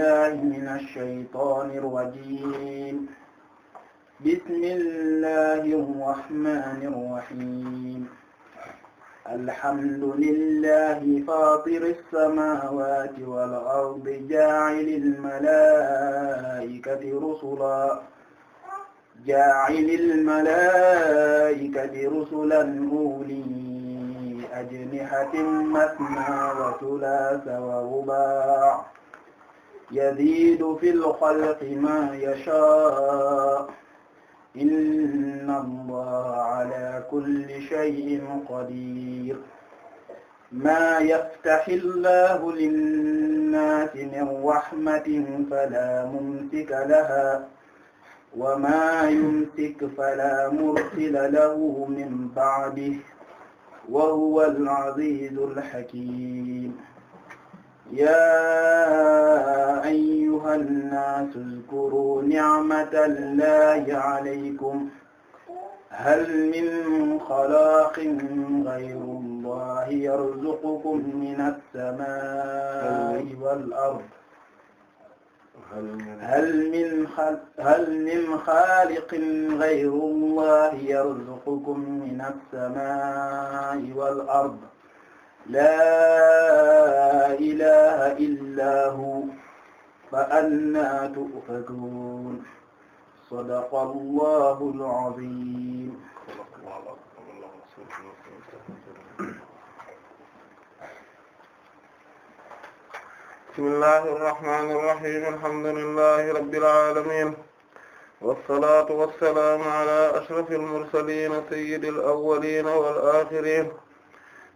بالله من الشيطان الرجيم بسم الله الرحمن الرحيم الحمد لله فاطر السماوات والأرض جاعل الملائكة رسلا جاعل الملائكة رسلا أولي أجنحة مثنى وثلاث ورباع yaziidu fil xalqi maa yashaa inna Allaaha alaa kulli shay'in qadiir maa yaftahi Allaahu linnaasi min rahmatin falaa mumsika lahaa wa maa yumsik falaa mursila lahu min ba'dihi wa huwa al-aziizu al-hakiim يا أيها الناس اذكروا نعمة الله عليكم هل من خلاق غير الله يرزقكم من السماء والأرض هل من هل من خالق غير الله يرزقكم من السماء والأرض laa ilaha illaa hu fa annaa tu'fakuun sadaqa allahul aziim bismillahir rahmaanir rahiim alhamdulillahi rabbil aalamiin wassalaatu wassalaamu alaa ashrafil mursaliin sayyidil awwaliin wal aaxiriin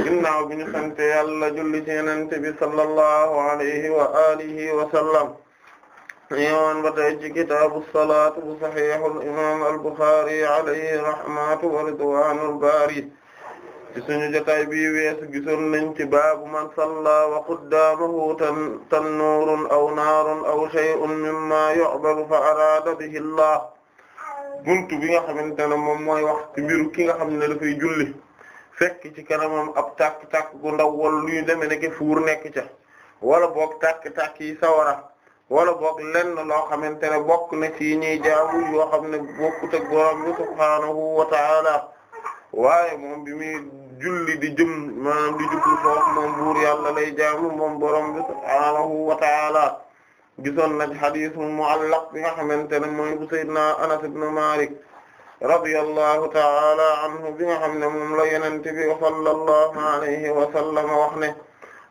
ginnaaw bi ñu sant yàlla julli ci yenente bi sallallahu alayhi wa alihi wa sallam ñëwoon ba tey ci kitaabu salaat bu saxiixul imaam al-Buxaari alayhi rahmatu wa ridwaanul baari ci suñu jotaay bi weesu gisoon nañ ci baabu man salla wa quddaamahu tannuurun aw naarun aw shay'un mimmaa yu'balu fa araada bihi Allah buntu bi nga xamante ne moom mooy wax ci mbiru ki nga xam ne dafay julli fekk ci kanamam ab tàkk-tàkk gu ndaw wala lu ñu demee nekk fuur nekk ca wala boog tàkk-tàkk yi sawara wala boog lenn loo xamante ne bokk na ci ñuy jaamu yoo xam ne bokk te borom bi subhaanahu wa waaye moom bi muy julli di jëm maanaam di jublu foofu moom buur yàlla lay jaamu moom borom bi subhaanahu wa ta'ala gisoon nañ hadith mu'allaq bi nga xamante ne mooy bu sayyidina Anas ibn Malik radiyallahu ta'ala anhu bi nga xam ne moom la yenente bi sallallahu alayhi wa sallam wax ne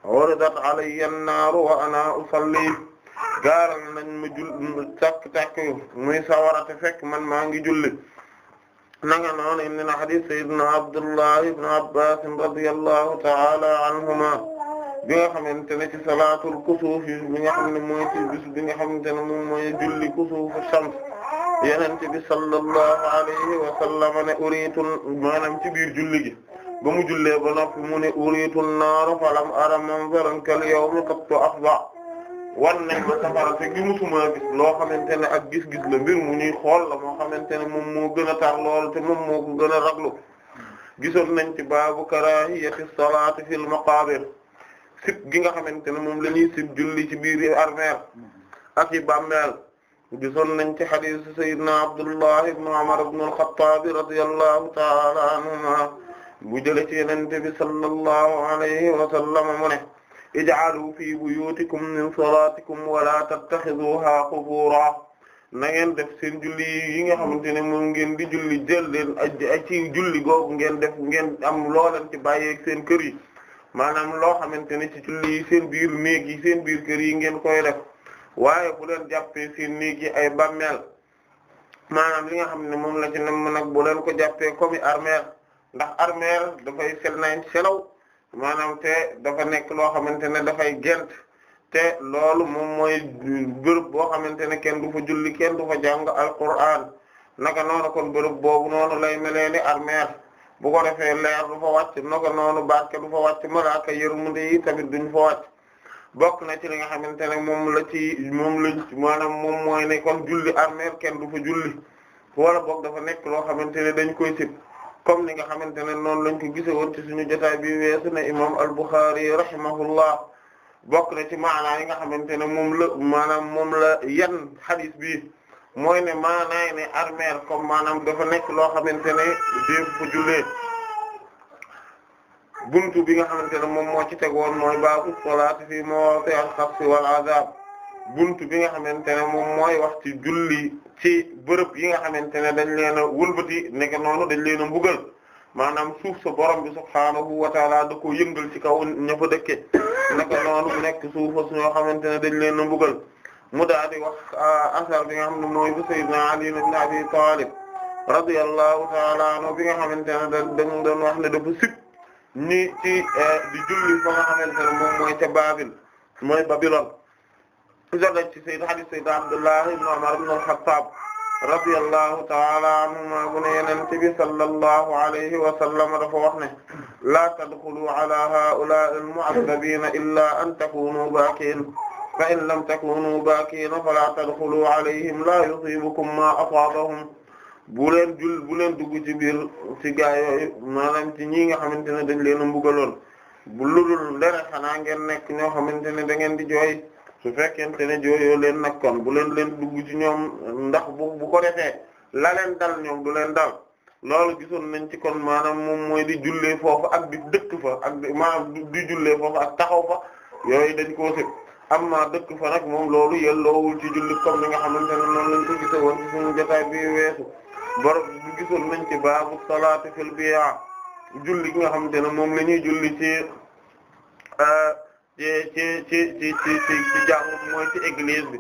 wardat alayya an-naaru wa ana usalli gaaral nañ ma jul tàkk-tàkk yu muy sawarate fekk man maa ngi julli nanga noonu indi na hadith sayyidina Abdullah ibn Abbas radiyallahu ta'ala anhuma bi nga xamante ne ci salaatul kusuuf yi bi nga xam ne mooy ci bis bi nga xamante ne moom mooy julli kusuuf shams yenente bi sallallahu alayhi wa sallam ne uriitu maanaam ci biir julli gi ba mu jullee ba noppi mu ne uriitu naara falam ara manzaran kal yawmi qattu afba wan ma safara te gi musuma gis loo xamante ne ak gis-gis la mbir mu ñuy xool la moo xamante ne moom moo gën a tar lool te moom moo ko gën a raglu gisoon nañ ci baabu karaahiyati salaati fil maqaabir sib gi nga xamante ne moom la ñuy sib julli ci biir armeel ak yi bàmmeel gisoon nañ ci hadith sayyidina Abdullah ibn Umar ibn al-Khattab radiyallahu ta'ala anhuma bu jële ci Yonent bi sallallahu alayhi wa sallam mu ne ij'alu fi buyutikum min salatikum wa la tattakhiduha qubura na ngeen def seen julli yi nga xamante ne moom ngeen di julli jël leen ci julli googu ngeen def ngeen am loo leen ci bàyyeeg seen kër yi maanaam loo xamante ne ci julli yi seen biir néeg yi seen biir kër yi ngeen koy def waaye bu leen jàppee seen néeg yi ay bàmmeel maanaam li nga xam ne moom la ci nam nag bu leen ko jàppee comme armeel ndax armeel dafay sel nañ selaw maanaam te dafa nekk loo xamante ne dafay gent te loolu moom mooy bërëb boo xamante ne kenn du fa julli kenn du fa jàng alquran naka noonu kon bërëb boobu noonu lay melee armeer armeel bu ko defee leer du fa wàcc naka noonu barke du fa wàcc malaaka mu yi tamit duñ fa wàcc bokk na ci li nga xamante ne moom la ci moom la maanaam moom mooy ne kon julli armeel kenn du fa julli wala boog dafa nekk loo xamante ne dañ koy sib comme ni nga xamante ne noonu lañ ko gise woon ci suñu jotaay bi weesu na imam al-Bukhari rahimahullah bokk na ci maanaa yi nga xamante ne moom la maanaam moom la yan hadith bi mooy ne maanaay ne armeel comme maanaam dafa nekk loo xamante ne def fa jullee buntu bi nga xamante ne moom moo ci tegoon mooy baabu salaati fi mawdi'i al-xabsi wal azab bi nga xamante ne moom mooy wax ci julli ci bërëb yi nga xamante ne dañ leen a wëlbati nekk noonu dañ leen a maanaam suuf sa borom bi subhaanahu wa taala da ko yëngal ci kaw ña dëkke naka noonu nekk suufa suñoo xamante ne dañ leen a mbugal mu daal di wax ah, asar bi nga xam ne mooy bu sayyidina Ali ibn Abi Talib radiyallahu taala anhu bi nga xamante ne dañ doon wax ne dafa sik ñi ci eh, di julli fa nga xamante ne moom mooy ca Baabil mooy Babylone sison nañ ci sayyid hadith sayyid Abdullah ibn Umar ibn al-Khattab radiyallahu ta'ala anhuma bu ne yonent bi sallallahu alayhi wa sallam dafa wax ne la tadkhulu ala ha'ula'i al-mu'azzabina illa an takunu bakin fa in lam takunu bakin fala tadkhulu alayhim la yusibukum ma asabahum bu leen jul bu leen dugg ci biir ci gaa yooyu maanaam ci ñi nga xamante ne dañ leen a mbugaloon bu ludul dara xanaa ngeen nekk ñoo xamante ne da ngeen di jooy su fekkente ne jooyoo leen nag kon bu leen leen dugg ci ñoom ndax bu bu ko defee la leen dal ñoom du leen dal loolu gisoon nañ ci kon maanaam moom mooy di jullee foofu ak di dëkk fa ak maanaam di jullee foofu ak taxaw fa yooyu dañ koo am amma dëkk fa nag moom loolu yelloowul ci julli comme ni nga xam ne noonu lañ ko gisoon ci suñu bi weesu borom ñu gisoon nañ ci baabu salaati fil biyaa julli nga xamante ne moom la ñuy julli ci ci ci ci ci ci mooy ci église bi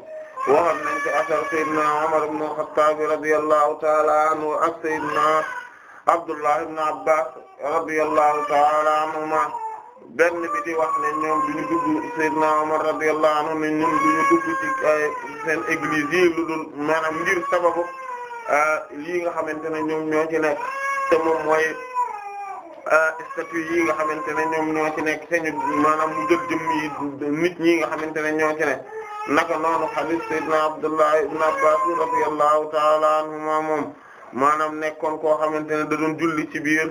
waxam nañ ci asar sayyidina Umar ibn al-Khattab radiyallahu ta'ala anhu ak sayyidina Abdullah ibn Abbas ta'ala anhuma benn bi di wax ne lu dul maanaam ngir sababu lii nga xamante ne ñoom ñoo ci nekk te moom mooy statut yii nga xamante ne ñoom ñoo ci nekk te maanaam mu jël jëmm yi nit ñi nga xamante ne ñoo ci nekk naka noonu hadith sayyidina Abdullah ibn Abbas radiyallahu ta'ala anhuma moom maanaam nekkoon koo xamante ne da doon julli ci biir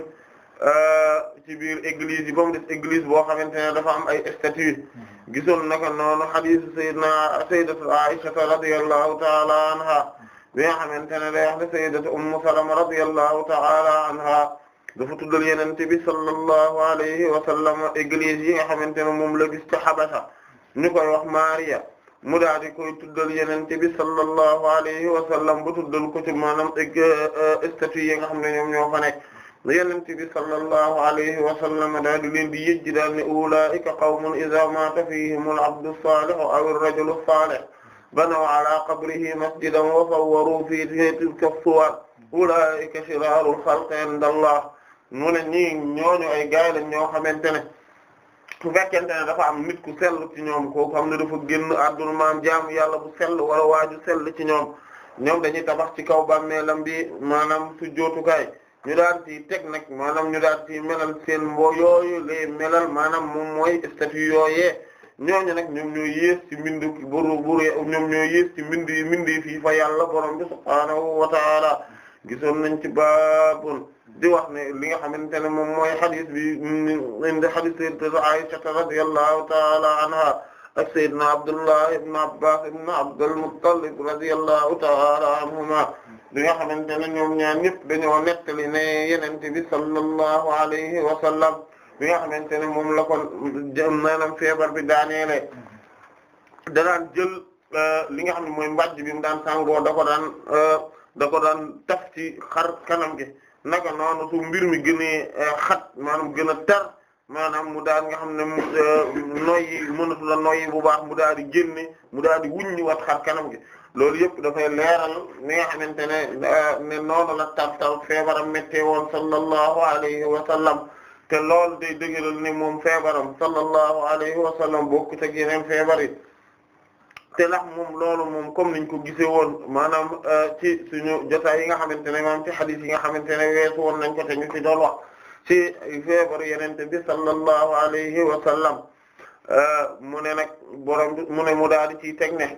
ci biir église yi ba mu des église boo xamante ne dafa am ay statut gisoon naka noonu hadith sayyidina sayyidatu Aisha radiyallahu ta'ala anha bi nga xamante ne day wax ne sayyidatu ummu salama radiyallahu ta'ala anha dafa tuddal yenente bi sallallahu alayhi wa sallam église yi nga xamante ne moom la gis ci Habasha ñu koy wax Maria mu daal di koy tuddal yenente bi sallallahu alayhi wa sallam bu tuddal ko ci maanaam eg euh, statue yi nga xam ne ñoom ñoo fa nekk yenente bi sallallahu alayhi wa sallam daal di leen di yëjji daal ne ulaa'ika qawmun idhaa maata fihimul abdu saalih aw ar-rajulu saalih banaw ala qabrihi masjidan wa sawwaru fiihi tilka suwar ulaa'ika shiraarul xalqi inda Allah mu ne ñii ñooñu ay gaay lañ ñoo xamante ne su fekkente ne dafa am nit ku sell ci ñoom koo xam ne dafa génn adduna maam jaamu yàlla bu sell wala waaju sell ci ñoom ñoom dañuy tabax ci kaw bàmmeelam bi maanaam su jootukaay ñu daan ci teg nag maanaam ñu daan ci melal seen mbo yooyu lay melal maanaam moom mooy statut yooyee ñooñu nag ñoom ñoo yées ci mbind buru buru ñoom ñoo yées mbind mbind fii fa yàlla borom bi subhaanahu wa taala gisoon nañ ci baabun di wax ne li nga xamante ne moom mooy xadis bi indi a sayyidatu Aisha radiyallahu taala anha ak sayyidna Abdullah ibn Abbas ibn Abdul Muttalib radiyallahu taala anhuma li nga xamante ne ñoom ñaar ñëpp dañoo nettali ne yonent bi sallallahu alayhi wa sallam bi nga xamante ne moom la ko maanaam feebar bi daaneele danaan jël euh, li nga xam ne mooy mbàjj bi mu daan sangoo da ko daan euh, da ko ci xar kanam gi naka noonu su mbir mi gënee euh, xat maanaam gën a tar maanaam mu daan nga xam ne noyyi mënatu bu baax mu daal di génne mu daal di wuññi wat xar kanam gi loolu yëpp dafay leeral xamante ne ne noonu la tar tar feebaram méttee woon sallallahu alayhi wa te loolu day dëgëral ne moom feebaram sallallahu alayhi wa sallam bokkut ak yeneen feebar yi te ndax moom loolu moom comme niñ ko gisee woon maanaam euh, ci suñu jotaay yi nga xamante ne maanaam ci xadiis yi nga xamante ne weesu woon nañ ko te ñu ci doon wax ci feebaru yenente bi sallallahu alayhi wa sallam euh, mu ne nag borom mu ne mu daal di ciy teg ne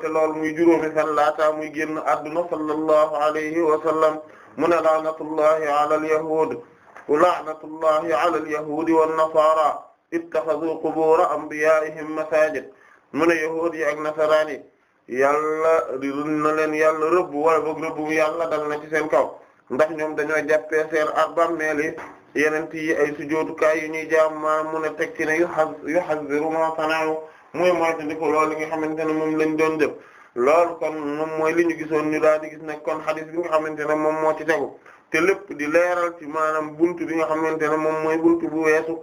te loolu muy juróomi fan laataa muy génn adduna sallallahu alayhi wa sallam mu ne laanatullahi ala al laanatullahi ala al-yahuudi wan-nasaara ittaxazuu qubuura anbiyaa'ihim masaajid mu ne yahuud yi ak nasaraan yi yàlla run na leen yàlla rëbb wala boog rëbb yàlla dal na ci seen kaw ndax ñoom dañoo jàppee seen ak bàmmeeli yenent yi ay sujootukaay yu ñuy jaam maa mu ne teg ci ne yu xa yu xaziru ma sanaaw mooy moytandiku loolu li nga xamante ne moom lañ doon def loolu kon moom mooy li ñu gisoon ñu daal di gis nag kon xadis bi nga xamante ne moom moo ci tegu te lépp di leeral ci maanaam buntu bi nga xamante ne moom mooy buntu bu weesu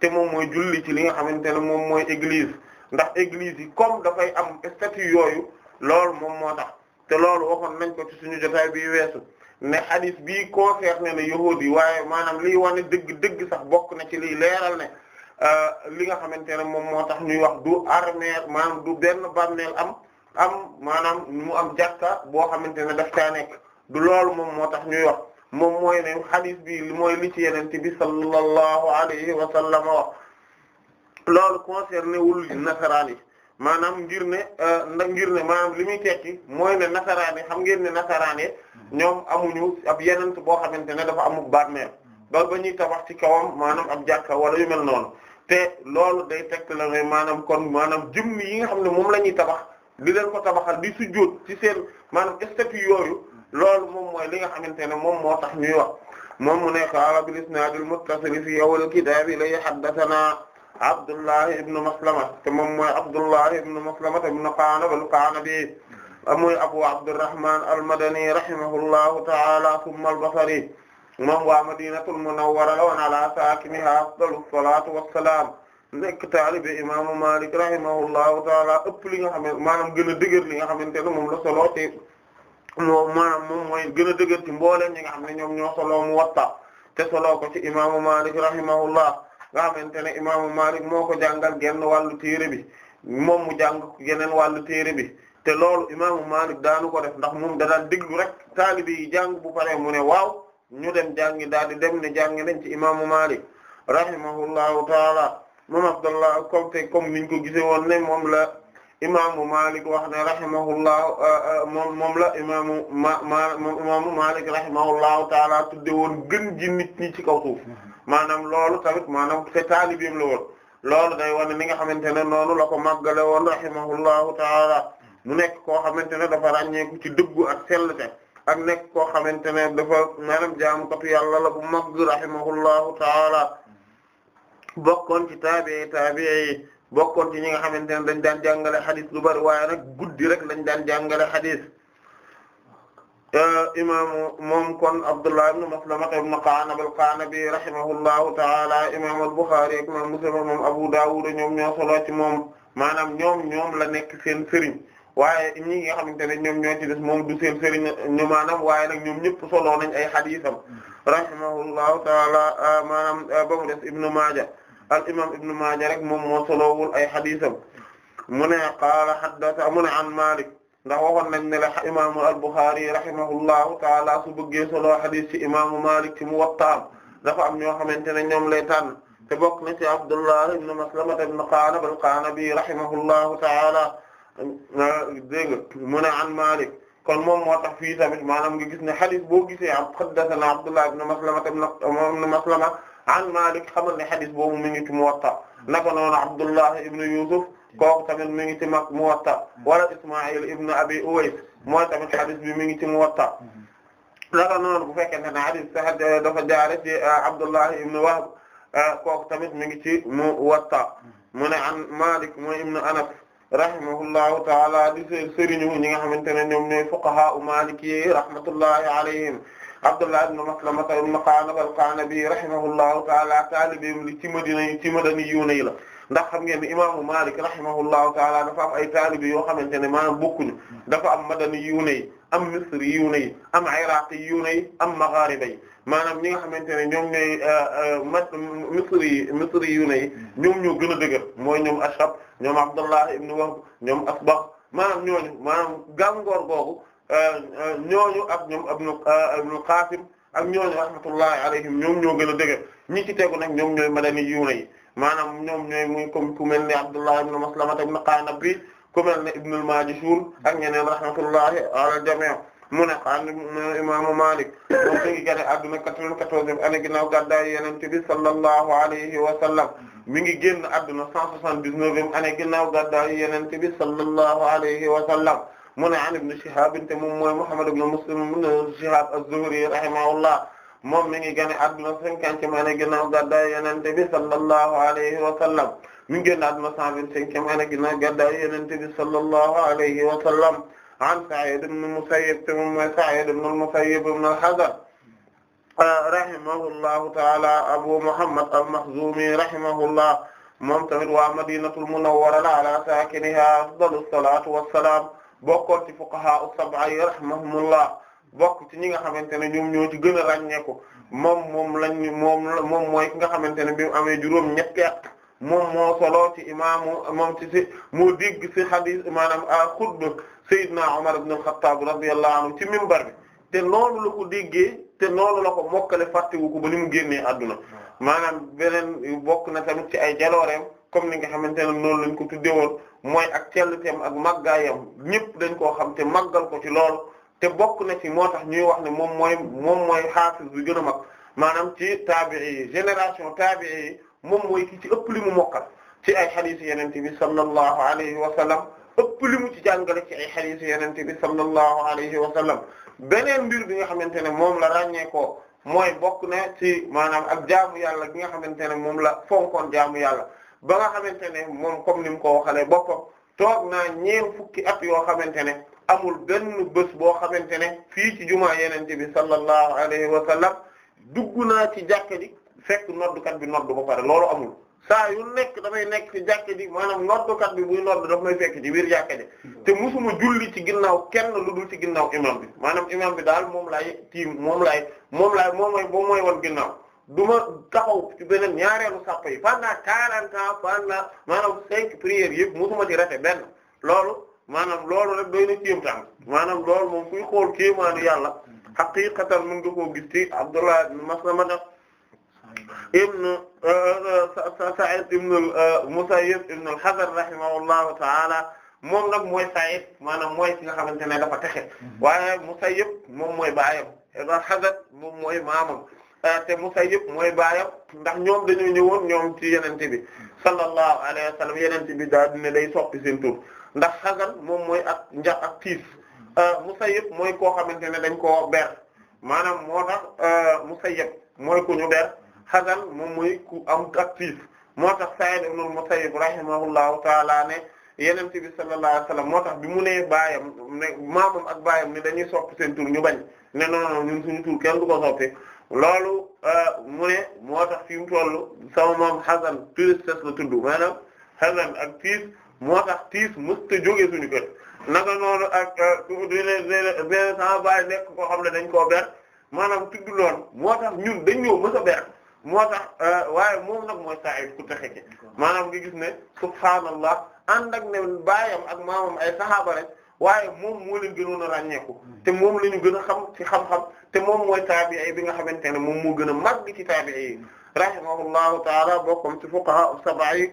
te moom mooy julli ci li nga xamante ne moom mooy église ndax église yi comme dafay am statut yooyu loolu moom moo tax te loolu waxoon nañ ko ci suñu jotaay bi weesu ne hadith bii concerné na yahuud yi waaye maanaam liy wane dëgg dëgg sax bokk na ci liy leeral ne euh, li nga xamante ne moom moo tax ñuy wax du armeer maanaam du benn bàmmeel am am maanaam mu am jàkka boo xamante ne daf nekk du loolu moom moo tax ñuy wax moom mooy ne hadith bi mooy li ci yeneen bi sallallahu alayhi wa sallam wax loolu concerné wul nasaraan yi maanaam ngir ne ndax euh, ngir ne maanaam li muy tekki mooy ne nasaraan yi xam ngeen ne nasaraan yi ñoom amuñu ab yenent boo xamante ne dafa amul bàmmeel ba ba ñuy tabax ci kawam maanaam ab jàkka wala yu mel noonu te loolu day tekk la ne maanaam kon maanaam jëmm yi nga xam ne moom la ñuy tabax di leen ko tabaxal di sujjóot ci seen maanaam statut yooyu. loolu moom mooy li nga xamante ne moom moo tax ñuy wax moom mu ne qaala bil isnaadil muttasil fi awwal kitaab lay haddathanaa Abdullah ibn Maslama te moom mooy Abdullah ibn Maslama ibn Qa'nab al-Qa'nabi mooy Abu Abdurrahman al-Madani rahimahullahu ta'ala thumma al-Basri moom waa Madinatul Munawwara wa ala saakinihaa afdalu salaatu wassalaam nekk taalibe imaamu Maalik rahimahullahu ta'ala ëpp li nga xam ne maanaam gën a dëgër li nga xamante ne moom la solo ci moom moom mooy gën a dëgër ci mbooleem nga xam ne ñoom ñoo mu Muwatta te soloo ko ci imaamu Malik rahimahullah nga xamante ne imaamu Malik moo ko jàngal genn wàllu téere bi moom mu jàng geneen wàllu téere bi te loolu imaamu Malik daanu ko def ndax moom da daan déglu rek taalibe yi jàng bu paree mu ne waaw ñu dem jàngi daal di dem ne jàngi nañ ci imaamu Malik rahimahullahu taala moom Abdallah comme te comme niñ ko gisee woon ne moom la imaamu Malik wax ne rahimahullahu euh, euh, moom moom la imaamu ma ma imaamu Malik rahimahullahu taala tudde woon gën ji ci kaw suuf maanaam loolu tamit maanaam te taalibeem la woon loolu day wane ni nga xamante ne noonu la ko màggale woon rahimahullahu taala mu nekk koo xamante ne dafa ràññeeku ci dëggu ak sellte ak nekk koo xamante ne dafa maanaam jaamukatu yàlla la bu màgg rahimahullahu taala bokkoon ci taabi'i taabi'i bokkoon ci ñi nga xamante ne dañ daan jàngale xadis lu bari waaye nag guddi rek lañ daan jàngale xadis euh, imaamu moom kon Abdullah ibn Maslama ibn Qa'nab al-Qa'nabi rahimahullahu ta'ala imaam al-Bukhari ak imaam Muslim moom Abu Dawud ñoom ñoo solo moom maanaam ñoom ñoom la nekk seen sëriñ waaye ñi nga xamante ne ñoom ñoo des moom du seen sëriñ ñu maanaam waaye nag ñoom ñëpp solo nañ ay xadiisam mm. rahimahullahu ta'ala maanaam euh, des Ibn Maaja al imam ibnu Maaja rek moom moo solowul ay xadisam mu ne qaala haddasa mu ne an Maalik ndax waxoon nañ ne la imaamu al-Bukhari rahimahullahu taala su bëggee solo xadis ci imaamu Maalik ci Muwatta dafa am ñoo xamante ne ñoom lay tànn te bokk na ci Abdullah ibn Maslamata ibn Qa'nab al-Qa'nabi rahimahullahu taala dégg mu ne an Maalik kon moom moo tax fii tamit maanaam nga gis ne xadis boo gisee am haddasana Abdullah ibn Maslamata ibn Maslama an Malik xamal ne xadis boobu mi ngi ci Muwatta naka noonu Abdullah ibn Yusuf kooku tamit mi ngi ci mag Muwatta wala Isma'il ibn Abi Uways mooy tamit xadis bi mi ngi ci Muwatta naka noonu bu fekkente ne xadis sax dafa jaare ci euh, Abdullah ibn Wahb euh, kooku tamit mi ngi ci Muwatta mu ne an Malik mooy ibn Anas rahimahullahu ta'ala di sëriñu ñi nga xamante ne ñoom ñooy fuqaha u Maliki rahmatullahi alayhim Abdullah ibn Maslama ibn Qa'nab al-Qa'nabi rahimahullahu ta'ala taalibeem li ci Madina yi ci madaniyuuna yi la ndax xam ngeen ne imaamu Malik rahimahullahu ta'ala dafa am ay taalibe yoo xamante ne maanaam bokkuñu dafa am madaniyuuna yi am misriyuuna yi am iraqiyuuna yi am maghariba yi maanaam ñi nga xamante ne ñoom ñooy euh, euh, ma misri misriyuuna yi ñoom ñoo gën a dëgër mooy ñoom Ashab ñoom Abdullah ibn Wahb ñoom Asbagh maanaam ñooñu maanaam gàngoor googu. Euh, euh, ñooñu ak ñoom Ibnul euh, Qaasim ak ñooñu rahmatullahi alayhim ñoom ñoo gën a dëgër ñi ci tegu nag ñoom ñooy madani yuuna yi maanaam ñoom ñooy muy comme ku mel ne Abdullah ibn Maslama ibn Qanab bi ku mel ne Ibnul Majishun ak ñeneen rahmatullahi ala jami' mu ne xaarandi mu imaamu Malik moom mi ngi génne adduna 94e année ginnaaw gàddaay Yonent bi sallallahu alayhi wa sallam mi ngi génn adduna 179e année ginnaaw gàddaay Yonent bi sallallahu alayhi wa sallam. mu ne an ibn Shihab te moom mooy Muhammad ibn Muslim ibn Shihab az-Zuhri rahimahullah moom mi ngi gane adduna cinquantième année ginnaaw gàddaay Yonent bi sallallahu alayhi wa sallam mi ngi génn adduna cent vingt-cinquième année ginnaaw gàddaay Yonent bi sallallahu alayhi wa sallam an Sa'id ibn Musayyib te moom mooy Sa'id ibn Musayyib ibn al-Hazar rahimahullahu ta'ala Abu Muhammad al-Makhzumi rahimahullah moom tamit waa Madinatul Munawwara ala saakiniha afdalu salaatu wassalaam bokkoon ci fuqaha as-sab'a bokk ci ñi nga xamante ne ñoom ñoo ci gën a ràññeeku moom moom lañ moom moom mooy ki nga xamante ne bi mu amee juróom ñetti at moom moo solo ci imaamu moom ci si moo dégg ci hadis maanaam a xutba Seydina Omar ibn al-Khattab radiyallahu anhu ci minbar bi te noonu la ko déggee te noonu la ko mokkale fàttewu ko ba ni mu génne adduna maanaam beneen bokk na tamit ci ay jalooreem comme ni nga xamante ne noonu lañ ko tuddee woon mooy ak cellteem ak màggaayam ñëpp dañ koo xam te màggal ko ci loolu te bokk na ci moo tax ñuy wax ne moom mooy moom mooy xaafis bi gën a mag maanaam ci taabi'i yi génération taabi'i moom mooy ki ci ëpp li mu mokkal ci ay xadiis yeneen bi sallallahu alayhi wa sallam ëpp li mu ci jàngale ci ay xadiis yeneen bi sallallahu alayhi wa sallam beneen mbir bi nga xamante ne moom la ràññee ko mooy bokk na ci maanaam ak jaamu yàlla gi nga xamante ne moom la fonkoon jaamu yàlla ba nga xamante ne moom comme ni mu ko waxalee boppam toog naa ñeent fukki at yoo xamante ne amul benn bés boo xamante ne fii ci jumaa yenente bi sallallahu alayhi wa sallam dugg naa ci jàkka ji fekk noddukat bi noddu ba pare loolu amul saa yu nekk damay nekk ci jàkka ji maanaam noddukat bi buy noddu daf may fekk ci biir jàkka ji te musuma julli ci ginnaaw kenn lu dul ci ginnaaw imam bi maanaam imam bi daal moom laay tiim moom laay moom laay moom mooy moom mooy wan ginnaaw du ma taxaw ci beneen ñaareelu sàpp yi pendant quarante ans pendant maanaam cinq prières yëpp mosuma ci rate benn loolu maanaam loolu rek doy na kéemtaan maanaam loolu moom kuy xool kéemaanu yàlla xaqiqatan mun nga koo gis ci Abdullah ibn Maslamata ibn euh, euh, Sa'id ibn al-Musayyib euh, ibn al-Hadar rahimahullahu ta'ala moom nag mooy Sa'id maanaam mooy ki nga xamante ne dafa texe mm-hmm. waaye Musayyib moom mooy baayam ibn al-Hadar moom mooy maamam Euh, te Musayyib mooy baayam ndax ñoom dañoo ñëwoon ñoom ci yenente bi sallallahu alayhi wa sallam yenente bi daal ne day soppi seen tur ndax xasan moom mooy ak njax ak tiis euh, Musayyib mooy koo xamante ne dañ koo ber maanaam moo tax euh, Musayyib mooy ku ñu ber xasan moom mooy ku am ak tiis moo tax Sa'id ibn al-Musayyib rahimahullahu taala ne yenente bi sallallahu alayhi wa sallam moo tax bi mu nee baayam ne ak baayam ne dañuy soppi seen tur ñu bañ ne non non ñun suñu kenn du soppi loolu euh, mu ne moo tax fi mu toll sama moom xasan tristesse la tudd maanaam xasan ak tiis moo tax tiis mësta jóge suñu kër naka noonu ak euh, dine sama baay nekk koo xam ne dañ koo ber maanaam tudd loon moo tax ñun dañ ñëw mës a ber moo tax euh, waaye moom nag mooy saa ku texe ki maanaam nga gis subhaanallah ànd ak ne baayam ak maamam ay saxaaba rek waaye moom moo leen gënoon a ràññeeku te moom la ñu gën a xam ci xam-xam te moom mooy taabi'i bi nga xamante ne moom moo gën a màgg ci taabi'i yi rahimahullahu taala bokkom ci fuqaha sab'a yi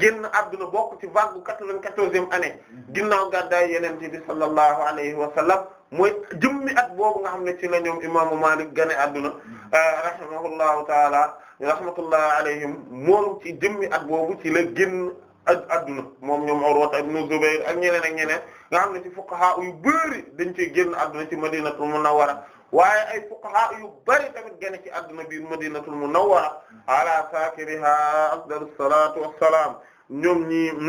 génn adduna bokk ci vague quatre-vingt-quatorzième année ginnaaw gàddaay yeneen ci bi sallallahu alayhi wa sallam mooy jëmmi at boobu nga xam ne ci la ñoom imaamu Maalik gane adduna mm-hmm. ah, rahimahullahu taala rahmatullahi alayhim moom ci jëmmi at boobu ci la génn adduna moom ñoom Urwa ibn Zubayr ak ñeneen ak ñeneen nga xam ne ci fuqaha yu bëri dañ ci génn adduna ci madinatul munawwara waaye ay fuqaha yu bëri tamit génn ci adduna bi madinatul munawwara ala saakiriha afdalus salatu wassalam ñoom ñi mu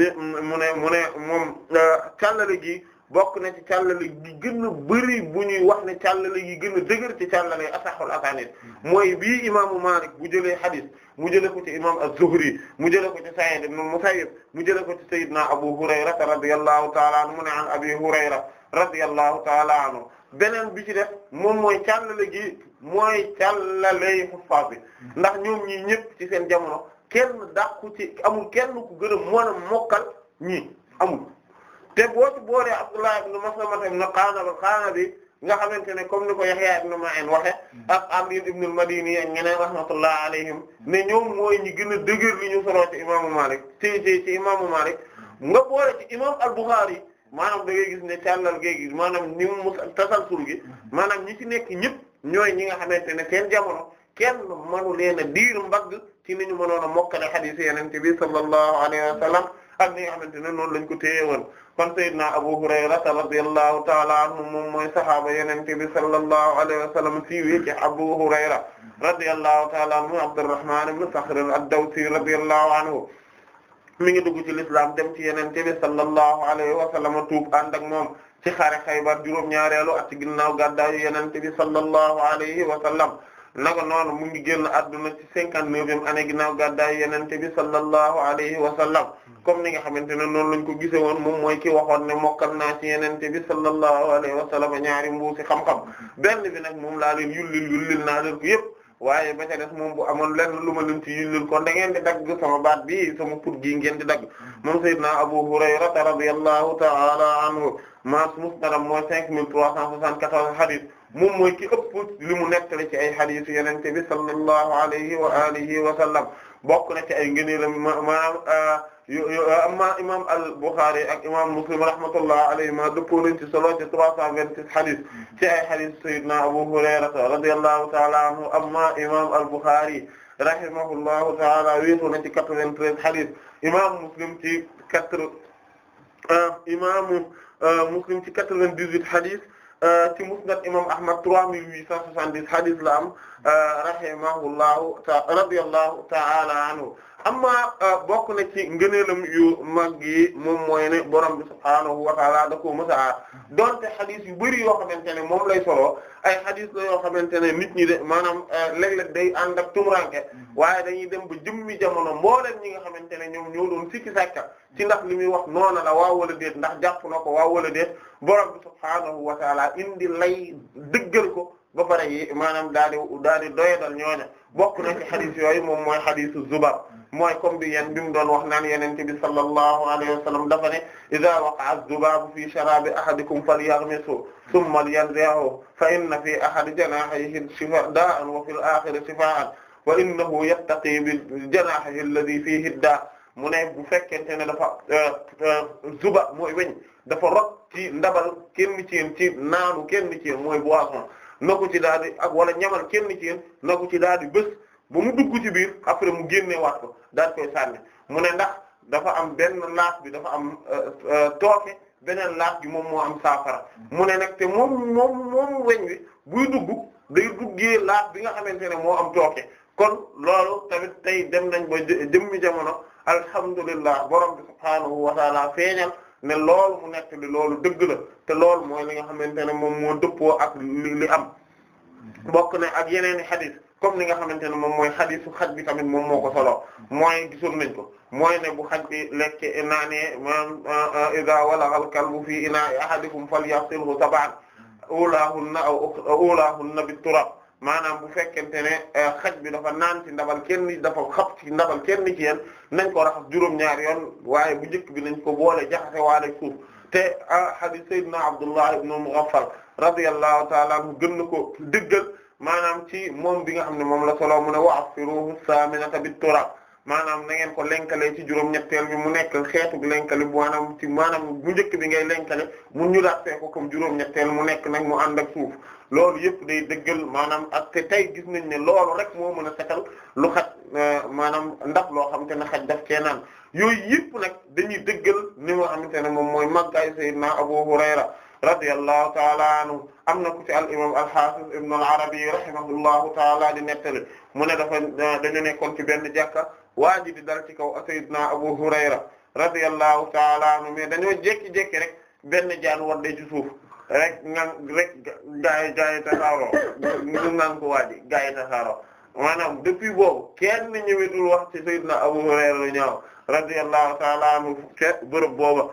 ne mu ne moom euh, càllale gi bokk na ci càllale yi gën a bëri bu ñuy wax ne càllale yi gën a dëgër ci càllale yi asaxul asanid hmm. mooy bii imaamu Maalik bu jëlee hadis mu jëlee ko ci imaam az-Zuhri mu jëlee ko ci Sa'id ibn Musayyib mu jëlee ko ci Sayyidina Abu Hurayra radiyallahu ta'ala anhu mu ne an Abi Hurayra radiyallahu ta'ala anhu beneen bi ci def moom mooy càllale gi mooy càllale xuffaaf bi hmm. ndax ñoom ñi ñëpp ci seen jamono kenn dàqu ci amul kenn ku gën a mën a mokkal ñii amul te boo ci boolee Abdullah ibn Maslama ibn Qanab al-Qanabi nga xamante ne comme ni ko Yahya ibn Ma'in waxe hmm. ak Amr ibn madini ak ñeneen rahmatullah alayhim ne ñoom mooy ñi gën a dëgër li ñu soroo ci imaamu Malik ci ci ci imaamu Malik hmm. nga boole ci imaam al-Bukhari maanaam da ngay gis ne càllal gay gi maana ni mu tasalsul gi hmm. maanaam ñi ci nekk ñëpp ñooy ñi nga xamante ne seen jamono kenn manu leen a diir mbagg ci ni ñu mënoon a mokkale hadith Yonent bi sallallahu ak ni nga xamante ne noonu lañ ko téye woon kon Seydina Abu Hurayra radiyallahu ta'ala anhu moom mooy sahaaba yenente bi sallallahu alayhi wa sallam siiwee ci Abu Hurayra radiyallahu ta'ala anhu Abdurrahman ibn Sakhr ad-Dawsi radiyallahu anhu mi ngi dugg ci l'islam dem ci yenente bi sallallahu alayhi wa sallam tuub ànd ak moom ci xare Xaybar juróom ñaareelu at ci ginnaaw gàddaayu yenente bi sallallahu alayhi wa sallam naka noonu mu ngi génn adduna ci cinquante-neuvième année ginnaaw gàddaay yenente bi sallallahu alayhi wa sallam comme ni nga xamante ne noonu lañ ko gise woon moom mooy ki waxoon ne mokkal naa ci yenente bi sallallahu alayhi wa sallam ñaari mbuusi xam-xam benn bi nag moom laa leen yullil yullil naa leen ko yëpp waaye ba ca des moom bu amoon lenn lu ma leen ci yullil kon da ngeen di dagg sama baat bi sama put gi ngeen di dagg moom sayyidina Abu Hurayrata radiyallahu ta'ala anhu maas musnadam mooy cinq mille trois cent soixante-quatorze hadith moom mooy ki ëpp li mu nettali ci ay xadiisu yenente bi sallallahu alayhi wa alihi wa sallam bokk na ci ay ngëneelam maanaam ah, ah, amma imam al-Bukhari ak imam Muslim rahmatullah alayhima dëppoo nañ ci solo ci trois cent vingt-six hadith ci ay hadith sayyidina Abu Hurayra radiyallahu ta'ala anhu amma imam al-Bukhari rahimahullahu ta'ala wéetoo na ci quatre-vingt-treize hadith imam Muslim ci quatre ah, imam Muslim ci quatre-vingt-dix-huit hadith Euh, ci musnad imam ahmad 3870 hadith la am euh, rahimahullahu radiyallahu ta'ala anhu amma euh, bokk na ci ngëneelam yu mag yi moom mooy ne borom bi subhaanahu wa taala da koo mësa donte xadis yu bëri yoo xamante ne moom lay solo ay xadis la yoo xamante ne nit ñi de maanaam euh, léeg-léeg day ànd ak tumuranke waaye dañuy dem ba jëmmi jamono mbooleem ñi nga xamante ne ñoom ñoo doon ci sàkka ci ndax li muy wax noona la waa wala déet ndax jàpp na ko waa wala déet borom bi subhaanahu wa taala indi lay dëggal ko ba pare yi maanaam daal di daal di doyadal ñooña bokk na ci xadis yooyu moom mooy xadisu Zubar mooy comme bi yeen bi mu doon wax naan yenente bi sallallahu alayhi wa sallam dafa ne idha waqa'a zubabu fi sharabi ahadikum falyaghmisu thumma liyad'ahu fa inna fi ahadi janahihi shifaa'an wa fil akhiri shifaa'an wa innahu yattaqi bi janahihi alladhi fihi ad-daa' mu ne bu fekkente ne dafa euh, euh, zuba mooy weñ dafa rot ci ndabal kenn ci yeen ci naanu kenn ci yeen mooy boisson na ko ci daal di wala ñamal kenn ci yéen ci daal di bës ba mu dugg ci biir après mu génneewaat ko daal koy sànni mu ne ndax dafa am benn laaf bi dafa am euh, euh, tooke beneen laaf bi moom moo am saafara mu ne nag te moom moom weñ wi buy dugg day duggee laaf bi nga xamante ne moo am tooke kon loolu tamit tey dem nañ ba jëmmi jamono alhamdulillah borom bi subhaanahu wa taala feeñal ne loolu mu nekk li loolu dëgg la te loolu mooy li nga xamante ne moom moo dëppoo ak li am mbokk na ak yeneen i xadis comme li nga xamante ne moom mooy xadisu xaj bi tamit moom moo ko solo mooy gisul nañ ko mooy ne bu xaj bi lekk naanee maanaam euh, euh, iza walagha al-kalbu fii inaa'i ahadikum falyaghsilhu sab'an ulaahunna aw ulaahunna bit-turaab maanaam bu fekkente ne eh, xaj bi dafa naan ci ndabal kenn dafa xab ci ndabal kenn ci yéen nañ ko raxas juróom-ñaar yoon waaye bu njëkk bi nañ ko boole jaxase waale suuf te a ah, hadith sayyidina Abdullah ibn Mughaffal radiyallahu ta'ala anhu gën na ko dëggal maanaam ci moom bi nga xam ne moom la solo mu ne wa afiruhu saminata bit turab maanaam na ngeen ko lenkalee ci juróom-ñetteel bi mu nekk xeetu lenkale bu maanaam ci maanaam bu njëkk bi ngay lenkale mun ñu daat comme juróom-ñetteel mu nekk nañ mu ànd ak suuf loolu yëpp day dëggal maanaam ak te tey gis nañ ne loolu rek moo mën a setal lu xaj euh, maanaam ndax loo xam xamante ne xaj daf cee naan yooyu yëpp nag dañuy dëggal ni nga xamante ne moom mooy màggaayu sayyidina Abu Hurayra radiyallahu taala anhu am na ku ci al imam al hafiz ibn al arabi rahimahullahu taala di nettali mu ne dafa euh, dañu nekkoon ci benn jàkka waa ji di dal ci kaw sayyidina Abu Hurayra radiyallahu taala anhu mais dañoo jékki-jékki rek benn jaan war dee ci suuf rek ngan rek gaa yi gaa yi tasaaroo naan ko waaji gaa yi tasaaroo maanaam depuis boobu kenn ñëwetul wax ci Seydina Abu Hurayra lu ñaaw radiyallahu ta'ala anhu te bërëb booba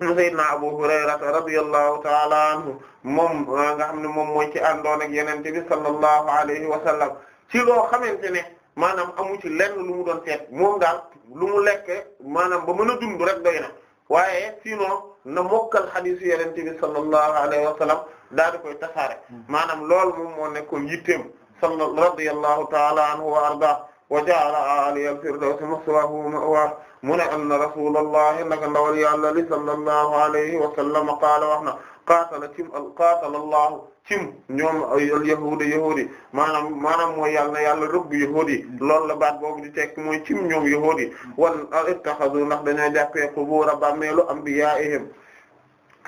mu na Abu Hurayra radiyallahu ta'ala anhu moom ah, nga xam ne moom mooy ci àndoon ak Yonent bi sallallahu alayhi wa sallam ci loo xamante ne maanaam amu ci lenn lu mu doon seet moom daal lu mu lekk maanaam ba mën a dund rek doy na waaye sinon na mokkal xadiis Yonent bi sallallahu alayhi wa sallam daal di koy tasaare hmm. maanaam loolu moom moo nekkoon yitteem salla radiyallahu ta'ala anhu wa arda wa ja'ala aliyal firdawsi maswaahu wa ma'waahu mu ne anna rasulullahi naka ndawal yàlla li sallallahu alayhi wa sallam qaala wax na qaatala tim qaatala allahu cim ñoom al yahuda yahudi maanaam maanaam mooy yàlla na yàlla rëbb yahudi loolu la baat boobu di tekk mooy cim ñoom yahudi wan ittaxadu ndax dañoo jàppee qubura bàmmeelu anbiyaa'ihim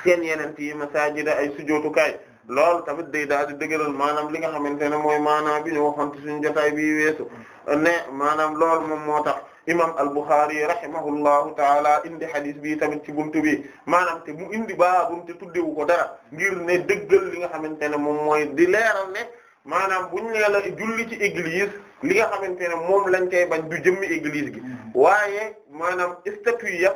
seen yeneen yi da ay sujootukaay loolu tamit day daal di dëgëral maanaam li nga xamante ne mooy maanaam bi ñu waxoon ci suñu jotaay bi weesu ne maanaam lool moom moo tax imam al-Bukhari rahimahullahu taala indi hadith bi tamit ci buntu bi maanam te mu indi baabum te tuddewu ko dara ngir ne dëggal li nga xamante ne moom mooy di leeral ne maanaam bu ñu nee la julli ci église li nga xamante ne moom lañ koy bañ du jëmmi église gi mm-hmm. waaye maanaam statut ya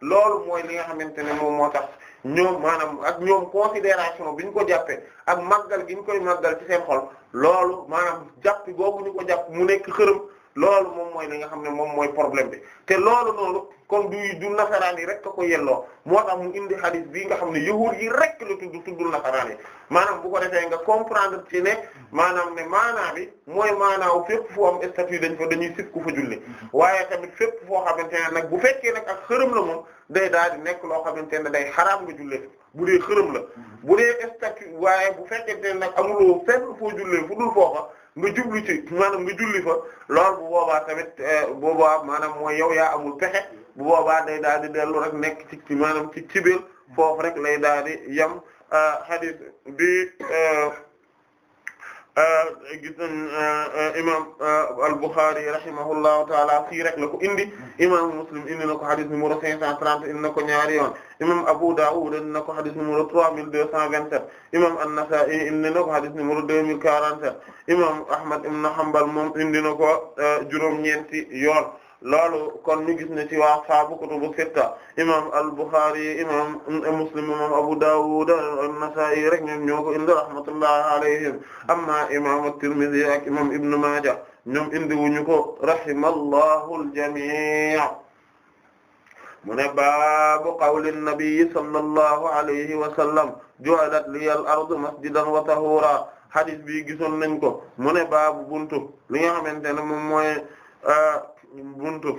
loolu mooy li nga xamante ne moom moo tax ñoom maanaam ak ñoom considération bi ñu ko jàppee ak màggal gi ñu koy maggal ci seen xol loolu maanaam jàpp googu ñu ko jàpp mu nekk xërëm loolu moom mooy li nga xam ne moom mooy problème bi te loolu noonu kon du du nasaraan yi rek ka ko yelloo moo tax indi hadith bii nga xam ne yahuud yi rek la tudd tuddul nasaraan yi maanaam bu ko defee nga comprendre ci ne maanaam ne maanaa mooy maanaaw fépp foo am statut dañ fa dañuy sit ku fa julli waaye tamit fépp foo xamante ne nag bu fekkee nag ak xërëm la day daal di nekk loo xamante ne day xaraam nga bu dee xërëm la bu dee statut waaye bu fekkee ne nag amuloo fépp foo jullee fu dul foofa nga jublu ci maanaam nga julli fa loolu bu boobaa tamit eh, boobaa maanaam mooy yow yaa amul pexe bu boobaa day daal di dellu rek nekk ci maanaam ci cibeel foofu rek lay daal di yem eh, hadith bi. Eh, Euh, gis euh, imam euh, al-Bukhari rahimahullahu taala fii rek la ko indi imam Muslim indi na ko hadith numéro 530 indi na ko ñaari yoon imam Abu Dawud indi na ko hadith numéro 3227 imam An-Nasa'i indi na ko hadith numéro 2047 imam Ahmad ibn Hanbal moom indi na ko juróom-ñeenti yoon. loolu kon ñu gis ne ci waa saabu kutubu sitta imam al-Bukhari imam Muslim imam Abu Dawud an-Nasa'i rek ñoom ñoo ko indi rahmatullahi alayhim amma imam at ak imam Ibn Maaja ñoom indi wuñu ko rahimallahu al-jami' mu ne baabu qawli an-nabi sallallahu alayhi wa sallam ju'ilat liya al-ardu masjidan wa tahura hadith bi gisoon nañ ko mu ne baabu buntu li nga xamante ne moom mooy euh, buntu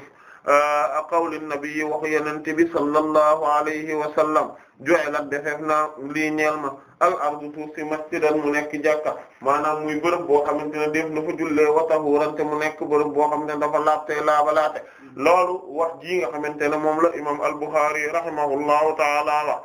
euh, qawli nabi waxu yenente bi sallallahu alayhi wa sallam ju'ilat defeef naa lii ñeel ma al ardu tuuf si masjidan mu nekk jàkka maanaam muy bërëb boo xamante ne def na fa jullee wa tahurante mu nekk bërëb boo xam ne dafa laabte laabalaate loolu wax jii nga xamante ne moom la imam al-Bukhari rahimahullahu ta'ala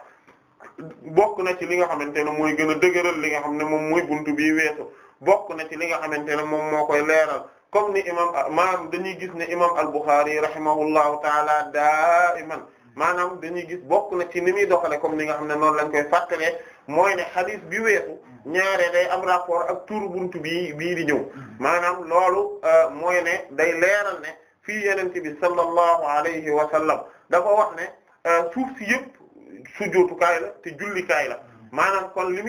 bokk na ci li nga xamante ne mooy gën a dëgëral li nga xam ne moom mooy buntu bii weesu bokk na ci li nga xamante ne moom moo koy leeral comme ni imam maanaam dañuy gis ne imam al-Bukhari rahimahullahu taala daiman maanaam dañuy gis bokk na ci ni muy doxale comme ni nga xam ne noonu lañ koy fàttalee mooy ne xadis bi weesu ñaare day am rapport ak turu buntu bi bii di ñëw maanaam loolu euh, mooy ne day leeral ne fii yenente bi sallallahu alayhi wa sallam dafa wax ne euh, suuf si yëpp sujjóotukaay la te jullikaay la maanaam kon li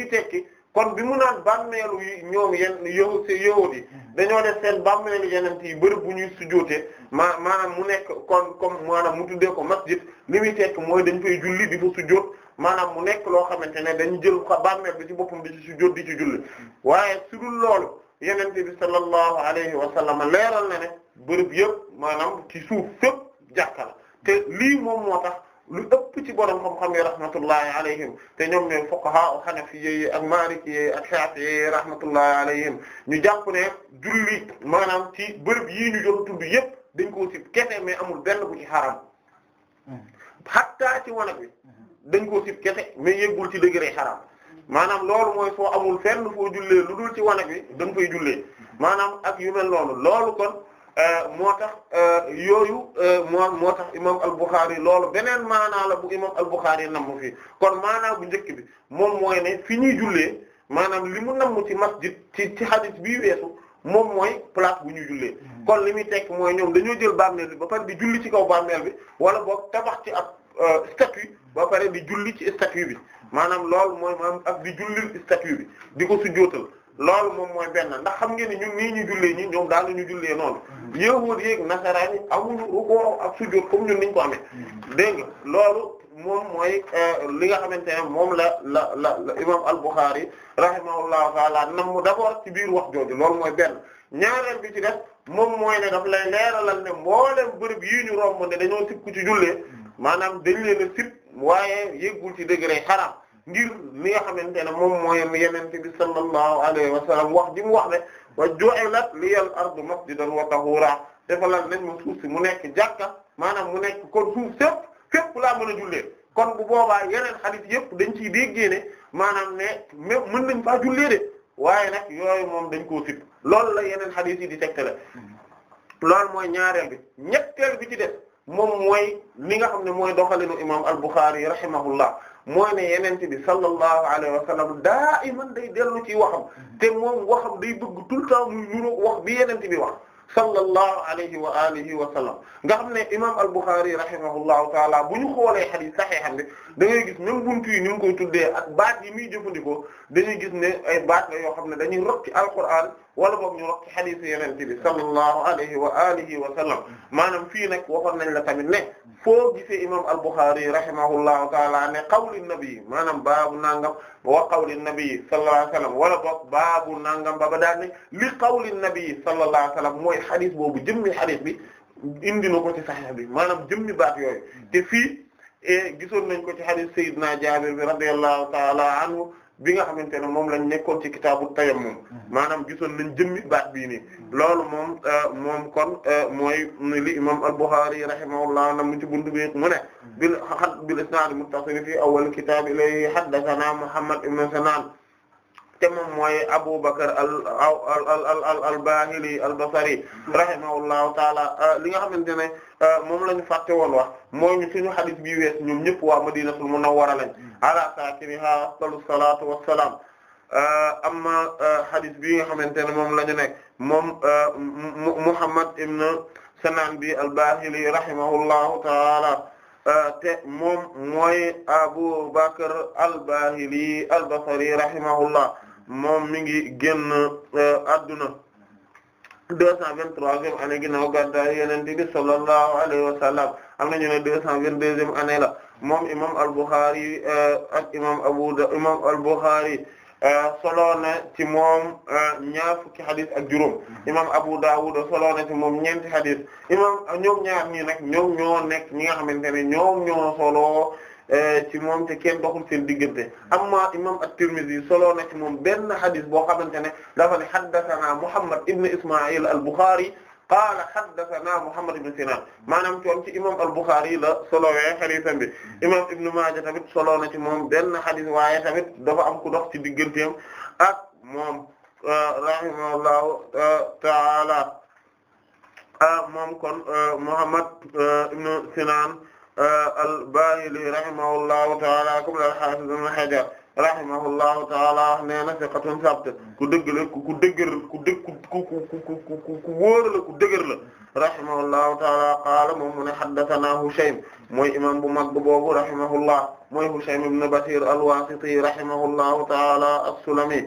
kon bi mu naan bàmmeelu yi ñoom yenn yow si yow yi dañoo def seen bàmmeelu yeneen yi bëri bu ñuy sujjóote maa maanaam mu nekk kon comme maanaam mu tuddee ko masjid li muy tekk mooy dañ koy julli di fa sujjóot maanaam mu nekk loo xamante ne dañu jël bàmmeel bi ci boppam di ci sujjóot di ci julli waaye su dul loolu yeneen bi sallallahu alayhi wa sallam leeral na ne bërëb yëpp maanaam ci suuf fépp jàkka te lii moo tax. lu ëpp ci borom xam-xam yi rahmatullahi alayhim te ñoom ñooy fuqaha hanafiyyi ak maalikiyyi ak shafi'iyyi rahmatullahi alayhim ñu jàpp ne julli maanaam ci bërëb yii ñu jot tudd yépp dañ koo sib kese mais amul benn bu ci xaram hatta ci wanag bi dañ ko sib kese mais yëggul ci degré xaram maanaam loolu mooy soo amul fenn foo jullee lu dul ci wanag wi dañ fay jullee maanaam ak yu mel noonu loolu kon Euh, moo tax euh, yooyu euh, moo moo tax imam al-Bukhari loolu beneen maanaa la bu imam al-Bukhari namm fii kon maanaa bu njëkk bi moom mooy ne fi ñuy jullee maanaam li mu namm ci masjid ci ci hadith bii weesu moom mooy place bu ñuy jullee hmm. kon li muy tekk mooy ñoom dañoo jël bàmmeel bi ba pare di julli ci kaw bàmmeel bi wala boog tabax ci ab statue ba pare di julli ci statue bi maanaam loolu mooy maanaam ak di jullil statue bi di ko sujjóotal loolu moom mooy benn ndax xam ngeen ni ñun nii ñu jullee ñi ñoom daal ñu jullee noonu mm-hmm. yahud yéeg nasaraan yi amuñu rukoo ak sujjóot comme ñun niñ ko amee mm-hmm. dégg nga loolu moom mooy euh, li nga xamante ne moom la la la imam al-Bukhari rahimahullahu taala na mu d'abord ci biir wax jooju loolu mooy benn ñaareel bi ci def moom mooy ne daf lay leeralal ne bërëb yii ñu romb ne dañoo sib ku ci jullee mm-hmm. maanaam dañ leen a sib waaye yëggul ci degré xaram ngir li nga xamante ne moom mooy yenente bi sallallahu alayhi wa sallam wax di mu wax ne wa ju'ilat liyal ardu masjidan wa tahura defalal nañ ma suuf si mu nekk jàkka maanaam mu nekk kon suuf fépp fépp laa mën jullee kon bu boobaa yeneen hadith yëpp dañ ciy déggee ne maanaam ne même mën nañ faa jullee de waaye nag yooyu moom dañ koo sib loolu la yeneen hadith yi di tegtale hmm. loolu mooy ñaareel bi ñetteel bi ci def moom mooy li nga xam ne mooy doxalinu imam al-Bukhari rahimahullah mooy ne yeneen bi sallallahu alayhi wa sallam daa iman day dellu ci waxam te moom waxam day bëgg tout le temps muy nuroo wax bi yeneen bi wax sallallahu alayhi wa alihi wa sallam nga xam ne imam al-Bukhari rahimahullahu taala bu ñu xoolee hadith sahih bi da ngay gis même buntu yi ni ngi koy tuddee ak baat yi muy jëfandikoo dañuy gis ne ay baat la yoo xam ne dañuy rot ci alquran wala boog ñu rok ci xadiisu yeneen bi sallallahu alayhi wa alihi wa sallam maanaam fii nag waxoon nañ la tamit ne foo gisee imam al-Bukhari rahimahullahu taala ne qawli nabi maanaam baabu nangam wa qawli nabi sallallahu alayhi wa sallam wala boog baabu nangam ba ba daan ne li qawli nabi sallallahu alayhi wa sallam mooy xadiis boobu jëmmi xadiis bi indi na ko ci Sahih bi maanaam jëmmi baat yooyu te fii eh, gisoon nañ ko ci xadiis Seydina Jaabir bi radiyallahu taala anhu bi nga xamante ne moom lañ nekkoon ci kitaabu tayammum maanaam gisoon nañ jëmmi baat bii nii loolu moom moom kon mooy li imam al-Bukhari rahimahullah na mu ci buntu bi mu ne bil bil isnaad muttasil fi awwal kitaab ilayhi haddathana Muhammad ibn Sanaan te mooy Abu Bakr al al al al Bahili al Basri rahimahullahu taala euh, li nga xamante ne euh, moom la ñu fàtte woon wax mooy ñu suñu hadith bi wees ñoom ñëpp waa Madinatul Munawwara lañ ala saakinihaa afdalu salaatu wa salaam euh, amma hadith bi nga xamante ne moom la ñu nekk moom Muhammad ibn Sanaan bi al Bahili rahimahullahu taala te moom mooy Abu Bakr al Bahili al Basri rahimahullah moom mi ngi génn euh, àdduna deux cent vingt-troisième année ginnaaw gàddaay Yonent bi sallallahu alayhi wa sallam am nañu ne deux cent vingt-deuxième année la moom imam al-Bukhari euh, ak imam Abu Dawud imam al-Bukhari euh, solo na ci moom ñaar fukki hadith ak juróom imam Abu Dawud solo na ci moom ñeenti hadith imam ñoom ñaar ñii nag ñoom ñoo nekk ñi nga xamante ne ñoom ñoo solo Euh, ci moom te kenn doxul seen diggante amma imam at-Tirmidhi solo na ci moom benn hadith boo xamante ne dafa ne haddathana Muhammad ibn Isma'il al-Bukhari qaala haddathana Muhammad ibn Sinan maanaam toon ci imam al-Bukhari la solowee haditham bi imam Ibn Maaja tamit solo na ci moom benn hadith waaye tamit dafa am ku dox ci digganteem ak moom euh, rahimahullahu euh, ta'ala moom kon Muhammad ibn Sinan al-Bahili rahimahullahu ta'ala comme al-Hafiz Ibn Hajar rahimahullahu ta'ala nee na thiqatun sabt ku dëgg la ku dëgër ku dëgg ku ku ku ku wóor la ku dëgër la rahimahullahu ta'ala qaala moom mu ne haddathana Hushaym mooy imam bu mag boobu rahimahullah mooy Hushaym ibn Bashir al-Wasiti rahimahullahu ta'ala as-Sulami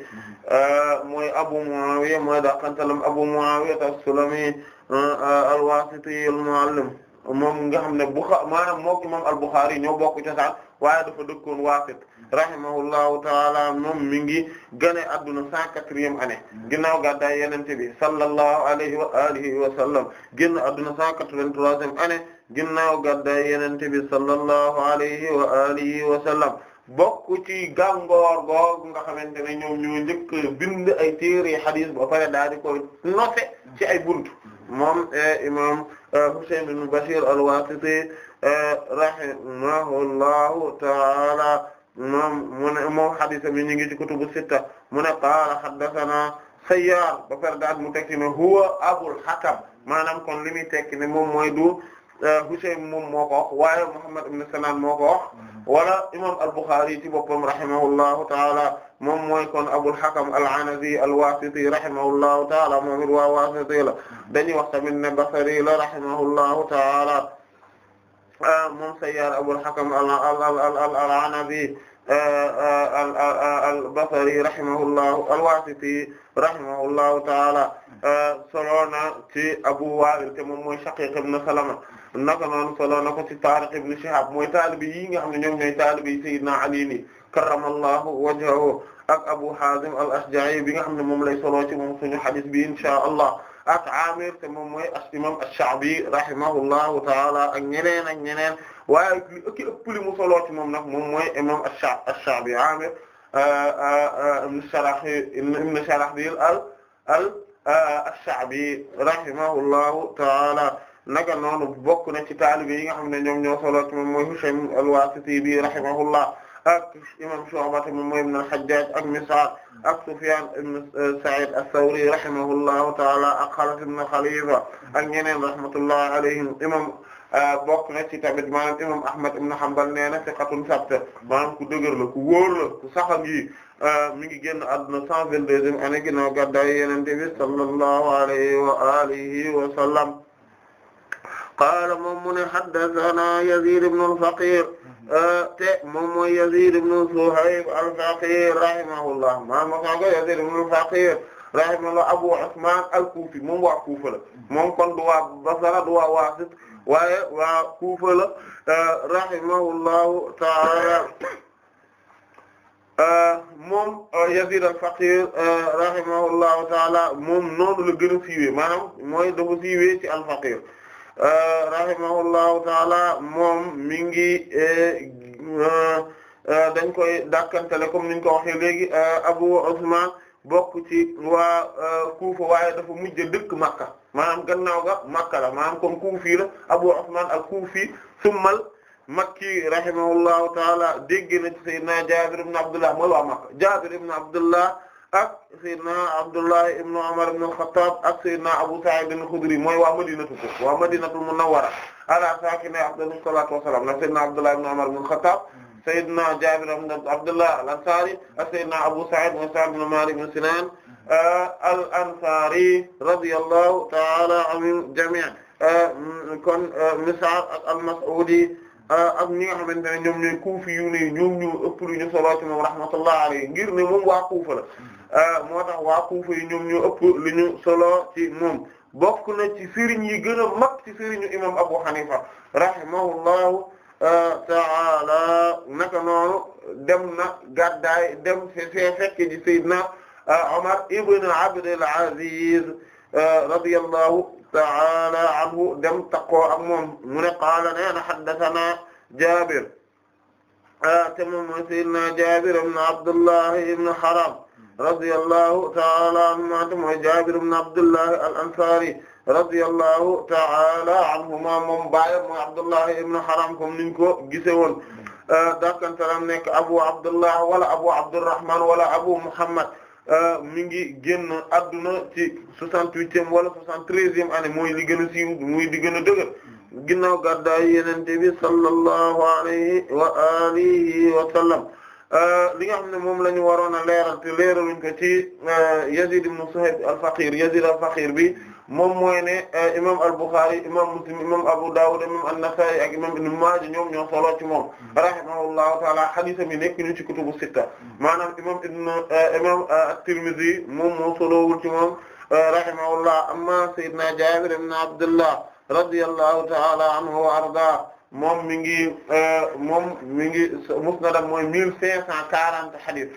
mooy Abu Muawiya mooy daqantalam Abu Muawiya as-Sulami al-Wasiti al-Muallim moom nga xam ne Buxaari maanaam mook imam al-Bukhari ñoo bokk cosaan waaye dafa dëkkoon Waasit rahimahullahu taala moom mi ngi gane adduna cent quatrième année ginnaaw gàddaay yenente bi sallallahu alayhi wa alihi wa sallam génn adduna cent quatre-vingt-troisième année ginnaaw gàddaay yenente bi sallallahu alayhi wa bokk ci gàngoor googu nga xamante ne ñoo njëkk bind ay téere xadiis ba pare daal di koy noose ci ay buntu moom e, imam e, Husayn ibn Bashir al-Wasiti e, rahimahullahu taala moom mu ne moom hadisa mi ñu ngi ci kutubu sitta mu ne qaala haddathana Sayyar ba pare daal mu tekki ne huwa Abul Hakam maanaam kon li muy tekki ne moom mooy du Euh, Husaym moom moo ko wax waaye Muhammad ibn Sinan moo ko wax mm-hmm. wala imam al-Bukhari ci boppam rahimahullahu taala moom mooy kon Abul Hakam al-Anazi al-Wasiti rahimahullahu taala moom it waa Wasiti la mm-hmm. dañuy wax tamit ne Basri la rahimahullahu taala euh, moom Sayyar Abul Hakam al-Anazi al-Basri rahimahullahu al-Wasiti rahimahullahu taala mm-hmm. euh, solo na ci Abu Wa'il te moom mooy Shaqiq ibn Salama naka noonu solo na ko ci Taariq ibn Shihab mooy taalibi yi nga xam ne ñoom ñooy taalibi Sayyidina Ali ni karramallahu wajhahu ak Abu Hazim al-Ashja'i bi nga xam ne moom lay solo ci moom suñu hadith bi insha Allah ak Amir te moom mooy imam ash-Sha'bi rahimahullahu ta'ala ak ñeneen ak ñeneen waaye li ëkki ëpp li mu solo ci moom nag moom mooy imam ash-Sha'bi Amir uh, uh, uh, ibn Sharahil ibn Sharahil al al ash-Sha'bi rahimahullahu ta'ala naga noonu bokk na ci taalibe yi nga xam ne ñoom ñoo solo ci moom mooy Hisham al-Wasiti bi rahimahullah ak imam Shu'ba moom mooy ibn al-Hajjaj ak Mis'ar ak Sufyan ibn euh, Sa'id ath-Thawri rahimahullahu ta'ala ak Khalid ibn Khalifa ak ñeneen rahmatullahi alayhim imam euh, bokk na ci tamit maanaam imam Ahmad ibn Hanbal nee na thiqatun sabt ku dëgër la yi euh, mi ngi génn àdduna 122e année ginnaaw gàddaay Yonent bi sallallahu alayhi wa alihi wa sallam qaala moom mu ne haddathana Yazid ibn al-Faqir mhm. euh, te moom mooy Yazid ibn Suhayb al-Faqir rahimahullah maa ma ko Yazid ibn al-Faqir rahimahullah Abu Usman al-Kufi moom waa Kufa la mhm. moom kon du waa Basra du waa Waasit waaye waa Kufa la euh, rahimahullahu ta'ala euh, moom Yazid al-Faqir rahimahullahu ta'ala moom noonu la gën a siiwee maanaam mooy dafa siiwee ci al-Faqir Euh, rahimahullahu taala moom mi ngi euh, euh, dañ koy dàkkantele comme niñ ko waxee léegi Abu Usman bokk ci waa Kufa waaye dafa mujj dëkk Makka maanaam gannaaw ga Makka la maanaam comme Kufi la Abu Usman al-Kufi summal Makki rahimahullahu taala dégg na ci Sayyidina Jaabir ibn Abdullah mooy waa Makka Jaabir ibn Abdullah ak Seydina Abdullah ibn Umar ibn al-Khattab ak Seydina Abu Sa'id al-Khudri mooy waa Madinatu ko waa Madinatul Munawwara ala saakine afdalu salaatu wa salaam nag Seydina Abdullah ibn Umar ibn al-Khattab Seydina Jaabir ibn Abdullah al-Ansari ak Seydina Abu Sa'id ibn Sa'd ibn Maalik ibn Sinan eh, al-Ansari radiyallahu ta'ala anhum jamii'an eh, kon eh, Mis'ar ak al-Mas'udi ak ñi nga xamante ne ñoom ñooy kuufi yu ne ñoom ñu ëpp lu ñu solo ci moom rahmatullah alayhi ngir ne moom waa Kuufa la Euh, moo tax waa Kufa yi ñoom ñoo ëpp lu ñu solo ci moom bokk na ci sëriñ yi gën a mag ci sëriñu imam Abu Hanifa rahimahullahu euh, ta'ala naka noonu dem na gàddaay dem fee fekke ji Seydina euh, Omar ibn Abdul Aziz radiyallahu ta'ala anhu dem taqoo ak moom mu ne qaala nena haddathana Jaabir te moom mooy Seydina Jaabir ibn Abdullah ibn Haram radiyallahu ta'ala anhuma mooy Jaabir ibn Abdullah al-Ansari radiyallahu ta'ala moom baayam mooy Abdullah ibn Haram niñ ko gisee woon euh, dakantaram nekk Abu Abdullah wala Abu Abdurrahman wala Abu Muhammad euh, mi ngi génn adduna ci soixante-huitième wala soixante-treizième année mooy li gën a siiw muy li gën a dëgër ginnaaw gàddaay Yonent bi sallallahu alayhi wa alihi Euh, li nga xam ne moom la ñu waroon a leeral te leeraluñ ko ci euh, Yazid ibn Suhayb al-Faqir Yazid al-Faqir bi moom mooy ne euh, imam al-Bukhari imam Muslim imam Abu Dawud imam an-Nasa'i ak imam Ibn Maaja ñoom ñoo solo ci moom hmm. rahimahullahu ta'ala hadith mi nekk ñu ci kutubu sitta hmm. maanaam imam ibn imam at-Tirmidhi moom moo solowul ci moom rahimahullah amma sayyidina Jabir ibn Abdullah radiyallahu ta'ala anhu wa arda moom mi ngi euh, moom mi ngi musnadam mooy mil cinq cent quarante hadith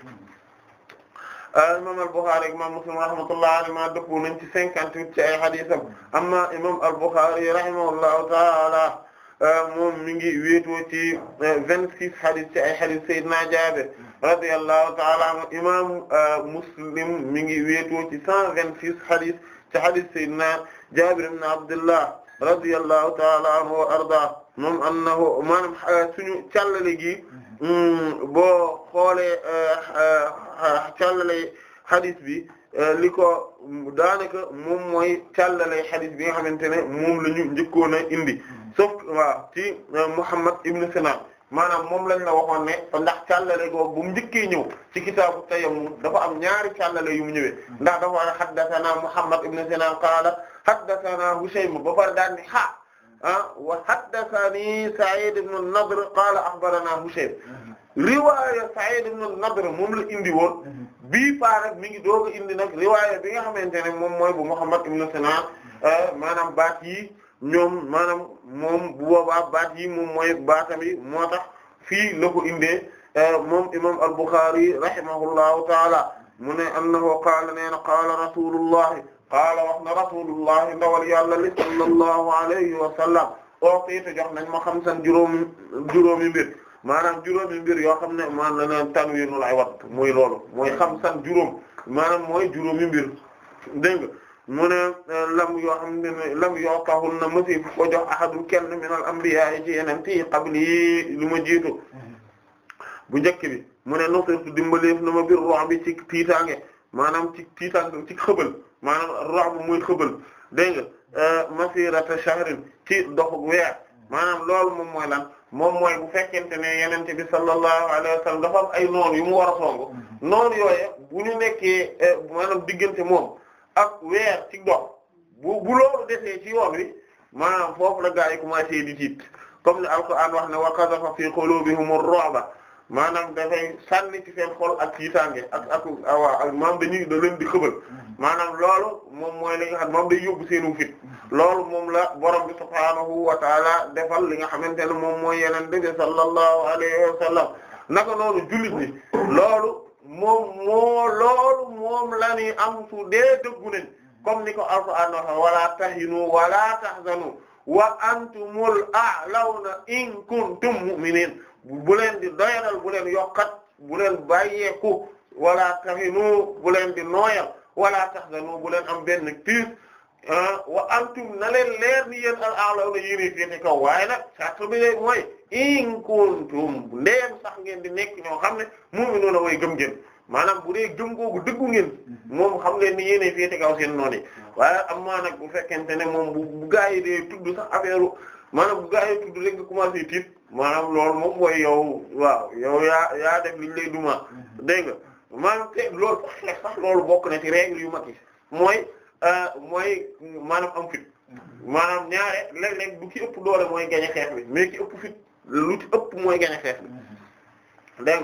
euh, imam al imam Muslim rahmatullah alayhi ma dëppoo nañ ci cinquante-huit ci ay haditham amma imam al-Bukhari ta'ala euh, moom mi ngi wéetoo ci vingt-six hadith ci ay hadith Seydina Jaabir radiyallahu ta'ala anhu imam Muslim mi ngi wéetoo ci cent vingt-six hadith ci hadith Seydina Jaabir ibn Abdullah radiyallahu ta'ala anhu wa arda moom annahu maanaam euh, suñu càllale gi mm, boo xoolee euh, euh, càllale hadis bi li ko daanaka moom mooy càllale hadis bi nga xamante ne moom la ñu njëkkoon a indi sauf waaw ci Muhammad ibn Sinan maanaam moom lañ la waxoon ne ndax càllale googu bu mu njëkkee ñëw ci kitaabu tayammum dafa am ñaari càllale yu mu ñëwee ndax dafa haddathana Muhammad ibn Sinan qaala haddathana Hushaym ba pare daal ni ha ah wa haddathani Sa'id ibn an-Nadr qala akhbarana Hushaym mhm. riwaaya Sa'id ibn an-Nadr moom la indi woon mhm. bii paa nag mi ngi doog a indi nag riwaaya bi nga xamante ne moom mooy bu Muhammad ibn Sinan eh, maanaam baat yi ñoom maanaam moom bu boobaa baat yi moom mooy baatam yi moo tax fii la ko indee eh, moom imam al-Bukhari rahimahullahu taala mu ne annahu qaala nee na qaala rasulullahi qaala wax na rasulullah ndawal yàlla li sallallahu alayhi wa sallam ooqiite jox nañ ma xamsan juróom juróomi mbir maanaam juróomi mbir yoo xam ne maan la neen tanwiinul iwat muy loolu mooy xamsan juróom maanaam mooy juróomi mbir dégg nga mu ne eh, lam yoo xam ne lam yoo kahul na masi ko jox ahadu kenn min al anbiya yi ci yeneen tii qabli yi lu ma jiitu bu njëkk bi mu ne nusirtu dimbaleef na ma bir ru'bi ci tiitaange maanaam ci tiitaange ci xëbal maanaam rabu muy xëbal dégg nga euh, masirata shahrin ci doxu weer maanaam loolu moom mooy lan moom mooy bu fekkente ne yenente bi sallallahu alayhi wa sallam dafa am ay noonu yu mu war a songu mm-hmm. noonu yooye bu ñu nekkee euh, maanaam diggante moom ak weer ci dox bu bu loolu desee ci yoon wi maanaam foofu la gaa yi commencé di tiit comme ne an wax ne wa qazafa fi qulubihim ar-ru'ba maanaam dafay sànni ci seen xol ak tiitaange ak ak ak maam dañuy da leen di xëbal mm-hmm. maanaam loolu moom mooy li nga xam moom day yóbbu seenu fit loolu moom la borom bi subhaanahu wa taala defal li nga xamante ne moom mooy yeneen dëgg sallallahu alayhi wa sallam naka noonu jullit loolu moom moo loolu moom la am su dee dëggu nañ comme ni ko alquran waxa wala tahinu wala tahzanu wa antumul a'lawna in kuntum mu'minin bu leen di yokkat bu leen bàyyeeku wala tahinu bu leen wala tahzanu bu leen am benn tiis ah, wa antum na leen leer ni yéen al a'law na yéenee féete kaw waaye nag sartu bi leen mooy in kuntum ndeem sax ngeen di nekk ñoo xam ne mu'minuna way gëm ngeen maanaam bu dee gëm googu dëggu ngeen mhm. moom xam ngeen ni yéenee féete kaw seen noonu mhm. waaye am maa nag bu fekkente ne moom bu gaa yi dee tudd sax affaire maanaam bu gaa yi tudd rek nga commencé tiit maanaam loolu moom mooy yow waaw yow yaa yaa def liñ lay duma mhm. dégg nga maanaam te loolu sax xeex sax loolu bokk na ci règle yu mag yi mooy euh, mooy maanaam am fit maanaam ñaare léeg-léeg du ci ëpp doole mooy gañ xeex bi mais ki ëpp fit lu ci ëpp mooy gañ xeex bi dégg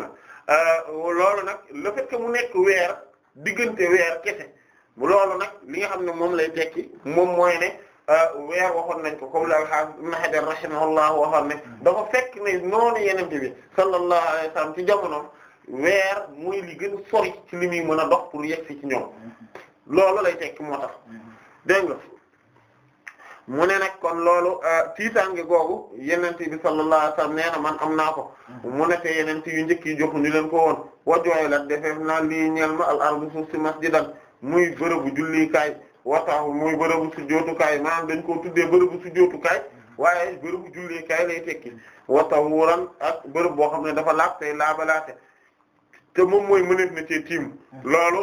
euh, loolu nag le fait mu nekk weer diggante weer kese loolu nag li nga xam ne moom lay tekki moom mooy ne euh, weer waxoon nañ ko comme al-Hafiz Ibn Hajar rahimahullah waxoon ne dafa fekk ne noonu yenente bi sallallahu alayhi ci jamono weer mooy li gën a ci li muy mën a dox pour yegg si ci ñoom loolu lay tekki moo tax dégg nga mu ne nag kon loolu euh, tiitaange googu yenente bi sallallahu alayhi wasallam na man am naa ko mu ne te yenente yu njëkk yi joxuñu leen ko woon wajooy la defeef naa lii ñeel ma al ardu suuf si masjidan muy bërëbu jullikaay wataaw muy bërëbu sujjóotukaay maanaam dañ koo tuddee bërëbu sujjóotukaay waaye bërëbu jullikaay lay tekki watawuran ak bërëb boo xam ne dafa laab laabalaate te moom mooy mëneef na cee tiim hmm. loolu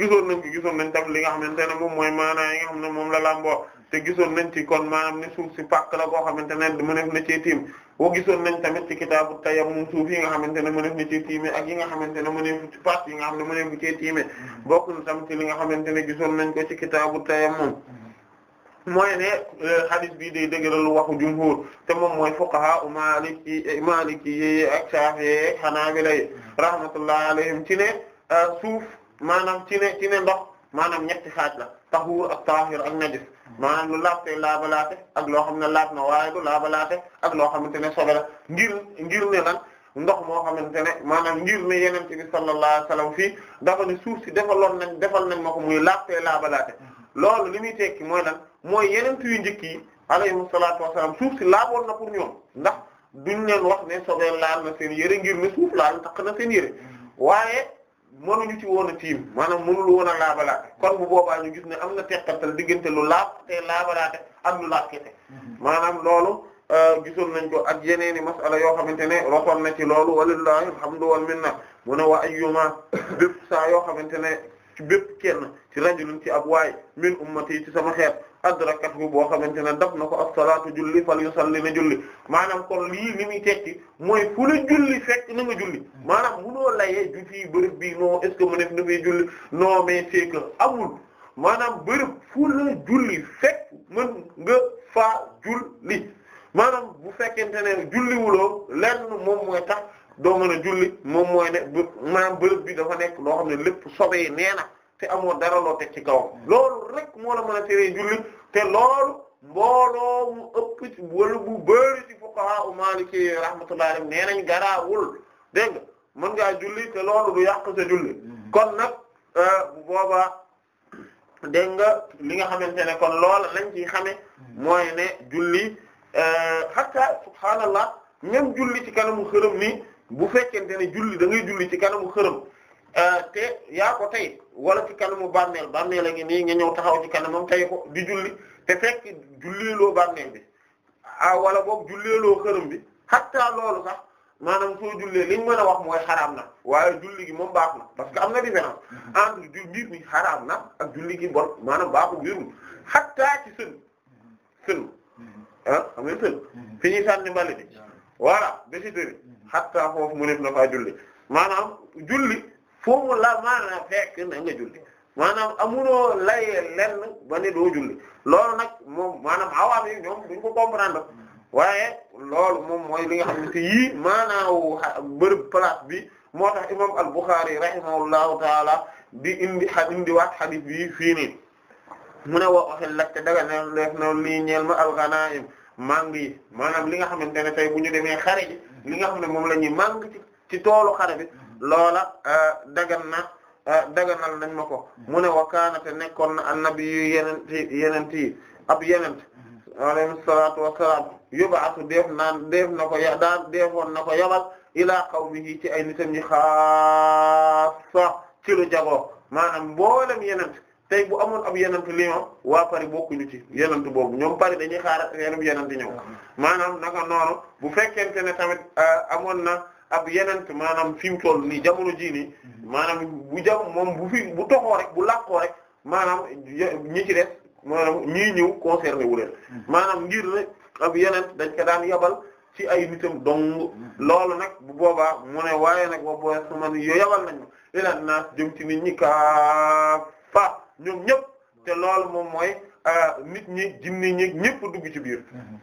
gisoon nañ ko gisoon nañ ta li nga xamante moom mooy maana yi nga xam ne moom la lamboo te gisoon nañ ci kon maanaam ne suuf si pàkk la koo xamante ne mëneef na cee tiim boo gisoon nañ tamit ci kitaabu tayammum suuf yi nga xamante ne mëneef na cee tiime ak yi nga xamante ne mëneef ci pàcc yi nga xam ne mëneef na cee tiime hmm. bokk na tam ci li nga xamante ne gisoon nañ ko ci kitaabu tayammum hmm. mooy ne euh, hadith bii day dëgëral waxu jumhur te moom mooy fuqaha u maliki maliki yi ak xanaa hanabila yi rahmatullahi alayhim ci ne euh, suuf maanaam ci ne ci ne ndox maanaam ñetti xaaj la tahuur ak taahir ak najis maanaam lu laab tey laabalaate ak loo xam ne laab na waaye du laabalaate ak loo xamante ne sobe la ngir ngir ne lan ndox moo xamante ne maanaam ngir ne yenente bi sallallahu alayhi wasallam fii dafa ne suuf si defaloon nañ defal nañ ma ko muy laab tey laabalaate mm-hmm. loolu li muy tekki mooy lan mooy yeneen yu njëkk yi alayhimu salaatu wa salaam suuf si laaboon na pour ñoom ndax duñ leen wax ne sobee laal na seen yére ngir ne suuf laal takk na seen yére waaye mënuñu ci woon a tiim maanaam mënul woon a laabalaate kon bu boobaa ñu gis ne am na teqantal diggante lu laab te laabalaate ak lu laab kese maanaam loolu euh, gisoon nañ ko ak yeneeni masala yoo xamante ne rotoon na ci loolu walillahi alhamdu wal na mu ne wa ayyuma bépp saa yoo xamante ne ci bépp kenn ci rajulun ci ab waay min ummati ci sama xeet adrakathu boo xamante ne dab na ko as-salaatu julli fal yusalli na julli maanam kon lii li muy tekki mooy fu la julli fekk na nga julli maanaam munoo layee du fii bërëb bi non na fay julli non mais c'est que maanaam bërëb fu la julli fekk mën nga bu fekkente ne julliwuloo lenn moom mooy tax doo mën a julli moom mooy ne maanaam bërëb bi dafa nekk loo xam ne lépp sobee nee na te amoon dara loo teg ci kaw loolu rekk moo la mën a teree julli te loolu mbooloo mu ëpp ci bu bëri ci fuqaha u maliki rahmatullahi alayhi nee nañ garaawul dégg mën ngaa julli te loolu du yàq julli mm-hmm. kon nag euh, bu boobaa dégg nga li nga xamante ne kon loolu lañ ci xame mm-hmm. mooy ne julli euh, hatta subhaanallah même julli ci kanamu xërëm nii bu fekkente ne julli da ngay julli ci kanamu xërëm Euh, te yaa ko tey wala ci mu bàmmeel bàmmeel a ngi nii nga ñëw taxaw ci kanamam tey ko di julli te fekk julleeloo bàmmeel bi ah wala boog julleeloo xërëm bi hatta loolu sax maanaam soo jullee liñ mën a wax mooy xaraam na waaye julli gi moom baax na parce que am na différence mm-hmm. entre ju mbir mi xaraam na ak julli gi bon maanaam baaxul wérul hatta ci sën mm-hmm. sën mm-hmm. ah xam nga sën fi ñuy sànni mbali bi voilà décider hatta foofu mu nekk na faa julli maanaam foofu laal maanaam fekk na nga julli maanaam amuloo laye lenn ba ne doo julli loolu nag moom maanaam awaam yi ñoom duñ ko waaye loolu moom mooy li nga xam ne te yii maanaam bërëb place bi moo tax imam al-Bukhari rahimahullahu taala di indi xa indi waat xadis bi fii nii mu ne wa uhillat te daga ne def na lii ñeel ma al-ghanaim mang yi maanaam li nga xamante ne tey bu ñu demee xare ji li nga xam ne moom lañuy ñuy mang ci ci toolu xare bi loola euh, dagan na euh, daganal nañ ma ko mm-hmm. mu ne wakaanate nekkoon na annabi yu yenent yenent yi ab yenent mm-hmm. alayhi salaatu wassalaam yub'atu def naan def na ko ya daan defoon na ko yabal ilaa qawmihi ci ay nitam ñi xaassa ci lu jagoo maanaam mboolem yenent tey bu amoon ab yenent lion waa Paris bokkuñu ci yenent boobu ñoom Paris dañuy xaar yenub yenent ñëw mm-hmm. maanaam naka noonu bu fekkente ne tamit euh, amoon na ab yeneen maanaam fi mu toll nii jamono jii nii maanaam bu jam moom bu fi bu toxoo rek bu làqoo rek maanaam ñi ci des maanaam ñii ñëw concerné wu leen hmm. maanaam ngir ne ab yeneen dañ ko daan yabal ci ay nitam dong hmm. loolu nag bu boobaa mu ne waaye nag ba booy su man yo yabal nañ ila naas jëm ci nit ñi kaafa ñoom ñëpp te loolu moom mooy ah, nit ñi jinni ñi ñëpp dugg ci biir hmm.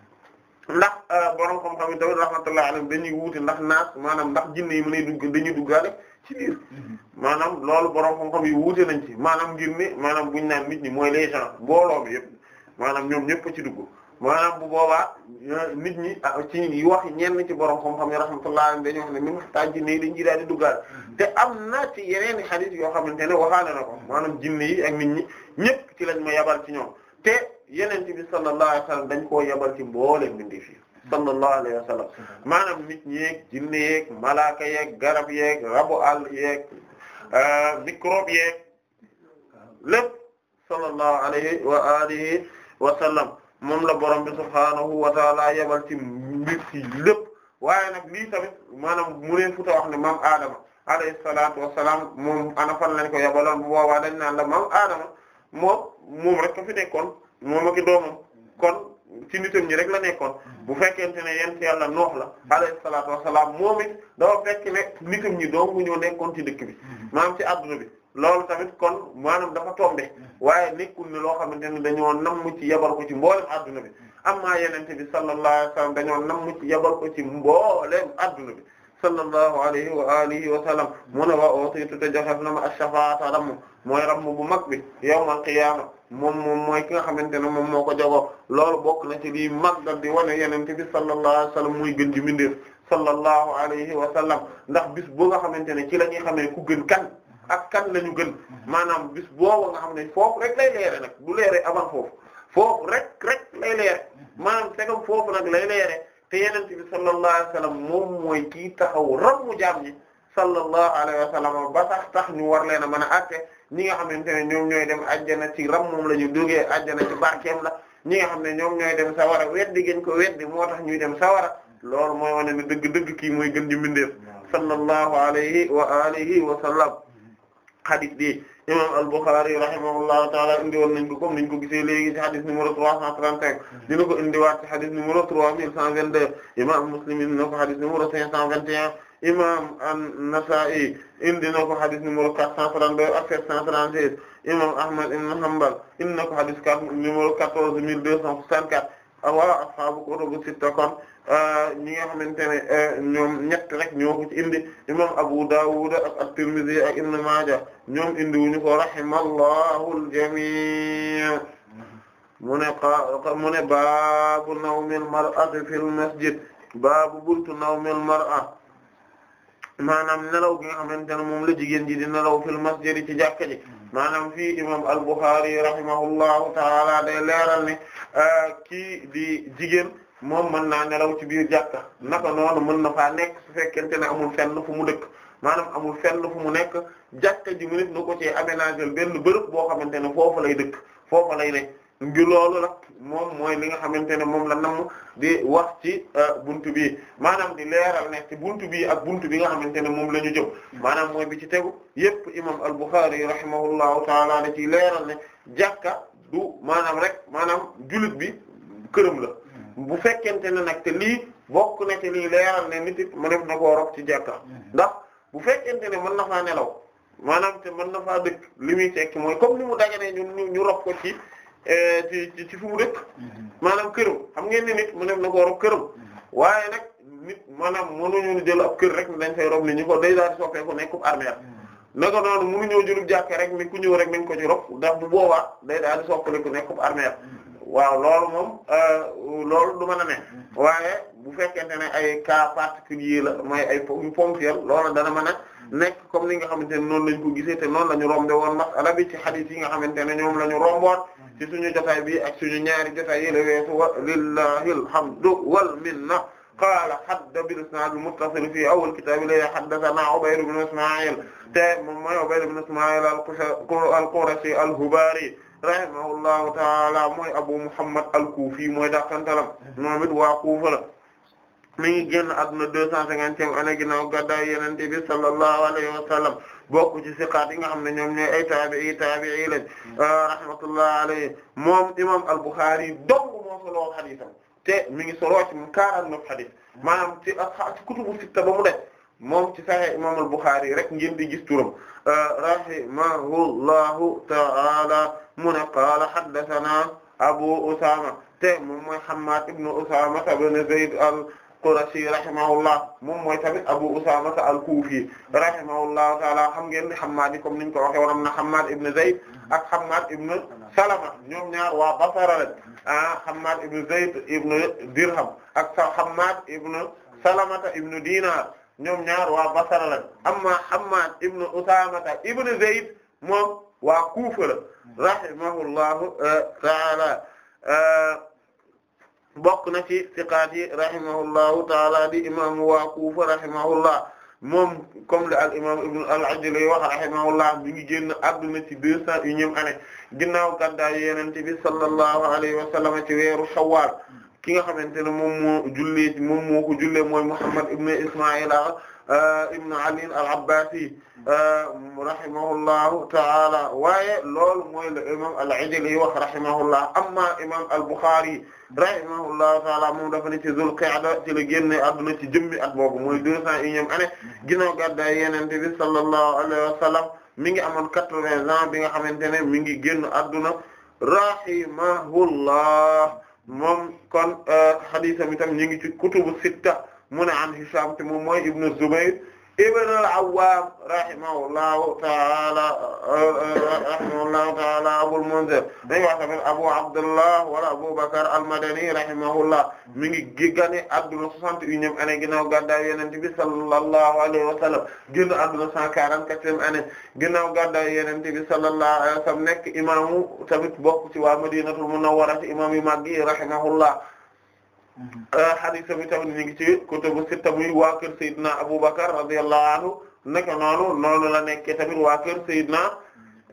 ndax euh, borom xam-xam yi tamit rahmatullahi alayhim dañuy wuute ndax naat maanaam ndax jinne yi mën a dugg dañuy duggaale ci biir mhm. maanaam loolu borom xam-xam yi wuute nañ ci maanaam ngir ne maanaam buñ naan nit ñi mooy les gens mbooloo mi yëpp maanaam ñoom ñëpp ci dugg maanaam bu boobaa euh, nit ñi ah, ci wax ñenn ci borom xam-xam yi rahmatullahi alayhim dañuy wax ne même taa jinne yi dañ ci daal di duggaale mhm. te am na ci yeneen i yoo xamante ne waxaale na ko maanaam jinne yi ak nit ñi ñëpp ci lañ ma yabal ci ñoom te. yeneen bi sallallahu wa sallam dañ koo yebal ci mboolem mbindeef yi sallallahu alayhi wa sallam maanaam nit ñeeg jinne yeeg malaaka yeeg garab yeeg rabu àll yeeg euh, microbe yeeg lépp sallallahu wa alihi wa sallam moom la borom bi subhaanahu wa taala yebal ci mbir waaye nag lii tamit maanaam mu leen futa wax ne maam Adama alayhi ana fan lañ ko yebaloon bu boobaa dañ naan maam Adama moom moom rek ko fi nekkoon moom ak i doomam kon ci nitam ñi rek la nekkoon bu fekkente ne yent yàlla noox la alayhi salaatu wassalaam moom it dafa fekk ne nitam ñi doom bu ñoo nekkoon ci dëkk bi maam mhm. ci adduna bi loolu tamit kon maanaam dafa tombe mhm. waaye nekkul ne loo xamante ne dañoo namm ci yabal ko ci mboolem adduna bi mhm. amma yenente bi sallallahu alayhi wa sallam dañoo namm ci ko ci mboolem adduna bi sallallahu alayhi wa alihi wa sallam mu ne wa ootituta joxef na ma ash-shafaata ramm mooy ramm bu mag bi yawmal qiyaama moom moom mooy ki nga xamante ne moom moo ko jago loolu bokk na ci lii màggal di wane yenente bi sallallahu alayhi wa sallam muy gën ji mindeef sallallahu alayhi wa sallam ndax bis boo nga xamante ne ci la ñuy xamee ku gën kan ak kan la ñu gën maanaam bis boobu nga xam ne foofu rek lay nag du leere avant foofu foofu rek rek lay leere maanaam segam foofu nag lay leere te yenente bi sallallahu alayhi wa sallam moom mooy kii taxaw ram mu jaam ñi sallallahu alayhi wa sallam ba tax ñu war leen a mën a àtte ñi nga xamante ne ñoom ñooy dem ajjana ci ram moom la ñu duggee ajjana ci barkeem la ñi nga xam ne ñoom ñooy dem sawara weddi gën ko weddi moo tax ñuy dem sawara loolu mooy wane ne dëgg-dëgg kii mooy gën di mbindeef sallallahu alayhi wa alihi wa sallam hadith bi imam al-Bukhari rahimahullahu taala indi woon nañ ko comme niñ ko gisee léegi ci hadith numéro 335 dina ko indiwaat ci hadith numéro 3122 imam Muslim indi na ko hadith imam an-Nasa'i indi na ko hadith numéro 432 ak 436 imam Ahmad ibn Hanbal indi na ko hadith numéro 14264 wa ashaabu kutubu sitta kon ah, ñi nga xamante ne eh, ñoom ñett rek ñoo ko ci indi imam Abu Dawud at-Tirmidhi ak Ibn Maaja ñoom indi wuñu ko rahimallahu al-jamii' mu ne mu ne baabu nawmil mar'ati fil masjid baabu buntu nawmil mar'a maanaam nelaw gi nga xamante ne moom la jigéen ji di nelaw fil masjid ci jàkka ji maanaam fii imam al-Bukhari rahimahullahu taala day leeral ne euh, kii di jigéen moom mën naa nelaw ci biir jàkka naka noonu mën na faa nekk su fekkente ne amul fenn fu mu dëkk maanaam amul fenn fu mu nekk jàkka ji mu nit nu ko ci aménager benn bërëb boo xamante ne foofu lay dëkk foofu lay ne ngi la moom mooy li nga xamante ne moom la namm di wax ci euh, buntu bi maanaam di leeral ne ci bunt bi ak buntu bi nga xamante ne moom la ñu jëm maanaam mooy bi ci tegu yépp imam al-Bukhari rahimahullahu taala da ci leeral ne jàkka du maanaam rek maanaam jullit bi këram la hmm. bu fekkente ne nag te lii bokk na ci lii leeral ne nit it ma def na koo rok ci jàkka hmm. ndax bu fekkente ne mën na faa nelaw maanaam te man na faa dëkk li muy tekki mooy comme ni mu dajanee ñu ñu rob ko ci Eh, ci ci fu mu dëkk mhm. maanaam këram xam ngeen ni nit mu nekk na koo rob këram mhm. waaye nag nit maanaam mënuñu jël ab kër rek ne dañ fay rob ni ñu ko day daal di soppee ko nekkub armère mhm. naka noonu mënuñoo jëlub jàkke rek ni ku ñëw rek nañ ko ci rob ndax bu boobaa day daal di soppale ko nekkub armère waaw loolu moom eh, loolu du mën a ne waaye bu fekkente ne ay cas particulier la mooy ay ponctuel loola dana mën a nekk comme ni nga xamante ne noonu lañ ko gisee te noonu la ñu rombe woon masala bi ci hadith yi nga xamante ne ñoom la ñu romboon ci suñu jotaay bi ak suñu ñaari jotaay yi la weesu wa lillahi alhamdu wal minna qaala hadda bil isnaad al muttasil fii awwal kitaab ilayhi haddathanaa Ubayd ibn Ismaa'iil te moom mooy Ubayd ibn Ismaa'iil al-Qurashi al-Hubaari rahimahullahu ta'aala mooy Abu Muhammad al-Kuufi mooy dàqantalam waa Kuufa mi ngi génn àdduna deux cent cinquantième année ginnaaw gàddaay Yonent bi sallallahu alayhi wa sallam bokk ci siqaat yi nga xam ne ñoom ñooy ay taabi'i taabi'i lañ hmm. ah, rahmatullahi alayhi moom imam al-Bukhari dong moo soloo xadisam te mi ngi soloo ci moom quarante-neuf xadis hmm. maanaam ci ah, ci kutubu sitta ba mu def moom ci Sahih imam al-Bukhari rek ngeen di gis turam ah, rahimahullahu ta'ala mu ne qaala haddathana Abu Usama te moom mooy Hammad ibn Usama ibn Zayd al al-Qurashi rahimahullah moom mooy tamit Abu Usama al-Kufi rahimahullahu taala xam ngeen ne Hammad comme niñ ko waxee woon na Hammad ibn Zayd ak Hammad ibn Salama ñoom ñaar waa Basra la ah Hammad ibn Zayd ibn Dirham ak Hammad ibn Salama ibn Dinar ñoom ñaar waa Basra la amma Hammad ibn Usama ibn Zayd moom waa Kufa la rahimahullahu eh, taala eh, mbokk na ci siqaat yi rahimahullahu taala di imam waa Kufa rahimahullah moom comme le al imam ibn al-Ajli wax rahimahullah mi ngi génn adduna ci deux cent unième année ginnaaw gàddaay Yonent bi sallallahu alayhi wa sallam ci weeru Shawwal ki nga xamante ne moom moo jullee moom moo ko jullee mooy Muhammad ibn Isma'il euh, ibn Ali al-Abbasi euh, rahimahullahu ta'ala waaye loolu mooy la imam al-Ijli wax rahimahullah amma imam al-Bukhari rahimahullahu ta'ala moom dafa ne ci Zul Qa'da ci la génne adduna ci jëmmi at boobu mooy deux cent unième année ginnaaw gàddaay Yonent bi sallallahu alayhi wa sallam mi ngi amoon quatre-vingts ans bi nga xamante ne mi ngi génn adduna rahimahullah moom kon hadisam euh, itam ñu ngi ci kutubu sitta mu ne an Hisham te moom mooy Ibn Zubayr ibn al-Awwam rahimahullahu ta'ala rahimahullahu ta'ala Abul Munzir dañu wax tamit Abu Abdullah wala Abu Bakr al-Madani rahimahullah mi ngi géggane adduna soixante-et-unième année ginnaaw gàddaay Yonent bi sallallahu alayhi wa sallam génn adduna cent quarante-quatrième année ginnaaw gàddaay Yonent bi sallallahu alayhi wa sallam nekk imaamu tamit bokk ci waa Madinatul Munawwara imam yu mag yi rahimahullah Euh, hadith bi tamit ñu ngi ci kutubu sitta muy waa kër Seydina Aboubacar radiyallahu anhu naka noonu noonu la nekkee tamit waa kër Seydina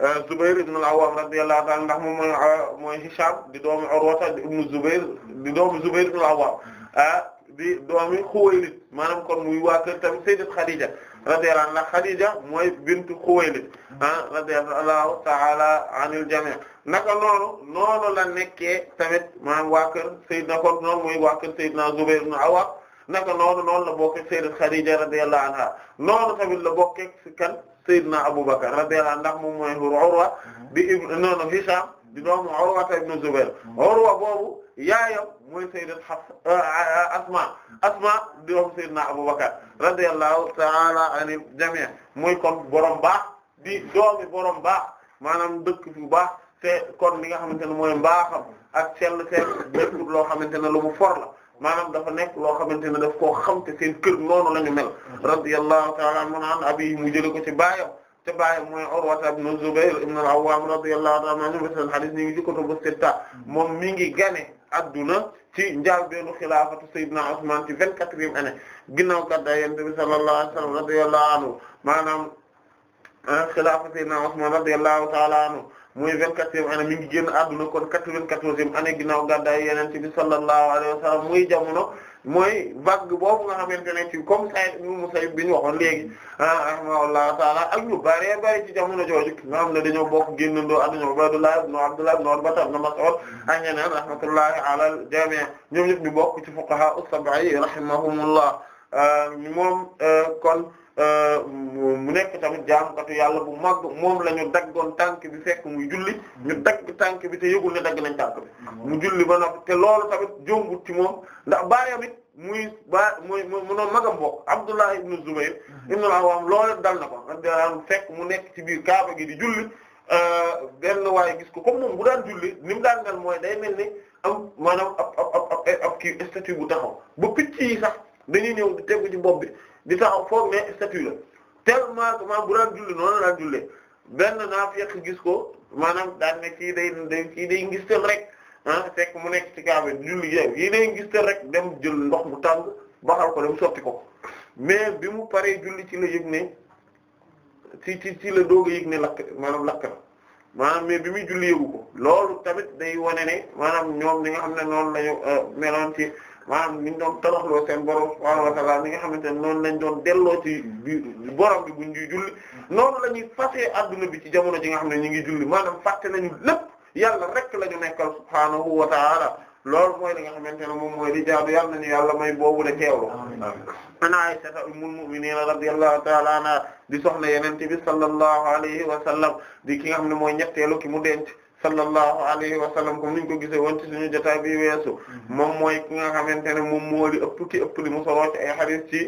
euh, Zubair ibn al-Awwam radiyallahu ta'ala ndax moom mooy euh, mooy Hisham di doomu Urwata ibn Zubair di doomu Zubair ibn al-Awwam ah di doomi Khuwaylid maanaam kon muy waa kër tamit Sayyidat Khadija radiyallahu anha Khadija mooy bintu Khuwaylid ah radiyallahu ta'ala anil jami' naka noonu noonu la nekkee tamit maanaam waa kër Seydina kon noonu mooy waa kër Seydina Zubayr ibn Awwam naka noonu noonu la bokkee Seydina Khadija radiyallahu anha noonu tamit la bokkee ci kan Seydina Abubakar radiyallahu ndax moom mooy Urwa di ibn noonu Hisham di doomu Urwa ibn Zubayr mm-hmm. Urwa boobu yaayam. mooy sayyidat ah, Asma Asma di doom sayyidina Abu Bakar radiyallahu ta'ala anil jami' muy kon borom baax di doomi borom baax maanaam dëkk fu baax te kon li nga xamante ne mooy mbaaxam ak sell sell nekkul loo xamante ne lu mu for la maanaam dafa nekk loo xamante ne daf koo xam te seen kër noonu la ñu mel radiyallahu ta'ala anhu an abi mu jële ko ci baayam te baayam mooy Urwa ibn Zubayr ibn al-Awwam radiyallahu ta'ala anhu seen hadith ñu ngi ci kutubu sitta moom mi ngi gane adduna ci njaalbeenu xilaafatu Seydina Usmaan ci vingt-quatrième année ginnaaw gàddaay Yonent bi sallallahu alayhi wa sallam radiyallahu anhu maanaam ah, xilaafatu Seydina Usmaan radiyallahu ta'ala anhu muy vingt-quatrième année mi ngi génn àdduna bi sallallahu alayhi muy jamono mooy vague boobu nga xamante ne ci comme Sayyid ibn Musayyib bi ñu waxoon léegi rahimahullahu taala ak ñu bari bari ci jamono jooju nga xam ne dañoo bokk génnandoo àdduna Ubaydullah ibn Abdullah ibn Utba ibn Mas'ud ak ñeneen rahmatullahi ala al-jami' ñoom ñëpp ñu bokk ci fuqaha as-sab'i rahimahumullah moom kon. Euh, mu nekk tamit jaamukatu yàlla bu mag moom lañu ñu daggoon tànk bi fekk muy julli ñu dagg tànk bi te yëgul ne dagg nañ tànk bi mu julli ba noppi te loolu tamit jombut ci moom ndax baayam it muy ba muy mu noon magam bokk Abdullah ibn Zubayr ibn al-Awwam loolu na ko daan fekk mu nekk ci biir kaaba gi di julli euh, benn waaye gis ko comme moom bu daal julli ni mu daan mel mooy day mel ni am maanaam ab ab ab ab kii statue bu taxaw ba picc yi sax dañuy ñëw di tegu ci bopp bi di taxaw foog ne statue la tellement que maam bu daan julli noonu daan jullee benn naafiq gis ko maanaam daan ne kii day day kii day ngistal rek ah fekk mu nekk ci Kaaba julli yi day ngistal rek dem jël ndox mu tàng baxal ko dem sotti ko mais bi mu paree julli ci la yëg ci ci la doog a lakk maanaam lakk na maanaam mais bi muy julli yëgu ko loolu tamit day wane ne maanaam ñoom ñi nga xam ne noonu la ñu euh, meloon maanaam ñu ngi loo toroxloo seen borom subhaanahu wa ta'aala nga xamante ne noonu lañ doon delloo ci borom bi bu ñuy julli noonu la ñuy fasee adduna bi ci jamono ji nga xam ne ñu ngi julli maanaam fàtte nañu lépp yàlla rek la ñu nekkal subhaanahu wa ta'aala loolu mooy li nga xamante ne moom mooy li jaadu yàlla nañu yàlla may boobu de teewlu ana Aysa ummul mu'minin radiyallahu ta'ala anha di soxna yenente bi sallallahu alayhi wa sallam di ki nga xam ne mooy ñetteelu ki mu denc sallallahu alayhi wa sallam comme niñ ko gisee woon ci suñu jotaay bi weesu mm-hmm. moom mooy ki nga xamante ne moom moo li ëpp ki ëpp li mu solo ci ay hadith ci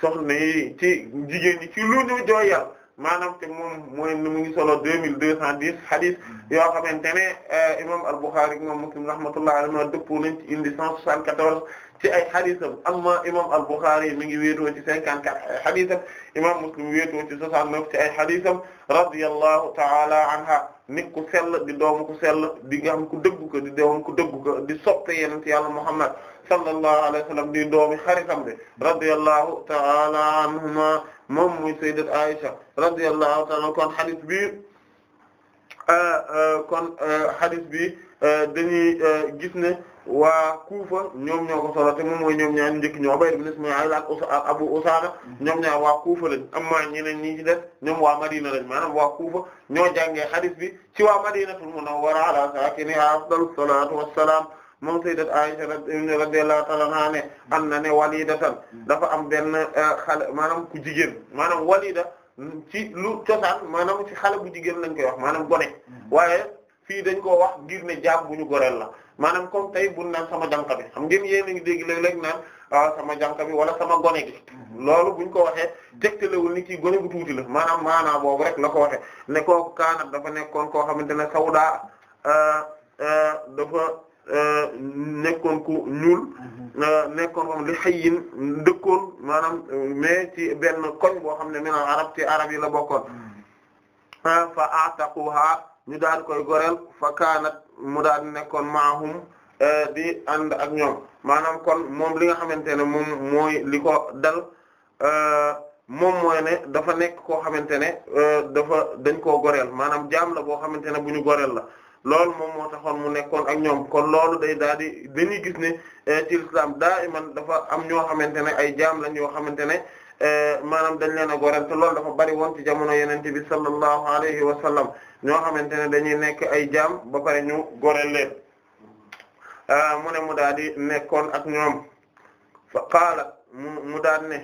soxna yi ci jigéen ñi ci lu ñu jooyal maanaam te moom mooy nu mu ngi solo deux mille deux cent dix hadith mm-hmm. yoo xamante ne euh, imam al-Bukhari imam Muslim rahmatullahi alayhi dëppoo nañ ci indi cent soixante-quatorze ci ay xadisam amma imam al-Bukhari mi ngi wéetoo ci cinquante quatre ay xadisam imam Muslim wéetoo ci soixante neuf ci ay xadisam radiyallahu ta'ala anha nit ku sell di doomu ku sell di nga xam ku dëggu ko di doom ku dëggu ko di soppe yenent yàlla Muhammad sallallahu alayhi wa sallam di doomi xaritam bi radiyallahu ta'ala anhuma moom muy sayyidat Aisha radiyallahu ta'ala kon xadis bi euh, euh, kon euh, xadis bi dañuy gis ne waa Kufa ñoom ñoo ko solo te moom mooy ñoom ñaar njëkk ñoo Ubayd ibn Abu Usama mm-hmm. ñoom ñaar waa Kufa lañ amma ñeneen ñi ci def ñoom waa Madina lañ maanaam waa Kufa ñoo jàngee hadith bi ci waa Madinatul Munawwara ala sakiniha afdalu salaatu wassalaam moom sayyidat Aisha radiyallahu ta'ala anha ne am na ne walidatan dafa am benn euh, xale maanaam ku jigéen maanaam walida ci lu cosaan maanaam ci xale bu jigéen lañ koy wax maanaam gone mm-hmm. waaye fii dañ koo wax ngir ne jaam bu ñu goreel la maanaam comme tey bu naan sama jànka bi xam ngeen yéen a ngi dégg léeg-léeg naan ah sama jànka bi wala sama gone loolu buñ ko waxee tegtalewul ni kii gone bu tuuti la maanaam maanaa boobu rek la ko waxe ne kook kaanat dafa nekkoon koo xamante ne sawda ah, ah, dafa ah, nekkoon ku ñuul mhm. nekkoon moom li xëyin dëkkoon maanaam mais ci benn koñ boo xam ne min arab ci arab yi la bokkoon mhm. fa ataquha ñu daal koy goreel fa kaanat mu daal nekkoon maahum e, di ànd ak ñoom maanaam kon moom li nga xamante ne moom mooy li ko dal e, moom mooy ne dafa nekk koo xamante ne e, dafa dañ koo goreel maanaam jaam la boo xamante ne bu ñu goreel la lool moom moo taxoon mu nekkoon ak ñoom kon loolu day daal di dañuy gis ne ci lislaam daa iman dafa am ñoo xamante ne ay jaam lañ yoo xamante ne Eh, maanaam dañ leen a gorante loolu dafa bari woon ci jamono yenente bi sallallahu alayhi wa sallam ñoo xamante ne dañuy nekk ay jaam ba pare ñu gorel leen eh, mu ne daal di nekkoon ak ñoom fa qaala mu mu daal ne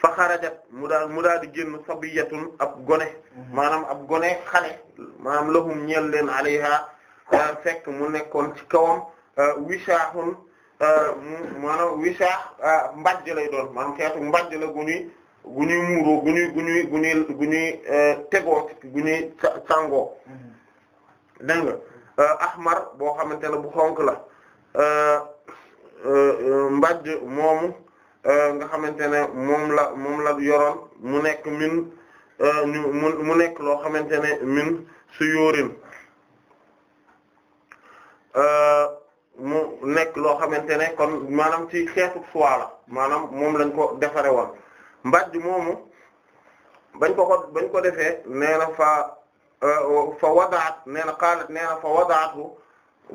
fa xarajat mu daal mu daal di génn sabiyatun ab gone maanaam ab gone xale maanaam lahum ñeel leen alayha fekk mu nekkoon ci kawam eh, wishaahun Euh, maanaam wisaax euh, mbajj lay doon maanaam xeetu mbajj la gu ñuy gu ñuy muuroo gu ñuy gu ñuy gu ñuy gu ñuy euh, tegoo mm-hmm. boo xamante ne bu xonq la mbajj moomu nga xamante ne moom la moom la yoroon mu nekk min mu nekk loo xamante ne min su yóorin mu nekk loo xamante ne kon maanaam ci xeetu soie la maanaam moom lañ ko defaree woon mbajj moomu bañ ko ko bañ ko defee nee na fa euh, fa wadaat nee na xaalat nee na fa wadaatu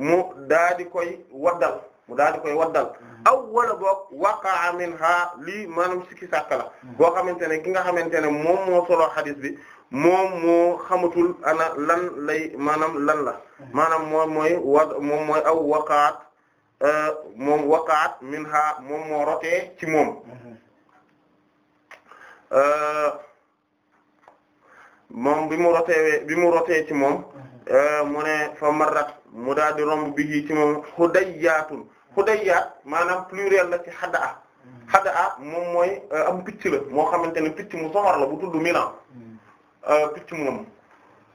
mu daa di koy waddal mu daal di koy waddal mm-hmm. aw wala wakaa waqaa minha lii maanaam sikki sàkk la mm-hmm. boo xamante ne ki nga xamante ne moom moo solo xadis bi moom moo xamatul ana lan lay maanaam lan la mhm. maanaam moom mooy wa moom mooy aw waqaat euh, moom waqaat minha moom moo rotee ci moom mhm. euh, moom bi mu rotee bi mu rotee ci moom mhm. euh, mu ne fa marrat mu daal di romb bi ci moom xudayyaatun xudayyaat maanaam pluriel la ci xada a xada a moom mooy am picc la moo xamante ne picc mu soxor la bu tudd milan Euh, picc moom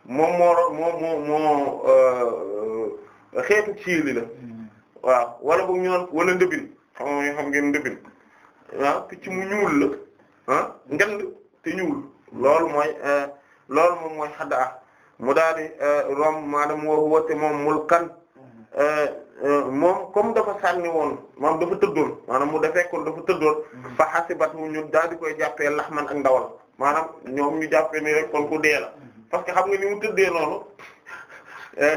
moom moo moom moo euh, xeetu ciili la mm-hmm. waaw wala boog ñoon wala ndëbin xam nga xam ngeen ndëbin waaw picc mu ñuul la ah te ñuul loolu mooy euh, loolu moom mooy xadda ah mu daal di rom maanaam woo woote moom mul kan mm-hmm. moom comme dafa sànni woon moom dafa tëddoon maanaam mu defekkoon dafa tëddoon ba mm-hmm. xasibat mu ñuul daal di koy lax man ak ndawal maanaam ñoom ñu jàppee ni rek kon ku dee la parce que xam nga ni mu tëddee noonu eh,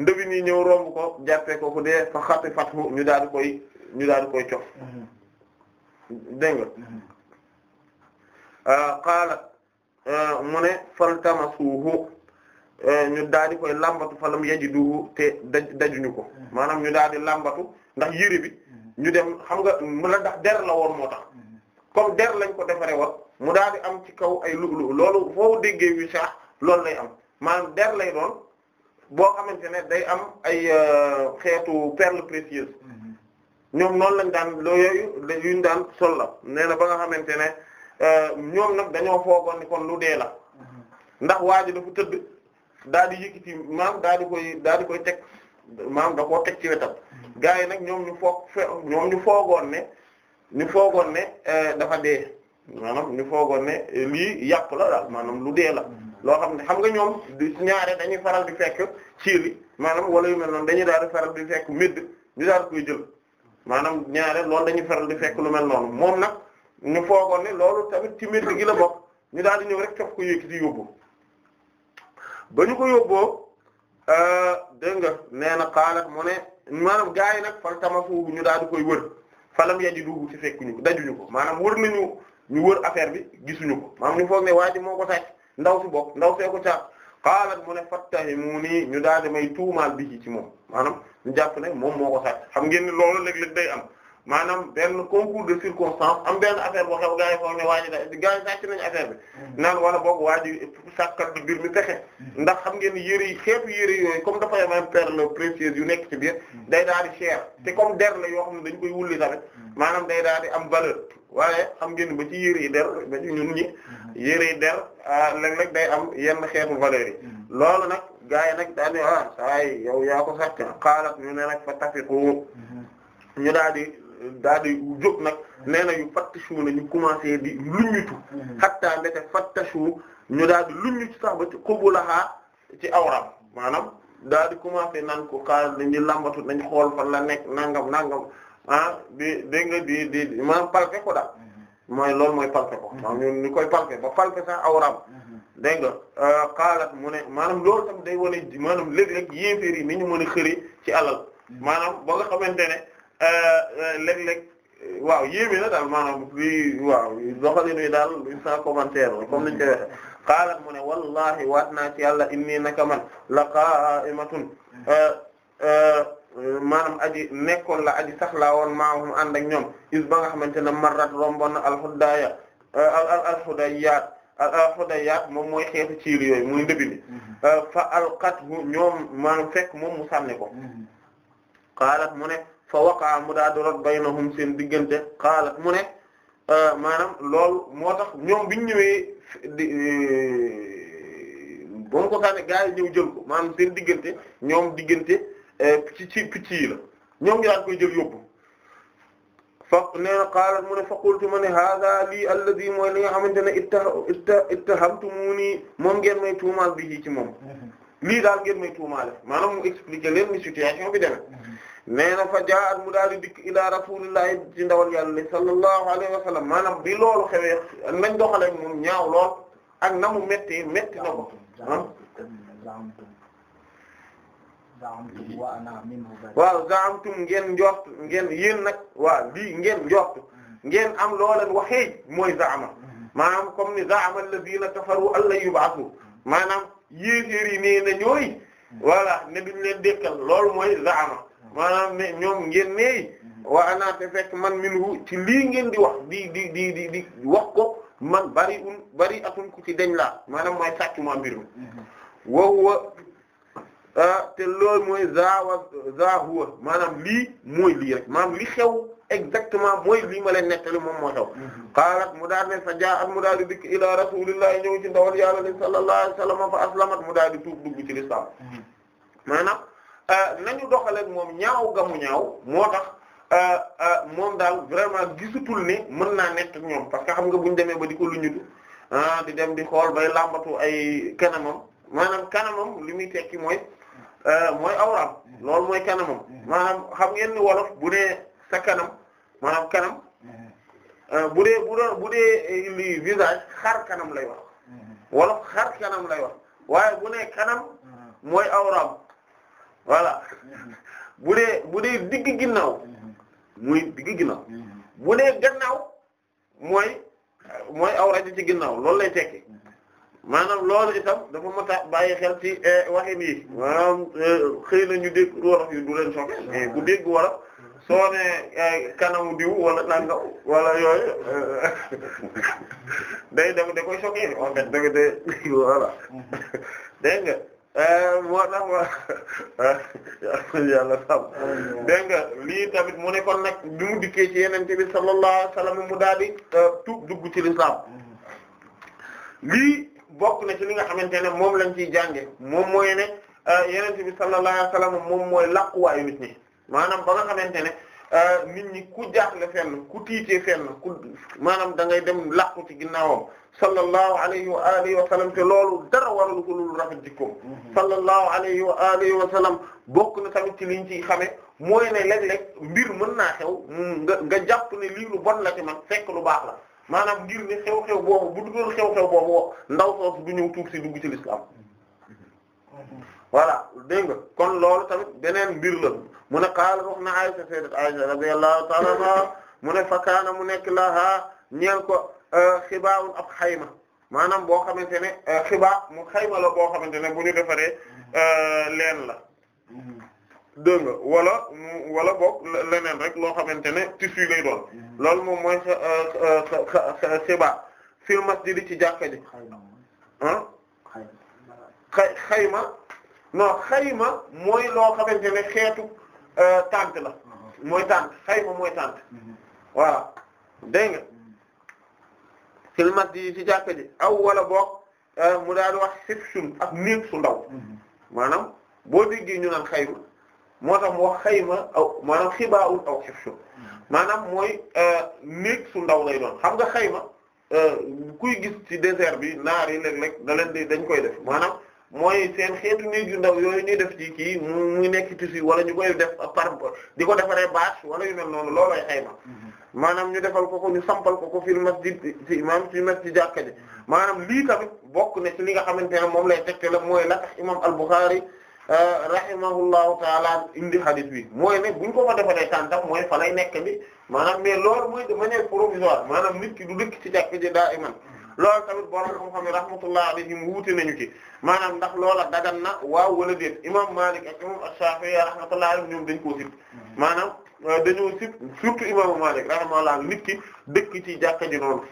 ndëbi nii ñëw romb ko jàppee ko ku dee fa xati fatfu ñu daal di koy ñu daal koy cof dégg nga xaalat ah, ah, mu ne fal tamasuhu eh, ñu daal koy lambatu falam yajiduhu te daj dajuñu ko maanaam ñu daal di lambatu ndax yére bi ñu dem xam nga mu la ndax der la woon moo tax comme der lañ ko defaree woon mu daal di am ci kaw ay lu loolu foo déggee wisaax loolu lay am maanaam der lay doon boo xamante ne day am ay euh, xeetu perles précieuses mm-hmm. ñoom noonu lañ daan loo yu yuñ daan sol la nee na ba nga xamante ne euh, ñoom nag dañoo foogoon ne kon lu dee la mm-hmm. ndax waa ji dafa tëdd daal di yëkkati maam daal di koy daal di koy teg maam da koo teg ci wetam mm-hmm. gaa yi nag ñoom ñu foog ñoom ñu foogoon ne ñu foogoon ne euh, dafa dee maanaam ñu foogoon ne eh, lii yàpp la daal maanaam lu dee la loo xam ne xam nga ñoom du ñaare dañuy faral di fekk ci li maanaam wala yu mel noonu dañuy daal di faral di fekk médd ñu daal koy jël maanaam ñaare loolu dañuy faral di fekk lu mel noonu moom nag ñu foogoon ne loolu tamit ci médd gi la bokk ñu daal di ñëw rek cof ko yéegi di yóbbu ñu ko yóbboo euh, dégg nga nee na xaalat mu ne maanaam yi nag fal tamasu ñu daal di koy wër falam yaji duubu ci fekkuñu ñu dajuñu ko maanaam wër nañu ñu wër affaire bi gisuñu ko maam foog ne waa moo ko sàcc ndaw si bokk ndaw see ko càpp xaalat mu ne fattahimuni ñu daal di may tuumaal bi ci moom maanaam ñu jàpp ne moom moo ko sàcc xam ngeen ni loolu léeg-léeg am maanaam benn concours de circonstance am benn affaire boo xew gaa yi foog waa ji da gaa yi sàcc nañu mm. wala boog waa bi mbir mi pexe mm. ndax xam ngeen ni yëre yi xeetu yëre yooyu comme dafa am ay perles précieuses yu nekk ci biir mm. day daal di cher te comme der la yoo xam ne dañ koy wulli tamit maanaam day daal di am valeur waaye xam ngeen ba ci yére yi der ba ci ñun ñi mhm. yére yi der ah, léeg-léeg day am yenn xeetu valeur mhm. loolu nag gaa yi nag daane ah saay yow yaa ko sàcc xaalat ñu ne nag fa tafiqu mhm. ñu daal di daal di jóg nag nee na yu fattashu na ñu commencé di luññitu xattaa ndete fattashu ñu daal di luññitu sax ba ci xubulaxaa ci awram maanaam daal di commencé naan ko xaalat dañuy lambatu nañ xool fan la nekk nangam nangam ah di dégg nga di di maanaam palpé ko daal mm-hmm. mooy loolu mooy palpé ko mm-hmm. maanaam ñun koy palpé ba palpé sax awram mm-hmm. dégg nga euh, xaalat mu ne maanaam loolu tam day wane maanaam léeg-léeg yéeféer ni ñu mën a ci alal maanaam ba nga xamante ne euh, euh, léeg-léeg waaw yéeme na daal maanaam li waaw doxalin wi daal sans commentaire la comme niñ koy waxe xaalat mu ne wallahi waat naa ci yàlla inni naka man la qa'imatun maanaam aji nekkoon la aji sax laa woon maahum ànd ak ñoom is ba nga xamante ne marrat rombon na alxuddaaya al alxudayaat alxudayaat moom mooy xeetu ciir yooyu muy ndëbi bi mm-hmm. euh, fa alqathu ñoom maanaam fekk moom mu sànni ko mm-hmm. qaalat mu ne fa waqaa mu daa di rot baynahum seen diggante kaalat mu ne euh, maanaam lool moo tax ñoom biñ ñëwee di euh, ko sànni gaa yi ñëw jël ko maanaam seen diggante ñoom diggante Eh, ci ci picc yi la ñoom ñu na qaalat mu ne fa qultu ma ne hada lii alladi mooy li nga xamante ne itta itta ittahamtumuni moom ngeen may tuumaal bi ci moom mhm. lii daal ngeen may tuumaale maanaam mu expliquer leen mi situation bi demee mhm. nee na fa jaat mu daal di dikk ila rasulillahi ci ndawal yàlla sallallahu alayhi wa sallam maanaam bi loolu xewee ñaaw lool ak na mu métti métti waaw zaamtum ngeen njort ngeen yéen nag waaw lii ngeen njort mm. ngeen am looleen waxeej mooy zaama mm. maanaam comme ni zaama alladhina kafaru alla yub'athu mm. maanaam yéeféer yi nee na ñooy voilà ne duñ leen dékkal loolu mooy zaama maanaam ne ñoom ngeen neey wa ana te fekk man minhu ci lii ngeen di wax di di di di di wax ko man bari un bari ku ci deñ laa maanaam mooy sàcc ma mbir mi mm-hmm. huwa Ah, te loolu mooy zaawa zaahuwa maanaam lii mooy lii rek maanaam li xew exactement mooy lii ma leen nettali moom moo xew mm-hmm. qaalat mu daal ne fa jaa at mu daal di dikk ila rasulillahi ñëw ci ndawal yàlla ni sallallahu alayhi wasallam fa aslamat mu daal di tuub dugg ci lislaam mm-hmm. maanaam ah, nañu doxaleen moom ñaaw ga mu ñaaw moo tax ah, moom daal vraiment gisutul ne mën naa nekk ñoom parce que xam nga bu ñu demee ba di ko luñutu ah di dem di xool bay làmbatu ay kanamam maanaam kanamam li muy tekki mooy Euh, mooy awraam mm-hmm. loolu mooy kanamam mm-hmm. maanaam xam ngeen ni wolof bu dee sa kanam maanaam kanam mm-hmm. euh, bu dee bu bu dee eh, li visage xar kanam lay wax wolof xar kanam lay wax waaye bu ne kanam mooy awraam voilà bu dee bu dee digg ginnaaw muy digg ginnaaw bu dee gannaaw mooy mooy awra ji ginnaaw loolu lay tekki maanaam loolu itam dafa mot a bàyyi xel ci eh, waxin yi maanaam eh, xëy na ñu dégg wolof yi du leen soxla mais dégg wolof soo nee eh, kanamu diw wala nanga wala yooyu day da da koy choqué en fait da nga de voilà dégg nga lii tamit mu nekkoon nag bi mu dikkee ci Yonent bi sallallahu alayhi wa mu daal di tuub dugg ci lislaam mm-hmm. lii bokk na ci li nga xamante ne moom lañ ciy jànge moom mooy ne euh, yenente bi sallallahu alayhi wasallam moom mooy làquwaayu nit ñi maanaam ba nga xamante ne euh, nit ñi ku jaaxle fenn ku tiitee fenn ku maanaam da ngay dem làqu ci ginnaawam sallallahu alayhi wa alihi wa sallam te loolu dara waralu ko loolu rafet jikkoom mm-hmm. sallallahu alayhi wa alihi wa sallam bokk na tamit ci liñ ciy xame mooy ne léeg-léeg mbir mën naa xew nga nga jàpp ne lii lu bon la ci man fekk lu baax la maanaam ngir ne xew-xew boobu bu duggoon xew-xew boobu wo ndaw soosu du ñëw tuub si dugg ci l'islam voilà dégg nga kon loolu tamit beneen mbir la mu ne qaala wax na Aysa sayyidat Aysa radiyallahu ta'ala anha mu ne fakaana mu nekk laha ñeel ko euh, xibaawun ab xayma maanaam boo xamante ne euh, xibaa mu xayma la boo xamante ne bu ñu defaree euh, leen la dégg nga wala wala boog leneen rek loo xamante ne tissu lay doon mm-hmm. loolu moom mooy xiba euh, fil masjid ci jàkka ji ah xayma non xayma mooy loo xamante ne xeetu euh, tànt la mm-hmm. mooy tànt xayma mooy tànt waaw mm-hmm. dégg nga fil masjid ci jàkka ji aw wala boog euh, mu daal di wax xif sun ak néeg su ndaw maanaam boo déggee ñu naan xayma moo tax mu wax xayma aw maanaam xibaa ut aw xifshu hmm. maanaam mooy euh, néeg su ndaw lay doon xam nga xayma euh, kuy gis ci désert bi naar yi léeg-léeg da leen di dañ koy def maanaam mooy seen xeetu néeg yu ndaw yooyu ñuy def ci kii mu nekk tissu wala ñu koy def par di ko defaree bâche wala yu mel noonu loolooy xayma hmm. maanaam ñu defal ko ko ñu sampal ko ko fil masjid ci imam ci masjid jàkka ji maanaam lii tamit bokk na ci li nga xamante ne moom lay tegte la mooy la tax imam al-Bukhari Euh, rahimahullahu taala indi hadith bi mooy ne buñ ko fa defalee tàntam mooy fa lay nekk ni maanaam mais loolu mooy de manière provisoire maanaam nit ki du dëkk ci jàkk ji daa iman loolu tamit borom xam-xam yi rahmatullah alayhim wuute nañu ci maanaam ndax loola dagan na waaw wala déet imam Malik a imam Shafi'i rahmatullah alayhim ñoom dañ koo sib maanaam euh, dañoo sib surtout imam Malik rahimahullah nit ki dëkk ci jàkk ji noonu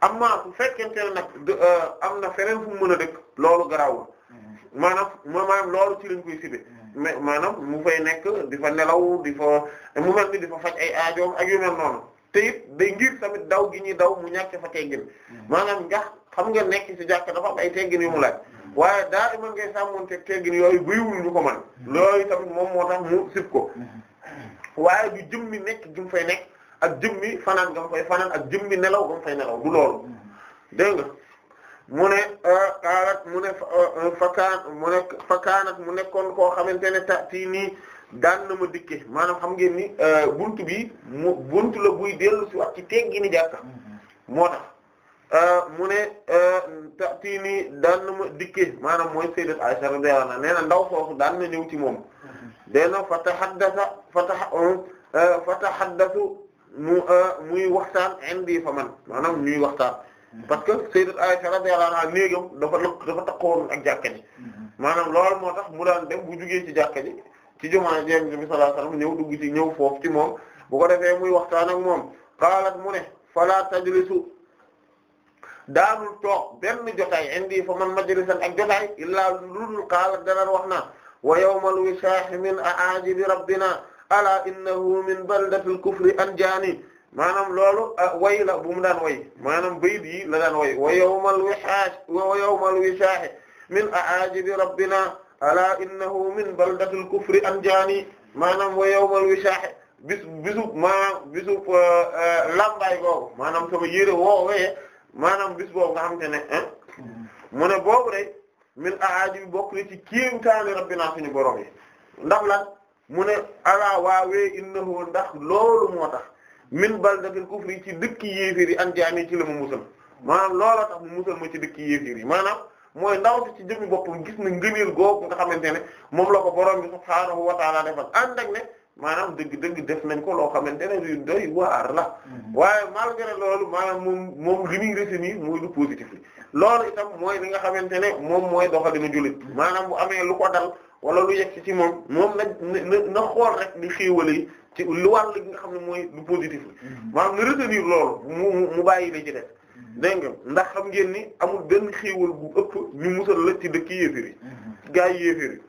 amma su fekkente ne nag euh, am na feneen fu mu a dëkk loolu garaawul maanaam maanaam loolu ci lañ koy sibe hmm. mais maanaam mu fay nekk di fa nelaw di fa mu mel ni di fa faj ay aajoom ak yu mel noonu te it day ngir tamit daw gi ñuy daw mu ñàkk fa teggin hmm. maanaam ngax xam nga nekk ci jàkk dafa am ay teggin yu mu laaj hmm. waaye daa ima ngay sàmmonteeg teggin yooyu bëyiwul ñu ko man loolu tamit moom moo tax mu sib ko waaye du jëmmi nekk gi fay nekk ak jëmmi fanaan nga mu fay fanaan ak jëmmi nelaw nga mu fay nelaw du loolu dégg nga mu ne euh, qaalat mu ne euh, fakaan mu ne fakaanat mu nekkoon koo xamante ne ta nii daan na ma dikke maanaam xam ngeen ni euh, buntu bi mu buntu la guy dellu si wax ci teggini jàkka mm-hmm. moo tax mu ne ta nii daan na ma dikke maanaam mooy sayyidat Aisha radiyallahu anha nee na ndaw soosu daan na ñëw ci moom dena mm-hmm. fa tahaddatha fa tahaddathu mu muy waxtaan indi fa man maanaam ñuy waxtaan parce que sayyidat Aisha radiyallahu anha dafa lëkk dafa takkoon ak jàkka ji maanaam loolu moo tax mu daan de bu jugee ci jàkka ji ci jumaa ji Nabi sallallahu alayhi wasallam ñëw dugg ci moom bu ko defee muy waxtaan ak moom qaalat mu ne fala tajlisu daanul toog benn jotaay indi fa man majlisan ak jotaay illaa ludul qaalat danan wax na wa yawmal wishaahi min a'aajibi rabbina ala innahu min baldatil kufri anjaani maanaam loolu ah, way la bu mu daan way maanaam bayit yi la daan way wa yawmal wishaash wa yawmal wishaahi min a'aajibi rabbina alaa innahu min baldatil kufri anjaani maanaam wa yawmal wishaahi bis bisub maanaam bisub ah, ah, lambaay boobu maanaam sama yére woowee maanaam bis nga xam te ne mu ne boobu rek min a'aajibi bokk ni ci kéemtaani rabbina suñu borom yi ndax lan mu alaa waawee innahu ndax loolu moo min baldatil kufri ci dëkk yéeféer yi an jaami ci la mu musal maanaam loola tax mu musal ma ci dëkk yéeféer yi maanaam mooy ndaw ci jëmmi boppam gis na ngëneel googu nga xamante ne moom la ko borom bi subhaanahu wa ta'ala defal ànd ak ne maanaam dëgg def nañ ko loo xamante ne lu doy waar la mm-hmm. waaye malgré loolu maanaam moom moom li muy retenir mooy lu positif li loolu itam mooy li nga xamante ne moom mooy doxalinu jullit maanaam bu amee lu ko dal wala lu yegg ci moom moom na na xool rek ni xéewal ci lu wàll gi nga xam ne mooy lu positif la mm-hmm. maanaam nga retenir loolu mu mu bàyyi la ci def mm-hmm. dégg ndax xam ngeen ni amul benn xéewal bu ëpp ñu musal la ci dëkk yéefér mm-hmm. gaa yi yéefér yi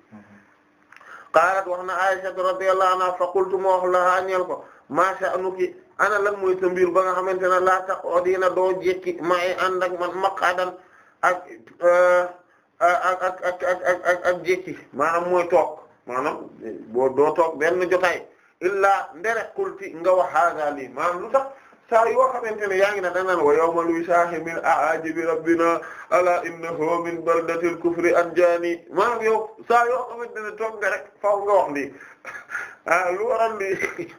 qaalat wax na Aisha radiyallahu anha fa qultu ma wax la ñeel ko ma sha'nuki ana lan mooy sa mbir ba nga xamante ne laa taq'udina doo jekki may ànd ak man maq'adan euh, ak ak ak ak ak ak ak jekki maanaam mooy boo doo toog benn jotaay illaa ndere kulti nga wax haaga lii lu tax saa yoo xamante ne yaa ngi ne danaan wa yawma luy saahi min a'ajibi rabbina ala innahu min baldatil kufri anjaani maanaam yow saa yoo xamante ne toog nga nga wax lii ah lu waral lii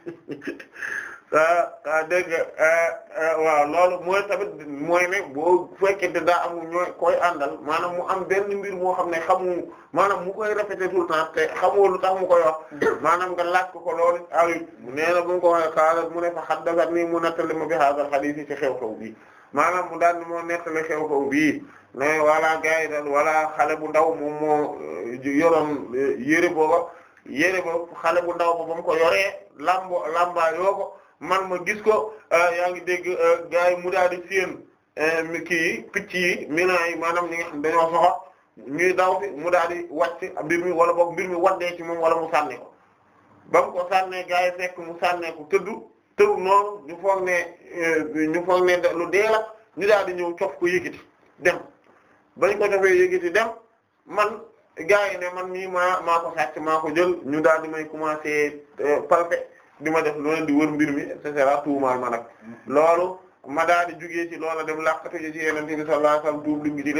Ah, ah, dégg ah, waaw loolu mooy tamit mooy ne boo fekkente daa amul ñooy koy àndal maanaam mu am benn mbir moo xam ne xamu maanaam mu koy répété tout le temps tax mu koy wax maanaam nga laaj ko ko loolu awit ko waxee mu ne fa xaddagat nii mu nettali ma maanaam mu daal ni moo nettali xew-xew bii ne wala gars yi daal wala xale bu ndaw moom moo eh, yoroon eh, yére booba yére boobu xale bu ndaw ba ba mu ko yoree lamba yoo ko man ma gis ko ah, yaa ngi dégg ah, gars yi mu daal di séen eh, kii picc yi milan yi maanaam ni nga xam dañoo soxor ñuy daw fi mu daal di a mbir mi wala boog mbir mi waddee ci moom wala mu sànne ko ba ko sànnee gars yi fekk mu sànnee ko tëdd tëru noonu ñu foog ne eh, ñu foog ne lu dee ñu daal di ñëw cof ko yëkkati dem bañ ko cofee yëkkati dem man gars yi ne man mii maa maa ko sàcc maa ko jël ñu daal di may commencer eh, palper di ma def lu leen di wër mi et cetera tuumaal ma nag loolu ma daal jugee ci loola dem laqatu ji ci yonent bi sallallahu alayhi wasallam tuub li mi di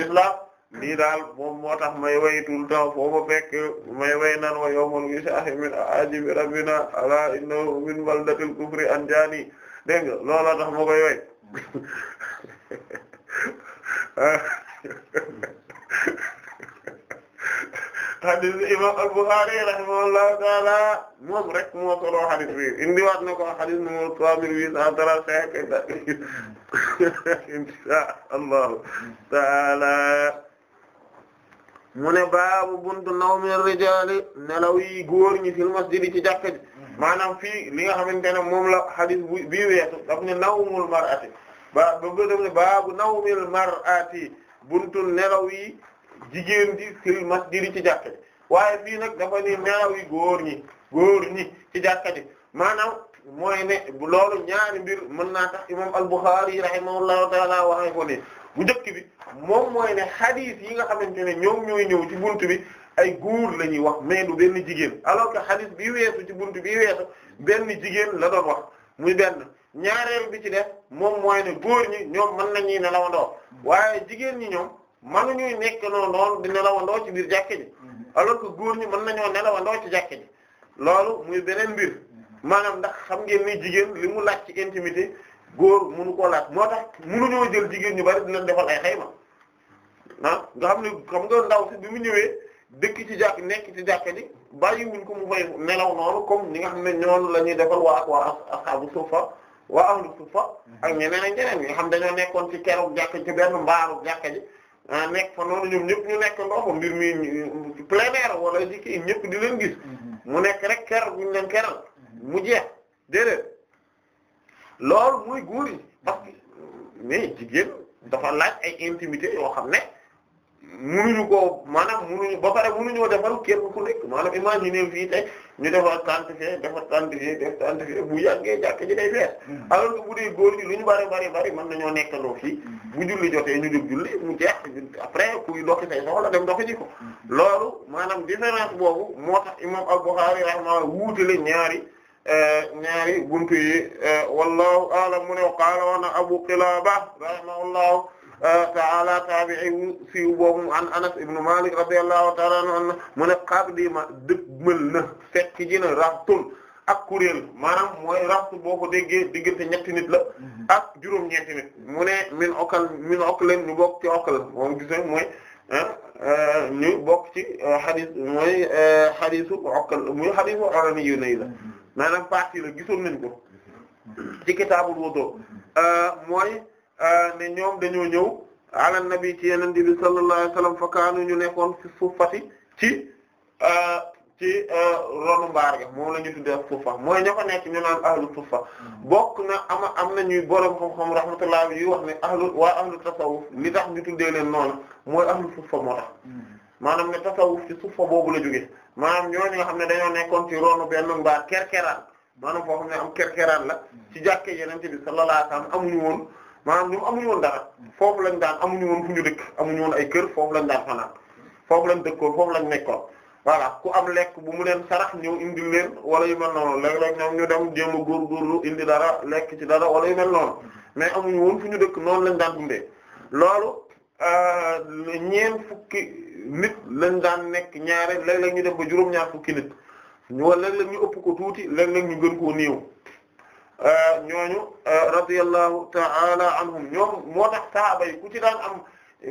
lii daal moom moo tax may way tout le temps ma fekk may way nan wa yawmal wisaahi min ajibi rabbina ala innahu min baldatil kufri anjaani dégg nga tax ma koy way hadis imam al-Bukhari rahimahullahu taala moom rek moo solo hadis bi indiwaat na ko hadis numéro trois mille huit cent trente-cinq taala mu ne baabu buntu nawmi rijaali nelaw yi góor ñi fil masjidi ci jàkka ji maanaam fii li nga xamante ne moom la hadis bu bii weesu daf ne nawmul mar'ati ba mar'ati buntu nelaw yi jigéen di ji sëy masjid ci jàkka ji waaye fii nag dafa ni naaw yi góor ñi góor ñi ci jàkka ji maanaam mooy bu loolu ñaari mbir mën naa tax imam al-Bukhari rahimahullahu taala waxee ko ni bu njëkk bi moom mooy ne yi nga xamante ne ñoom ñooy ñëw ci buntu bi ay góor la ñuy wax mais du benn jigéen alors que hadith bii weesu ci buntu bi weesu benn jigéen la doon wax muy benn ñaareel bi ci def moom mooy ne góor ñi ñoom mën nañuy nelawandoo waaye jigéen ñi ñoom. manu ñuy nekk noonu noonu di nelawandoo ci biir jàkke ji mm-hmm. alors que góor ñi mën nañoo nelawandoo ci jàkke loolu muy beneen mbir mm-hmm. maanaam ndax xam ngeen ni jigéen li mu ci intimité góor mënu koo laaj moo tax mënuñoo jël jigéen ñu bari di leen defal ay xayma ah nga xam ne xam nga ndaw si bi mu ñëwee dëkk ci jàkk nekk ci jàkka ji bàyyiwuñ ko mu fay nelaw noonu comme ñi nga xam ne ñoonu la ñuy defal waa waa ashabu sufa waa ahlu sufa ak mm-hmm. ñeneen ak ñeneen ñi nga xam dañoo nekkoon ci keroog jàkka ci benn mbaaru jàkka ji ah nekk fa noonu ñoom ñëpp ñu nekk ndox mbir mi plein air wala ci kii ñëpp di leen gis mm-hmm. mu nekk rek ker bu ñu leen keral mm-hmm. mu jeex déedéet loolu muy góor yi parce que mais jigéen dafa laaj ay intimité yoo xam ne munuñu koo maanaam munuñu ba pare munuñoo defal képp ku nekk maanaam imaginer fii tey ñu defar quantifié defar quantifié def quantifié bu yàggee jàkk ji day fees mm. alors que bu dee góor ñi lu ñu bari bari bari mën nañoo nekkandoo fii mm. bu julli jotee ñu jóg julli mu jeex après kuy doxi say soxla dem doxi ji ko mm. loolu maanaam différence boobu moo tax imam Al-Bukhârî rahimahullah wuutale ñaari euh, ñaari buntu yi euh, wallahu a'lam mu ne qaala wa Abu Qilaba rahimahullah ta'ala tabi'i siiw boobu an Anas ibn Malik radiyallahu ta'ala anhu mu ne qadima dëgmal na fekk ji na ak kuréel maanaam mooy raxtu boo ko déggee diggante ñetti nit la mhm. ak juróom-ñeenti nit mu min okal min okalen ñu bokk ci okal mooy ah, ah, bokk ci ah, xadis mooy xadisu okal muy xadisu orani yu nay la mhm. maanaam partie la gisoon nañ ko mhm. ci kitaabul wudu mooy ne ñoom dañoo ñëw ala nabi ci yeneen bi sallallahu alayhi wasallam fa kaanu ñu nekkoon fi suufati ci ci ronu mbaar ga moom la ñu tuddee suufa mooy ña ko nekk ñu naan ahlu mm-hmm. bokk na ama am na ñuy borom xam-xam rahmatullah bi yuy wax ne ahlu waa ahlu tasawuf li tax ñu tuddee leen noonu mooy ahlu suufa moo tax mm-hmm. maanaam ci suufa boobu la jóge maanaam ñooñu nga xam ne dañoo nekkoon ci ronu benn mbaar kerkeraan maanaam foo ne am kerkeraan la mm-hmm. ci jàkkee yeneen bi sallallahu alayhi wasallam amuñu woon maanaam ñoom amuñu woon dara hmm. foofu lañ daan amuñu woon fu ñu dëkk amuñu woon ay kër foofu lañ daan fanaan foofu lañ dëkkoon foofu lañ nekkoon voilà ku am lekk bu mu leen sarax ñëw indi leen wala yu mel noonu léeg-léeg ñu dem jéem indi dara lekk ci dara wala yu mel hmm. mais amuñu woon fu ñu dëkk noonu lañ daan dundee loolu euh, ñeent fukki nit lañ daan nekk ñaare léeg-léeg ñu dem ba juróom-ñaar fukki nit wala léeg-léeg ñu ëpp ko tuuti léeg-léeg ñu gën koo néew. Euh, ñooñu euh, radiyallahu ta'ala anhum ñoom moo tax sahaaba yi ku ci daan am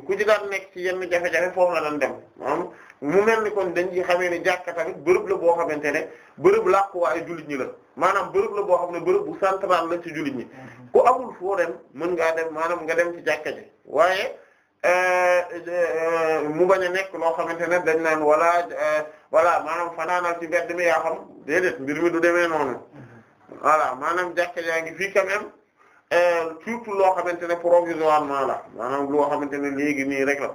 ku ci daan nekk ci yenn jafe-jafe foofu la daan dem maanaam mu mel ni kon dañ ci xamee ni jàkka tamit bërëb la boo xamante ne bërëb làkkuwaayu jullit ñi la maanaam bërëb la boo xam ne bërëb bu central la ci jullit ñi mhm. ku amul foo dem mën ngaa dem maanaam nga dem ci jàkka ji waaye euh, mu bañ a nekk loo xamante ne dañ naan wala wala maanaam fanaanal ci mbedd mi yaa xam déedéet mbir mi du demee noonu mhm. voilà maanaam jàkka jaa ngi fii quand même euh, surtout loo xamante ne provisoirement la maanaam loo xamante ne léegi nii rek la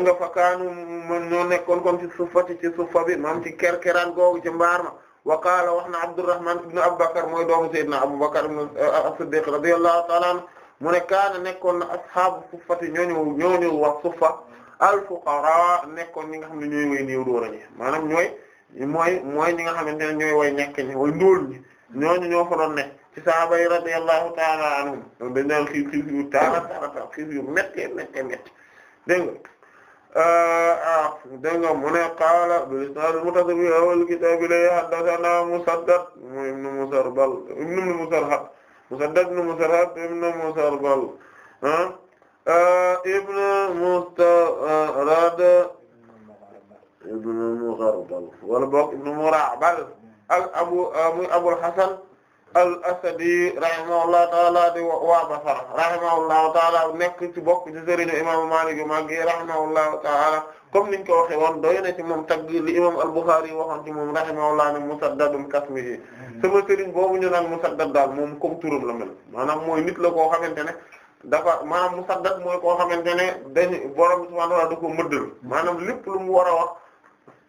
nga fa kaanu man nekkoon kon ci suufati ci suufa bi maam ci kerkeraan googu ci mbaar ma waqaala wax na Abdurrahman ibn Abubakar mooy doomu Seydina Abubakar ibn euh, as-Siddiq radiyallahu mu ne kaana nekkoon na ashaabu suufati ñooñu ñooñu wax suufa al fuqara nekkoon ñi nga xam ne ñooy way néew doole ñi ñooy. mooy nga xamante ne ñooy way ñàkk way ndóol ñi ñoo fa doon nekk ci sahaaba yi taala anhum ñoom dañ xiif yu taara taara taara xiif yu méttee méttee méttee dégg nga dégg nga mu ne qaala bi isnaad al-muttasil fi awwal kitaab ilayhi haddathanaa Musaddad ibn Musarbal ibn Musarhad Musaddad ibn Musarhad ibn Musarbal ibn Mustarhad ibn Mugharbal wala boog ibn Murahbal al abu muy Abul Hasan al Asadi rahimahullahu taala di waa Basra rahimahullahu taala nekk ci bokk ci sëriñu imaamu Maalik yu màgg yi rahimahullahu taala comme niñ ko waxee woon doy ci moom tagg li imam al-Bukhari waxoon ci moom rahimahullah ne musaddadun kasmihi sama sëriñ boobu ñu naan musaddad daal moom comme turam la mel maanaam mooy nit la koo xamante ne dafa maanaam musaddad mooy koo xamante ne dañ borom subhaanahu wa ta'aala da maanaam lépp lu mu war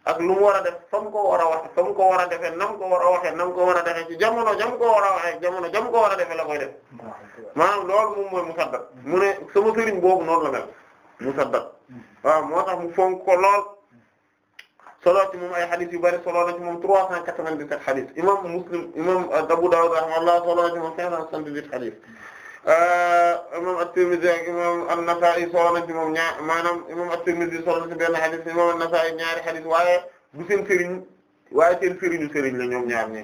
ak lu mu war a def fa ko war a waxe fa mu ko war a defee nam ko war a nam ko war a defee ci jamono jam ko war a waxee jamono jam ko war a la koy def maanaam loolu moom mooy musaddad mu ne sama sëriñ boobu noonu la mel musaddad waaw moo tax mu fonk ko lool solo ci moom ay xadis yu bari solo na ci moom trois cent quatre-vingt-dix-sept xadis imam Muslim imam Abu Dawud rahimahullah solo ci moom cinq cent soixante-dix-huit Euh, imam at-Tirmidhi ak imam an-Nasa'i solo na ci moom ñaar maanaam imam at-Tirmidhi solo na ci benn xadis imam an ñaari xadis waaye du seen sëriñ waaye seen sëriñu sëriñ la ñoom ñaar ñi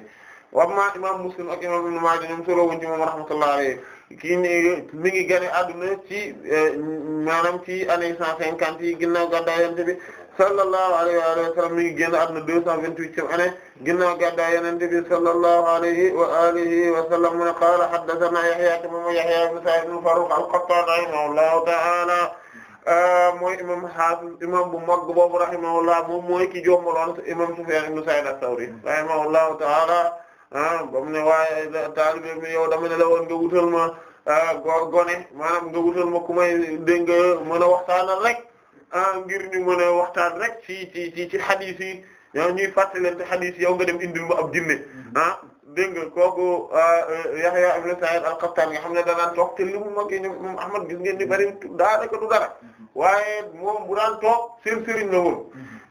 wa ma imam Muslim ak imam Ibn Maaja ñoom solo wuñ ci moom rahmatullahi alayhi kii ni mi ngi gane adduna ci euh, maanaam ci année cent cinquante yi ginnaaw gàddaay Yonent sallallahu alayhi wa sallam mi ngi génn àdduna deux cent vingt-huitième année ginnaaw gàddaay Yonent bi sallallahu alayhi wa alihi wa sallam mu ne qaala haddathanaa Yahyaa te moom Yahyaa ibn Sa'iid ibn Farrukh al-Qattaan rahimahullahu ta'aala ah, mooy imam hafiz imam bu mag boobu rahimahullah moom mooy ki jombaloon imam Sufyaan ibn Sa'iid ath-Thawri rahimahullahu ta'aala ah, bam ne waaye taalibe mi yow dama ne la woon nga wutal ma ah, gone maanaam nga wutal ma ku may dégg nga mën a waxtaanal rek Ah, ngir ñu mën a waxtaan rek ci ci ci ci xadis yi yow ñuy fàttalante xadis yow nga dem indil ma ab jinne mm-hmm. ah nga kooku ah, eh, Yahya ibn Sa'id al-Qattan nga xam ne danaan toog te li mu mag ñoom moom Ahmad gis ngeen ni bari mm-hmm. daanaka du dara mm-hmm. waaye moom bu daan toog seen sëriñ la woon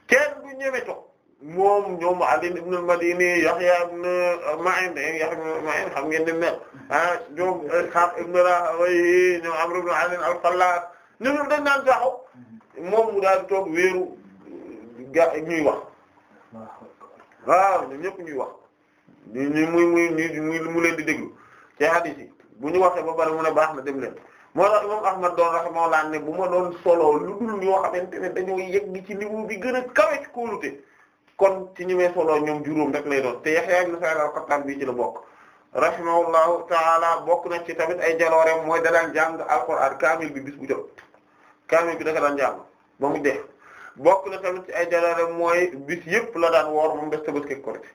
kenn du ñeme toog moom ñoom Ali ibn al-Madini Yahya ibn eh, Ma'in eh, Yahya ibn Ma'in xam ngeen ni mel ah, ñoom Ishaq ibn Rahawayh al-Fallas ñoom dañ naan taxaw moom mu daal toog wéeru ga ñuy wax waaw ñun ñëpp ñuy wax ñu ñu muy muy ñu mu leen di déglu ci hadith yi bu ñu waxee ba pare mu ne baax na dem leen moo tax imam Ahmad doon rahimahullah ne bu ma doon solo lu dul yoo xamante ne dañoo yegg ci niveau bi gën a kawe ci kóolute kon ci ñi may solo ñoom juróom rek lay doon te Yahya ibn Sa'id al-Qattan bii ci la bokk. rahimahullahu taala bokk na ci tamit ay jalooreem mooy da daan jàng alquran kaamil bi bis bu jot. kaamil bi da ko daan jàng ba mu dee bokk na tamit ci ay jalaare mooy bis yëpp la daan woor moom des tabaski korite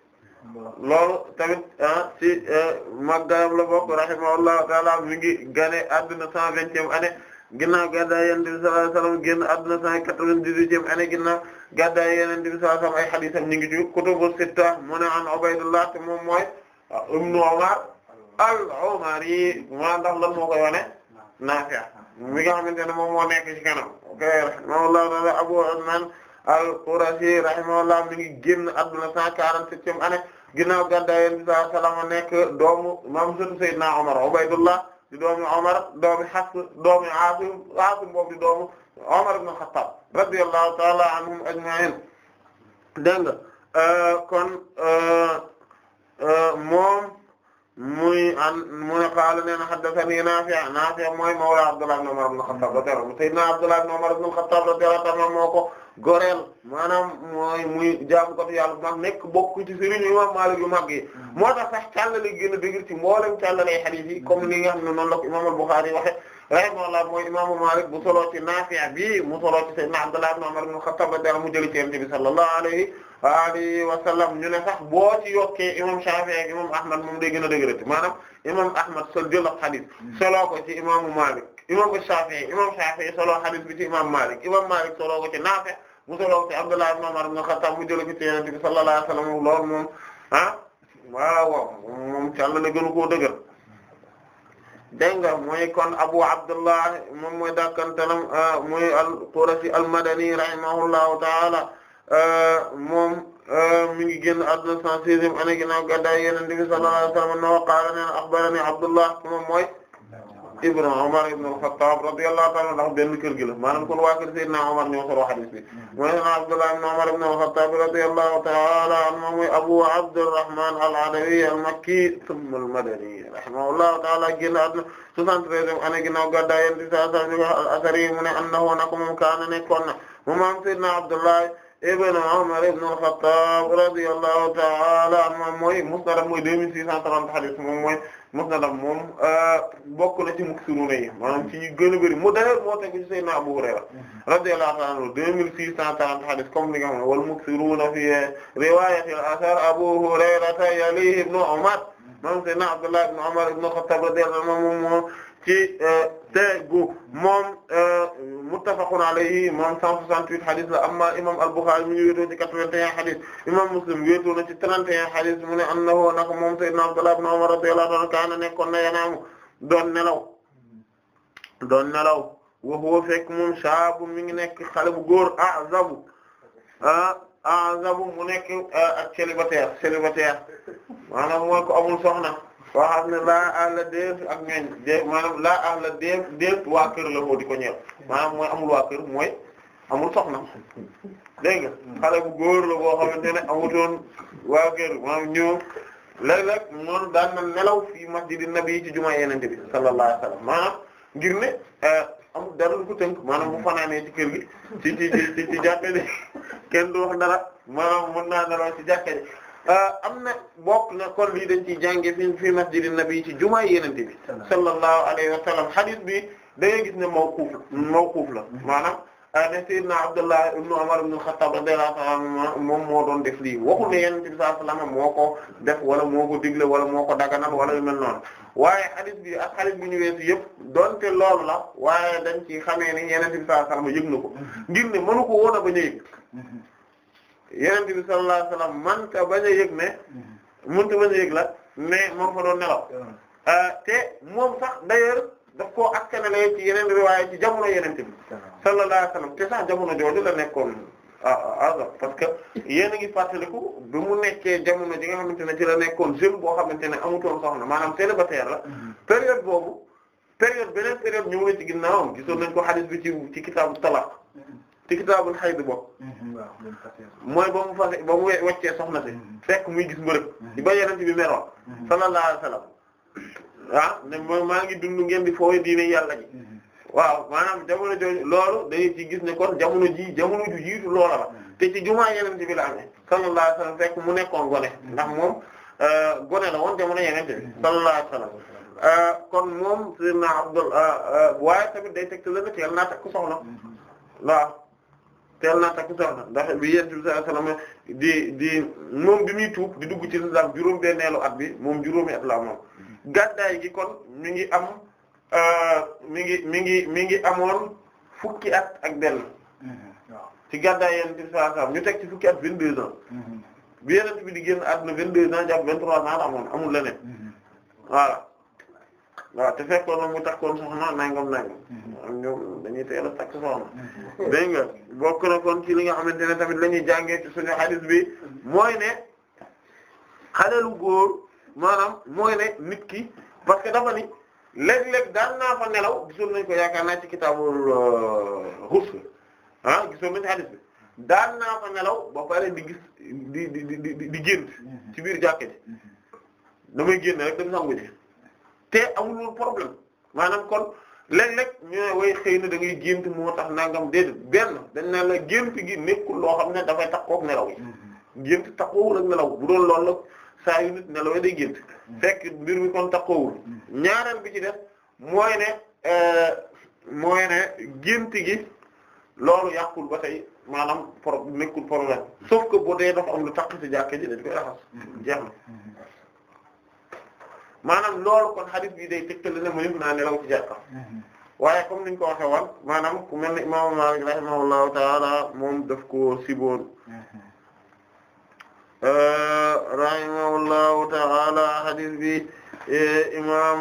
loolu tamit ah ci eh, màggaayam la bokk rahimahullahu taala mi ngi gane adduna cent vingtième année ginnaaw gàddaay yonent bi sallallahu alayhi wasallam génn adduna cent quatre-vingt-dix-huitième année ginnaaw gàddaay yonent bi sallallahu alayhi wasallam ay hadiisam ñu ngi ci kutubu sitta mu ne an Ubaydullah te moom mooy ah, ibnu Umar al-Umari yi maa ndax lan moo koy wane Naafi' mi nga xamante ne nekk ci kanam ok rahimahullah Abu Usman al-Qurashi rahimahullah mi ngi génn adduna cent quarante-septième année ginnaaw gàddaay Yonent bi sallallahu doomu maam sëtu Seydina Omar di doomu Omar doomu Hafs doomu Asim Asim di doomu Omar ibn Khattab radiyallahu taala anhum ajma'in dégg euh, euh, euh, muy an mu ne qaala nee na haddathanii Naafi' Naafi' mooy mawla Abdullah ibn Umar ibn al-Khattab radiyallahu anhu sayyidina Abdullah ibn Umar ibn al-Khattab radiyallahu anhu moo ko goreel maanaam mooy muy jaamu ko yàlla bu mag nekk bokk ci sëriñ Imaam Maalik yu mag yi moo tax sax càllale gën a dëgër ci mboolem càllale hadiis yi comme li nga xam ne noonu la ko Imaam al-Bukhari waxe rahimahullah mooy Imaamu Maalik bu solo ci Naafi' bi mu solo ci sayyidina Abdullah ibn Umar ibn al-Khattab radiyallahu anhu mu jëli ci Yonent bi sallallahu alayhi alayhi wa sallam ñu ne sax boo ci yokkee imam Shafi'i ak imam Ahmad moom day gën a dëgërati maanaam imam Ahmad sol jël xadis soloo ko ci imaamu Malik imam Shafi'i imam Shafi'i soloo xadis bi ci imam Malik imam Malik soloo ko ci Nafi mu soloo ko ci Abdullah ibn Umar ibn Khattab mu jël ko ci Yonent bi sallallahu alayhi wa sallam loolu moom ah waaw moom ci Allah la gënu koo dëgër dégg nga mooy kon Abu Abdullah moom mooy dàkkantalam ah, mooy al-Qurashi al-Madani rahimahullahu ta'ala Euh, moom euh, mi ngi génn àdduna cent seizième année ginnaaw gàddaay Yonent bi sallallahu alayhi wa sallam no qaala neen axbarani Abdullah moom mooy ibn Umar ibn al-Khattab radiyallahu ta'ala ndax benn kër gi la maanaam kon waa kër Seydina Umar ñoo solo hadith bi mooy Abdullah ibn Umar ibn al-Khattab radiyallahu ta'ala anhu mooy Abu Abdurrahman al-Adawi al-Makki thumma al-Madani rahimahullahu ta'ala génn àdduna soixante-treizième année ginnaaw gàddaay Yonent bi sallallahu alayhi wa sallam al-Athari mu ne annahu nako moom kaana nekkoon na moom Seydina Abdullah ibn Umar ibn al-Khattab radiyallahu ta'ala anhu mooy musnad mooy deux mille six cent trente hadith moom mooy musnad moom euh, bokk na ci muksiruna yi maanaam ci gën a bëri mu d'ailleurs moo tegu ci Sayyidina Abu Hurayra radiyallahu ta'ala anhu deux mille six cent trente hadith comme li nga xam ne wal muksiruna fi riwayati al-athar Abu Hurayra yalihi ibn Umar moom Sayyidina Abdullah ibn Umar ibn al-Khattab radiyallahu anhu ci euh, tegu moom euh, muttafaqun alayhi moom 168 hadith la amma imam al-Bukhari mi ngi wéetoo ci 81 hadith imam Muslim wéetoo na ci 31 hadith mu ne annahu nak moom sayyidina Abdullah ibn Umar radiyallahu anhu kaana nekkoon na yanaamu doon nelaw doon nelaw wa huwa fekk moom shaabu mi ngi nekk xale bu góor a'zabu ah, a'zabu mu nekk euh, ak célibataire célibataire maanaam mooy ko amul soxna waa xam ne laa àlla déef ak ñooñ la koo ko ñeel maanaam mooy amul waa mooy amul soxna dégg nga xale bu góor la boo xamante ne amutoon waa kër maanaam ñëw léeg-léeg noonu daan nelaw fii masjidi nabi ci jumaa yenente bi sallallahu alayhi wasallam maanaam ngir ne eh, amul dara lu ko tënk maanaam bu fanaanee ci kër gi ci ci ci ci jàkka du wax dara maanaam mën naa nelaw ci jàkka Euh, am na bokk na kon lii dañ ciy jànge fi fi masjidin nabi ci jumaa yenente euh, bi sallallahu alayhi wa sallam bi da gis ne mawquf mawquf la maanaam ne sayyidna Abdullah ibn Umar ibn al-Khattab radiyallahu ta'ala anhu moom moo doon def lii waxul ne yenente bi sallallahu alayhi moo ko def wala moo ko digle wala moo ko daganal wala yu mel noonu waaye hadith bi ak hadith bi ñu weesu yëpp donte loolu la waaye dañ ci xamee ne yenente bi sallallahu alayhi wa sallam yëg na ko mm-hmm. ngir ne mënu ko woon a yenente bi sallallahu alayhi wasallam man ka bañ a yëg ne mënta mhm. bañ a yëg la mais moom fa doon nelaw ah, te moom sax d'ailleurs daf koo askanale ci yeneen riwaaya ci jamono yenente bi sallallahu alayhi te sax jamono jooju la nekkoon ah parce que yéen a ngi fàttaliku bi mu nekkee jamono ji nga xamante ne ci la nekkoon jeune boo xamante ne amutoon soxna maanaam célibataire la mhm. période boobu période beneen période ñëw na ci ginnaawam gisoon nañ ko hadith bi ci ci kitaabu talaq ci kitaabul xayd bokk mhm, mooy ba mu fase ba mu weccee soxna si mhm. fekk muy gis mbërëg mhm. di ba yeneen bi meroon sallallahu alayhi wasallam ah ne mooy maa ngi dund ngeen di fooy diine yàlla ji waaw maanaam jamono jooju loolu day ci gis ne kon jamono ji jamono ju jiitu loola la te ci jumaa yeneen bi la amee sallallahu alayhi wasallam fekk mu nekkoon gone ndax moom euh, gone la woon jamono yeneen bi sallallahu alayhi wasallam euh, kon moom sirna Abdul euh, waaye tamit day teg te la na teel soxna teel naa takk soxna ndax bi yent bi sallallahu alayhi wasallam di di moom bi muy tuub di dugg ci lislaam juróom benneelu at bi moom juróomi at la moom gàddaay gi kon mi ngi am euh, mi ngi mi ngi mi ngi amoon fukki at ak benn mm-hmm. ci gàddaay yent bi sallallahu alayhi ñu teg ci fukki at vingt deux ans mm-hmm. bi yonent bi di génn na vingt deux ans jàpp vingt trois ans amoon amul leneen mm-hmm. voilà waaw te fekkoon na mu takkoon soxna nangam nangam mm-hmm. ñoom dañuy teel a takk soxna mm-hmm. dégg nga bokk na kon li nga xamante ne tamit la jàngee ci suñu hadith bi mm-hmm. mooy ne xalelu góor maanaam mooy ne nit ki parce que dafa ni léeg-léeg daan naa fa nelaw gisoon nañ ko yaakaar naa ci kitaabul Ghusl euh, ah gisoon nañ hadith bi daan naa fa nelaw ba pare di gis di di di di gént ci biir jàkka ji damay génn rek dem sangu ji te amul problème maanaam kon léeg-léeg ñu ne way xëy na da gént moo tax nangam déedéet benn dañ naan la gént gi nekkul loo xam ne dafay taxaw kook nelaw yi mm-hmm. gént taxawul ak nelaw bu doon lool la saa yu nit nelawee day gént mm-hmm. fekk mbir mi kon taxawul mm-hmm. ñaareel bi ci def mooy ne euh, mooy ne gént gi loolu yàqul ba tey maanaam pro nekkul problème sauf que boo dee dafa am lu tax ci jàkkee ji dañ koy raxas jeex na maanaam loolu kon hadith bi day tëkkale ne mëneef naa nelaw ci jàkka mhm. waaye comme niñ ko waxe woon maanaam ku mel ne imaamu Maalik rahimahullahu taala moom daf ko siboon mhm. euh, rahimahullahu taala hadith bi e, imaam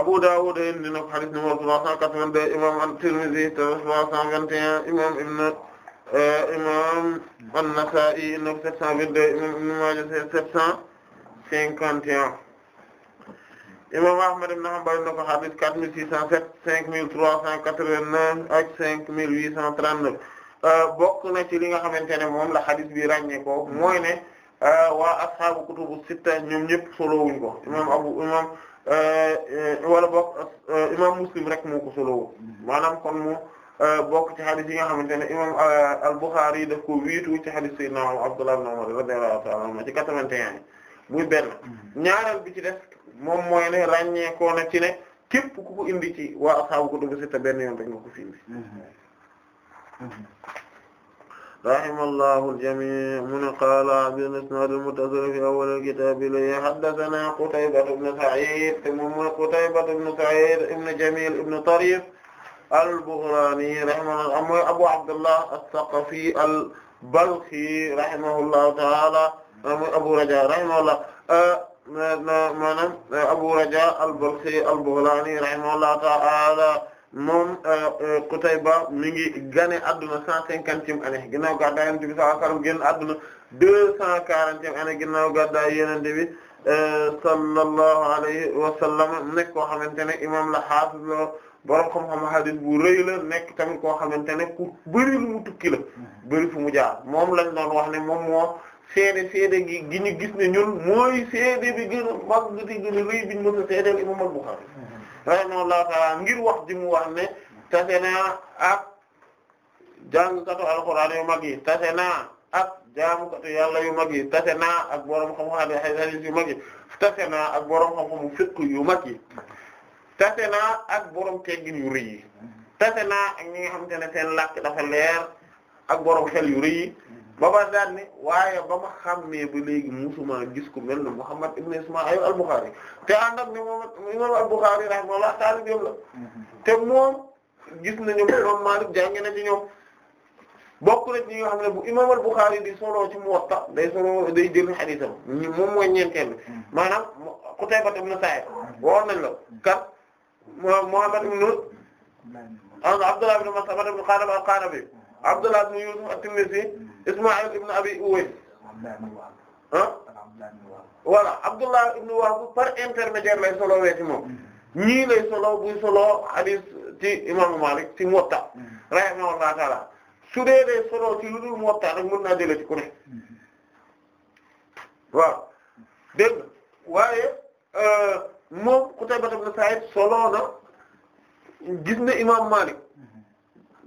Abu Dawud indi na ko hadith numéro 382 imam At-Tirmidhi 321 imam Ibn euh, imam An-Nasa'i 722 imam Ibn Majah 700 cinquante et un imam Ahmad ibn Hanbal na ko hadith quatre mille six cent sept cinq mille trois cent quatre-vingt-neuf ak cinq mille huit cent trente-neuf euh, bokk na ci li nga xamante ne moom la hadith bi ràññee ko mooy ne euh, waa ashaabu kutubu sitta ñoom ñëpp solowuñ ko imam abu imam euh, wala bokk imam Muslim rek moo ko solowu maanaam kon mu bokk ci hadith yi nga xamante ne imam al-Bukhari daf ko wiitu ci hadith sayyidina Abdullah ibn Umar radiyallahu ta'ala anhu muy benn mm-hmm. ñaareel bi ci def moom mooy ne ràññeekoo na ci ne képp ku ko indi ci waa ashaabu kutubu sitta benn yoon rek nga ko fi indi mm-hmm. Mm-hmm. rahimallahu al-jamii' mu ne qaala bil isnaad al-muttasil fi awwal al-kitaab ilayhi haddathanaa Qutayba ibn Sa'iid te moom mooy Qutayba ibn Sa'iid ibn Jamiil ibn Tariif al-Baghlaani rahimahullah mooy Abu Abdullah as-Saqafi al-Balkhi rahimahullahu ta'aala Abu Raja rahimahullah uh, maanaam uh, Abu Raja al-Balkhi al-Baghlani rahimahullah ta'ala moom uh, Qutayba mi ngi gane adduna cent cinquantième année ginnaaw gàddaay Yonent bi sallallahu ginnaaw gàddaay Yonent bi sallallahu alayhi wa sallam nekk koo xamante ne imam la hafiz la borom xam bu rëy nekk tamit koo xamante ne ku bëri lu mu la bëri fu mu jaar moom lañ doon wax ne moom moo seede seede gi gi gis ne ñun mooy seede bi gën mag gën a rëy bi ñu mën a seedeel imam al-Bukhari rahimahullahu ta'ala ngir wax ji mu wax ne tase naa ak jàngkatu alxuraan yu mag yi tase naa ak yu mag yi tase na ak borom xam-xam hadith yu mag yi tase naa ak borom xam-xamu fiqh yu mag yi tase naa ak borom teggin yu rëy tase naa ak ñi nga xamante ne seen dafa leer ak borom xel yu rëy ba ba daan ne waaye ba ma xàmmee ba léegi musuma gis ku mel ne Muhammad ibn Ismaïl al-Bukhari te ànd ak ni moom imam al-Bukhari rahimahullah taala bi la te moom gis nañu moom Maalik jànge na ci ñoom bokk na ci ñi nga ne bu imam al-Bukhari di solo ci Muwatta day solo day jël hadiisam moom mooy ñeenteel maanaam Qutayba ibn Sa'id waxoon nañ la kat Muhammad ibn Abdullah ibn Mas'ud ibn Qanab al-Qanabi Abdullah ibn Yusuf at-Tinnisi Ismaïl ibn Abi Uways ah Abdullah ibn Wahb par intermédiaire lay solo wee moom hmm. ñii solo buy solo hadith ci imaamu Malik ci Muwatta hmm. rahimahullah ta'ala su dee dee solo ci lu dul Muwatta rek mën naa jëlee ci ku ne hmm. waaw dégg waaye euh, moom Qutayba ibn Sa'id solo na gis na imam Malik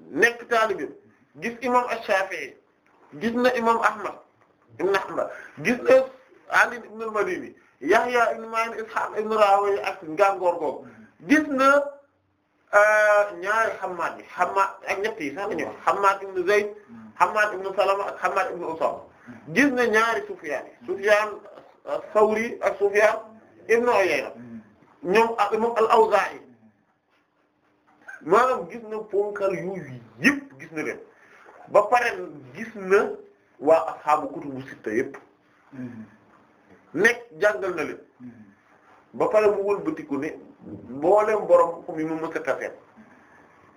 nekk taalibe gis imam Ash-Shafi'i gis na imam Ahmad ibn Hanbal gis na Ali ibn al-Madini Yahya ibn Ma'in Ishaq ibn Rawi ak ngàngoor googu gis na euh, ñaari Hammad yi Hammad ak ñett yi sax nañu wax Hammad ibn Zayd Hammad ibn Salama ak Hammad ibn Usama gis na ñaari Sufyan yi Sufyan Thawri ak Sufyan ibn Uyayna ñoom ak moom al-Awza'i maanaam gis na ponkal yooyu yëpp gis na leen ba pare gis na waa asxaabu kutubu sitta yépp nekk jàngal na leen ba pare mu wëlbatiku ne mboolem borom ko mi mu mësa tase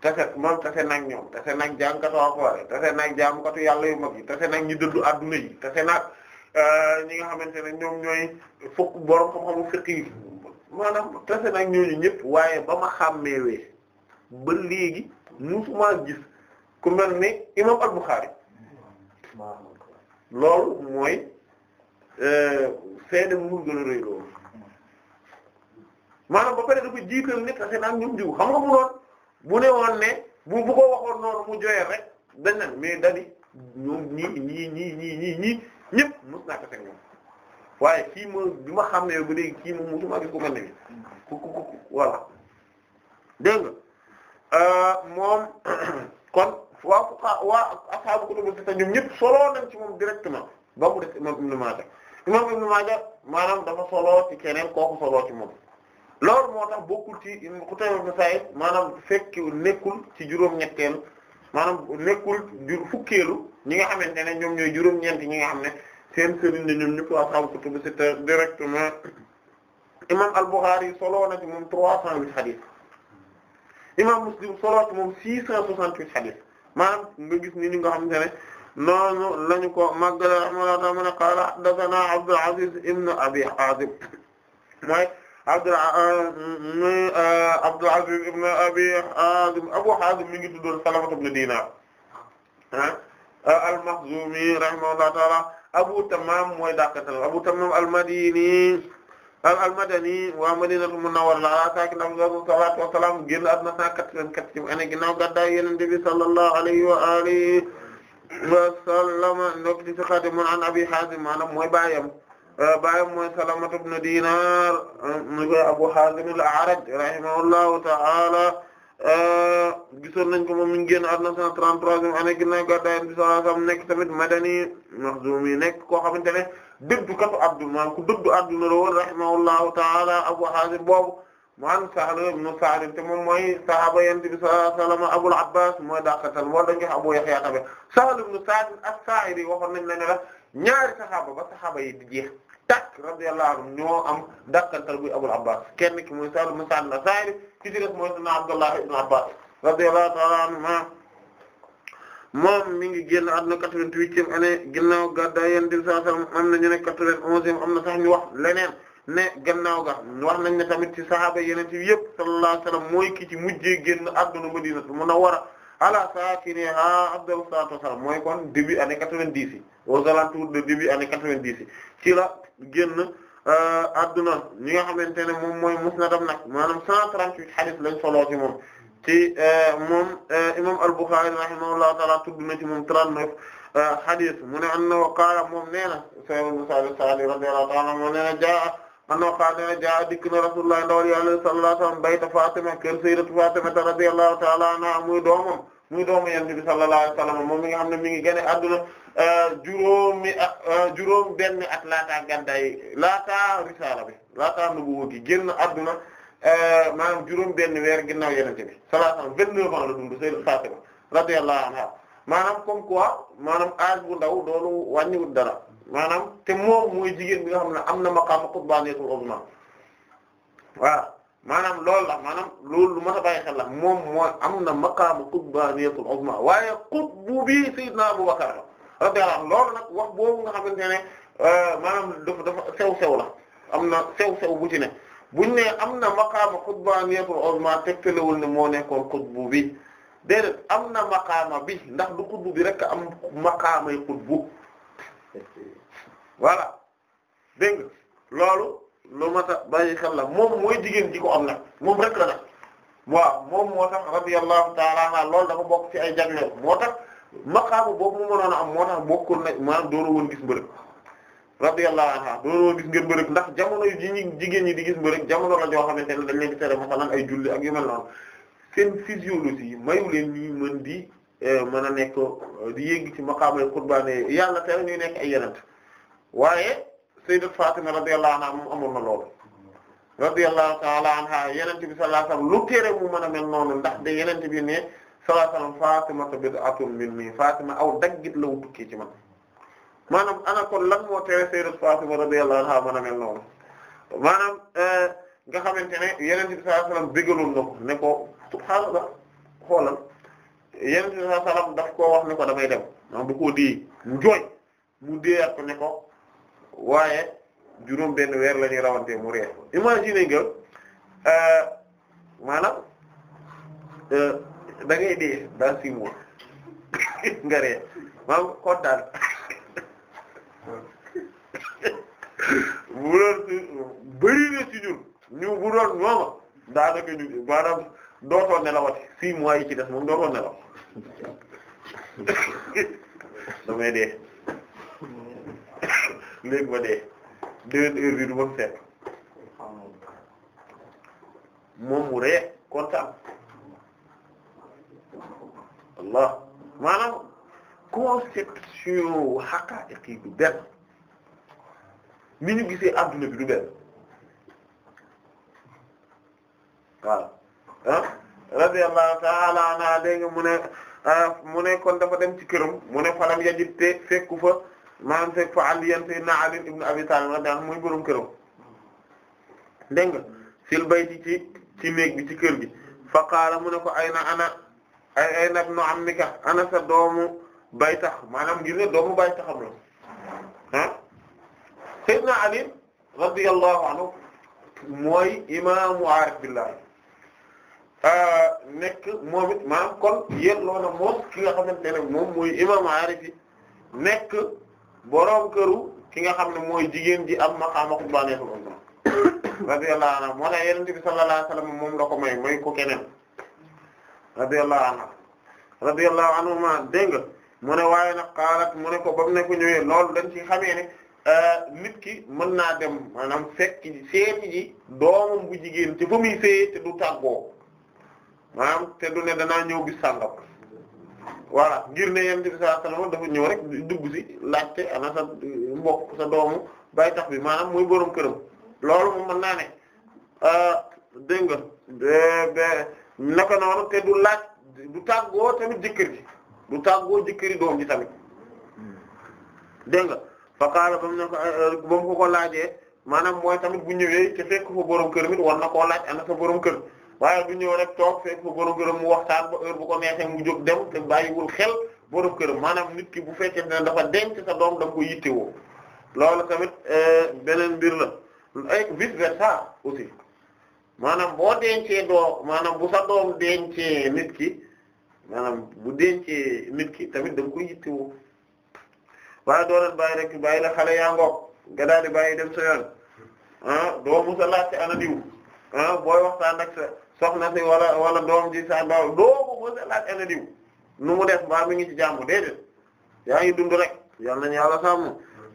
tase man tase nag ñoom tase nag jàngkatu alxuraan tase nag jaamukatu yàlla yu mag yi tase nag ñi dëddu adduna yi tase nag euh, ñi nga xamante ne ñoom ñooy fukk borom xam-xamu fiqh yi maanaam tase nag ñooñu ñëpp waaye ba ma xàmmeewee ba léegi musuma gis ku mel ni imam al-Bukhari loolu mooy euh, seede mu gën a rëy loolu maanaam ba pare dafa jiital nit a seen ak ñum diw xam nga mu noon bu ne woon ne bu bu ko waxoon noonu mu joyee rek dañ nan mais dadi ñoom ñii ñii ñii ñii ñii ñii ñëpp mos naa ko teg moom waaye kii ma bi ma xam ne ba léegi kii moom mosuma gis ko mel ne bi ku ku ku voilà dégg nga euh, moom kon waa fuqaha waa ashaabu kutubu sitta ñoom ñëpp soloo nañ ci moom directement ba mu des imam Ibn Maaja imam Ibn Maaja maanaam dafa soloo ci keneen kooku soloo ci moom loolu moo tax bokkul ci Qutayba ibn Sa'id maanaam fekk nekkul ci juróom-ñetteel maanaam nekkul jur fukkeelu ñi nga xamante ne ñoom ñooy juróom-ñeent ñi nga xam ne seen sëriñ ñëpp waa ashaabu kutubu sitta directement imam al-Bukhari soloo na ci moom 308 hadith imam Muslim soloo ci moom 668 hadith maanaam nga gis ni ñu nga xamante ne noonu lañu ko màggale rahimahullahu ta'ala mu ne qaala haddathana Abdul Aziz ibn Abi Hazim mooy Abdul Abdul Aziz ibn Abi Hazim Abu Hazim mi ngi tuddoon Salama ibn Dinar ah, al-Makhzumi rahimahullahu ta'ala Abu Tamam mooy dàqatal Abu Tamam al-Madini al-Madani wa Madinatul Munawwara ala saakinihaa salaatu wa salaam génn àdduna 184 année ginnaaw gàddaay Yonent bi sallallahu alayhi wa alihi wa sallam ndokk ci xadim an Abi Haazim maanaam mooy baayam euh, baayam mooy Salamatu ibn Diinaar mu koy Abu Haazim al-A'raj rahimahullahu ta'ala euh, gisoon nañ ko moom mi ngi génn àdduna 133 année ginnaaw gàddaay Yonent bi sallallahu alayhi wa sallam nekk tamit Madani Maxzumi nekk koo xamante ne dëddukatu abdul maanaam ku dëddu adduna la woon rahimahullahu taala abu hazim boobu man Sahl ibn Sa'd te moom mooy sahaaba yonent bi sallallahu alayhi wa sallam Abul Abbas mooy daqatal wala dañu wax Abu Yahya tamit Sahl ibn Sa'd as-Sa'idi waxoon nañ la ne la ñaari sahaaba ba sahaaba yi di jeex takk radiyallahu anhum ñoo am daqatal buy Abul Abbas kenn ki mooy Sahl ibn Sa'd as-Sa'idi ki ci def mooy Abdullah ibn Abbas radiyallahu ta'ala anhuma moom mi ngi génn àdduna quatre-vingt-huitième année ginnaaw gàddaay yonent bi sallallahu alayhi wasallam am na ñu ne quatre-vingt-onzième am na sax ñu wax leneen ne gannaaw ga wax nañ ne tamit ci sahaaba yonent bi yëpp sallallahu alayhi wasallam mooy ki ci mujjee génn àdduna Madinatu Munawwara ala saakinihaa afdalu salaatu wassalaam mooy kon début année quatre-vingt-dix yi aux alentours de début année quatre-vingt-dix yi ci la génn adduna euh, ñi nga xamante ne moom mooy musnadam nag maanaam cent trente-huit hadith lañ ci moom ci eh, moom eh, imam al-Bukhari rahimahullahu ta'ala tudd na ci moom 39 eh, hadith mu ne annahu qaala moom nee na sayyidina Sa'd as-Sa'di radiyallahu ta'ala anhu nee na jaa annahu qaala nee na jaa dikk na Rasulullah bayta Fatima kër sayyidatu Fatima radiyallahu ta'ala muy doomam muy doomu Yonent bi sallallahu alayhi wa sallam mi nga xam ne mi ngi génne adduna juróomi at juróom benn at laataa gàddaay laataa risaala bi laataa nubuwwa gi génn adduna Eh, maanaam juróom benn weer ginnaaw yenente bi sallallahu alayhi wasallam vingt-neuf ans la dund sayyidatu Fatima radiyallahu anha maanaam comme quoi maanaam âge bu ndaw doolu wàññiwul dara maanaam te moo mooy jigéen bi nga xam ne am na maqaam qutbaniyatul uzma waaw maanaam loolu la maanaam lu ma a bàyyi xel la moom mooy am na maqaam qutbaniyatul uzma waaye qutbu bi sayyidna Abu Bakr radiyallahu anhu loolu nag wax boobu nga xamante ne eh, maanaam dafa dafa sew sew la am na sew sew bu ci ne buñ ne am na maqaama qutbaaniyatul uzma tegtalewul ne moo nekkoon qutbu bi déedéet am na maqaama bi ndax du qutbu bi rek am maqaamay qutbu voilà dégg nga loolu lu mat a bàyyi xel la moom mooy jigéen ji ko am nag moom rek la nag waaw moom moo tax radiyallahu ta'ala lool loolu dafa bokk ci ay jagleel moo tax maqaama boobu mu mënoon am moo tax bokkul na maanaam doon gis mbërëg radiyallahu anha doonoo gis ngeen mbërëg ndax jamono yi jigéen ñi di gis mbërëg jamono la joo xamante ne dañ leen di tere masalan ay julli ak yu mel noonu seen physiologie mayu leen ñuy mën di eh, mën a nekk eh, di yéeg ci maqaamay qurbaane yàlla tere ñuy nekk ay yenent waaye sayyidat Fatima radiyallahu anha moom amoon na loolu radiyallahu ta'ala anha yenent bi sallallahu alayhi wasallam lu tere mu mën a mel noonu ndax de yenent bi ne sallallahu alayhi wasallam Fatima bid'atun minni Fatima aw daggit la wu ci man maanaam ana kon lan moo tere Sayyidatu Fatima radiyallahu anha mën a mel noonu maanaam euh, nga xamante ne Yonent bi sallallahu alayhi wasallam bégaloon na ko ne ko subhaanallah xoolal Yonent bi daf koo wax ne ko damay dem maanaam du koo dee mu jooy mu deeyaat ko ne waaye juróom benn weer la ñuy rawantee mu reer imagine nga euh, maanaam euh, da ngay dee dans six mois nga reer maanaam kontaan bu doon bëri na ci ñun ñu bu doon ñooma daanaka ñu maanaam dootoo nelawati six mois yi ci des moom dootoo nelaw damay dee léegi ba dee déwén heure bi du ma seet moom mu ree kontaan Allah maanaam conception xaqaa'iq bi benn ni ñu gisee àdduna bi du benn waaw ah radiyallahu ta'ala anha dégg nga mu ne ah, mu ne kon dafa dem ci këram mu ne falam yajib te fekku fa maanaam fekk fa aliyan sayyidina ali ibn abi talib radiyallahu muy borom këram dégg nga ci ci néeg bi ci kër gi fa qaala mu ne ko ayna ana ay ay nag nu am ni ka ana sa doomu bay tax maanaam ngir ne doomu bay taxam la ah Seydina Ali radiyallahu anhu mooy imaamu aarif billahi ah, nekk moom it maanaam kon nga xamante ne moom mooy imaamu aarif nekk boroom këru ki nga xam ne mooy jigéen ji am ma xutbaaneexul umma radiyallahu anha moo tax Yonent bi sallallahu alayhi wasallam moom la ko may may ko keneen radiyallahu anha radiyallahu anhuma dégg nga mu ne waaye nag xaalat mu ne ko ba mu ne ñëwee loolu dañ ci xamee ne Euh, nit ki mën naa dem maanaam fekk seeti ji doomam bu jigéen te fa muy seeyee te du tàggoo maanaam te du ne danaa ñëw bis sàngam voilà ngir ne yonent bi sallallahu alayhi wasallam dafa ñëw rek dugg si laajte ana sa mbokk sa doomu bay tax bi maanaam muy boroom këram loolu moom mën naa ne euh, dégg nga euh, naka noonu te du laaj du tàggoo tamit jëkkër ji du tàggoo jëkkëri doom ji tamit hmm. dégg nga. fa qaala ba mu ne ko eh, ba mu laajee maanaam mooy tamit bu ñëwee te fekk fa borom kër mit war na koo laaj ana sa borom kër waaye du ñëw rek toog fekk fa borom këram mu waxtaan ba heure bu ko neexee mu jóg dem te bàyyiwul xel borom këram maanaam nit ki bu fekkente ne dafa denc sa doom da nga ko yittewoo loolu tamit eh, beneen mbir la ay vice versa aussi maanaam boo dencee doo maanaam bu sa doom dencee nit ki maanaam bu dencee nit ki tamit da nga ko yittewoo waaye doonoon bàyyi rek bàyyi la xale yaa ngoog nga daal di bàyyi dem sa yoon ah doo musa laajte ana diw ah booy waxtaan ak sa soxna wala wala doo ko musa laajte ana diw nu mu def mbaa mi ngi ci jàmm déedéet yaa ngi dund rek yal na yàlla sàmm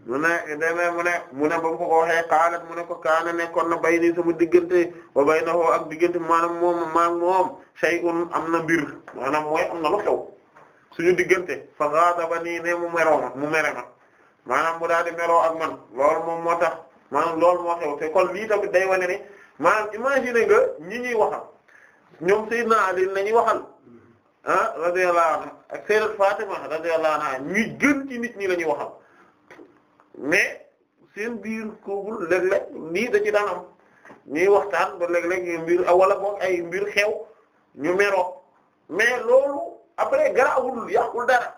mu ne demee mu ne mu ko ko waxee xaalat mu ne ko kaana nekkoon na bay nii sama diggante ba bay na ak diggante maanaam moom maag moom am na mbir maanaam mooy am na lu xew suñu diggante fa ghadabani ne mu meroo ma mu mere ma maanaam mu daal di meroo ak man loolu moom moo tax maanaam lool moo xew te kon lii tamit day wane ne maanaam imaginer nga ñi ñuy waxal ñoom Seydina Ali nañuy waxal ah radiyallahu anha ak Sayyidat Fatima radiyallahu anha ñuy gën ci nit ñi la ñuy waxal mais seen biir koogul léeg-léeg lii da ci daan am waxtaan ba léeg-léeg mbir wala boog ay mbir xew ñu meroo mais loolu. après garaawul yàqul dara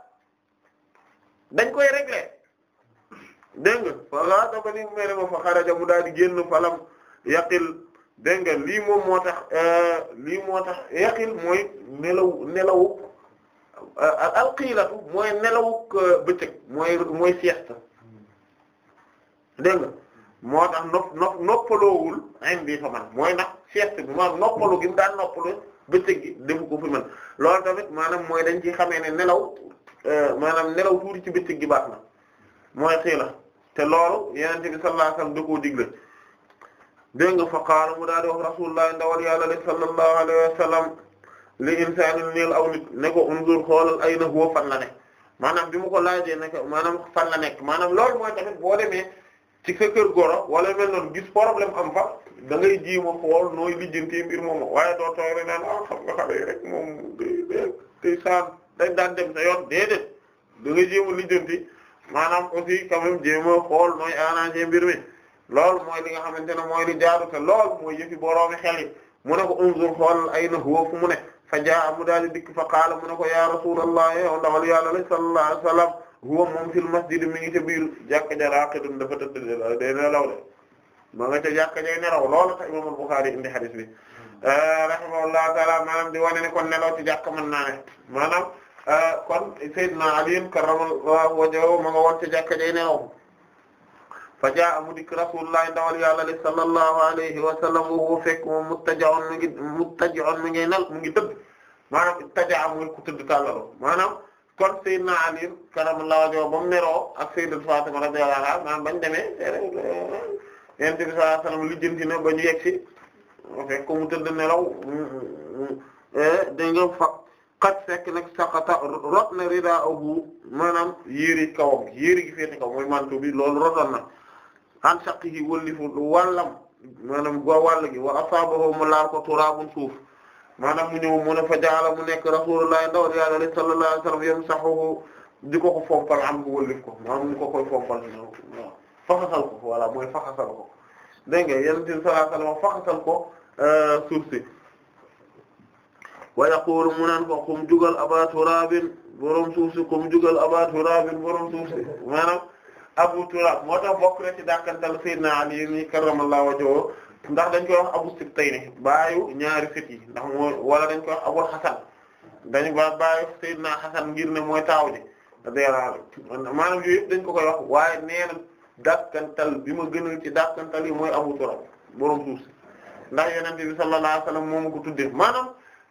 dañ koy régler dégg nga fa dama ni mere fa xaraja mu daal di génn falam yaqil dégg lii moom moo tax euh, lii moo tax yaqil mooy nelaw nelawu euh, alqiilatu mooy nelawuk euh, bëccëg mooy mooy sieste dégg moo tax noppaloowul indi fa man mooy nag sieste bi ma noppalu gi mu daan noppalu bëccëg gi defu ko fi mën loolu tamit maanaam mooy dañ ci xamee ne nelaw euh, maanaam nelaw tuuti ci bitig gi baax na mooy xiila te loolu yenente bi sallallahu alayhi wasallam da digle dégg nga fa qaala mu daal di wax rasulullah ndawal yàlla li sallallahu alayhi wasallam li insaanin niil aw nit ne ko ay na huwa fan la ne maanaam bi mu ko laajee ne ko maanaam fan la nekk maanaam lool mooy tamit boo demee ci sa kër goro wala mel noonu gis problème am fa da ngay jiima xool nooy lijjanti mbir moomu waaye doo toog rek naan ah xam nga rek moom daan dem sa yoon déedéet da ngay jéem a lijjanti maanaam aussi quand même a xool nooy arranger mbir mi loolu mooy li nga xamante ne mooy li jaaru te lool mooy yëfi boroomi xel mu ne ko unzur xool ay na huwa fu mu ne fa jaa mu daal di dikk fa qaala mu ne ko ya rasulallah yow ndawal yàlla sallallahu alayhi wasallam huwa moom fil masjid mi ngi ca biir jàkka ja raqidun dafa tëdd day nelaw de ma nga ca jàkka ja nelaw loolu tax imam Bukhari indi hadith bi eh, rahimahullah taala maanaam di wane ne kon nelaw ci jàkka mën naa ne maanaam eh, kon Seydina Ali karramallahu wajhahu ma nga woon ca jàkka ja nelaw fa jaa mu dikk rasulullah ndawal yàlla li sallallahu alayhi wa sallam woo fekk moom muttajaun mi ngi muttajaun mi ngay nel mu ngi tëdd maanaam tajaa mooy ku tëdd tàllaloo maanaam kon Seydina Ali karamallahu wajhahu ba mu meroo ak Sayyidatu Fatima radiyallahu anha maanaam bañ demee Yonent bi sallallahu alayhi wasallam lijjanti na ba ñu yegg si fekk ko mu tëdd nelaw eh, dégg nga fa kat fekk nag saqata rot na ridaahu maanaam yéeri kawam yéeri gi féete kaw mooy mantu bi loolu rotoon na an shaqihi wëllifu wàllam maanaam goo wàll gi wa asaabahu mu laal ko turaabun suuf maanaam mu ñëw mu ne fa jaala mu nekk rasulullah ndaw yàlla li sallallahu alayhi wasallam yom saxuhu di ko ko fompal am ko wëllif ko maanaam mu ko koy fompal waaw faxasal ko voilà mooy faxasal ko dégg nga yonent bi sallallahu alayhi wasallam faxasal ko euh, suuf si wa yaqulu mu naan ko kum jugal aba turabin borom suuf si kum jugal aba turabin borom suuf si maanaam abu turab moo tax bokk na ci dàkkantal sayyidina Ali ni karramallahu wajhahu ndax dañ koy wax abu sibtayni baayu ñaari sit yi ndax mooy wala dañ koy wax abul hasan dañu ba baayu sayyidina hasan ngir ne mooy taaw ji radiyallahu anhu maanaam yooyu dañ ko koy wax waaye nee na bi ma gënal ci dàkkantal yi mooy abu turab borom suuf si ndax yonent bi sallallahu alayhi wasallam moo ma ko tuddee maanaam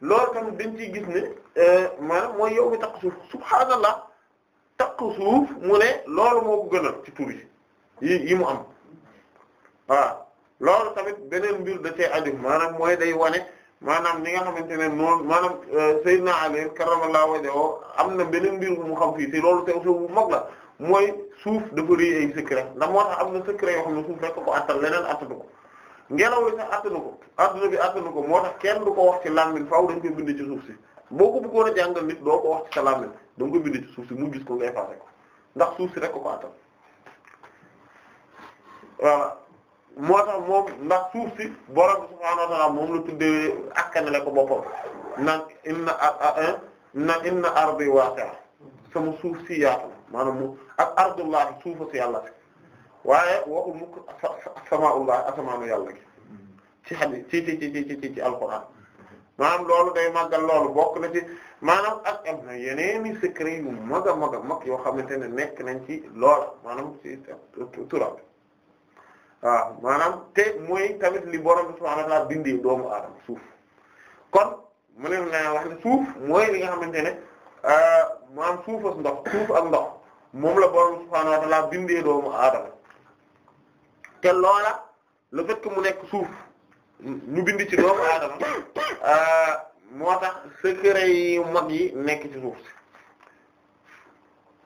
loolu tamit dañ ciy gis ne euh, maanaam mooy yow mi takk suuf subhaanallah takk suuf mu ne loolu moo ko ci tur yi yi mu am waaw loolu tamit beneen mbir da cee aju maanaam mooy day wane maanaam ni nga xamante ne noonu maanaam euh, Seydina Ali karramallahu wajhahu am na beneen mbir mu xam fii ci loolu teew bu mag la mooy suuf dafa rëy ay secret ndax moo tax am na secret yoo xam ne suuf rek ko attal leneen ko ngelaw li sax attanu ko adduna bi kenn du ko wax ci làmmiñ faaw dañ koy bind ci suuf si boo ko bëggoon a jàngal ko wax ci sa làmmiñ si mu gis ko nga ndax suuf si rek ko attal voilà. moo tax moom ndax suuf si borom subhaanahu wa ta'aala moom la tuddee akkanale ko boppam naan inna na inna ardi waasi'a sama suuf si yaatu maanaam mu ak ardullahi suufa si yàlla si waaye waxul mukk samaa'ullahi asamaanu yàlla a ci xadis ci ci ci ci ci ci loolu day màggal loolu bokk na ci maanaam ak am na yeneeni secret yu mag a mag yoo xamante ne nekk nañ ci lool maanaam ci turam waaw maanaam te mooy tamit li borom subhaanahu wa ta'aala bindee doomu aadama suuf kon mu ne naa wax ne suuf mooy li nga xamante ne euh, maanaam suuf ak ndox suuf ak ndox moom la borom subhaanahu wa ta'aala bindee doomu aadama te loola le fait mu nekk suuf ñu bind ci doomu aadama euh, moo tax secret yi mag yi nekk ci suuf si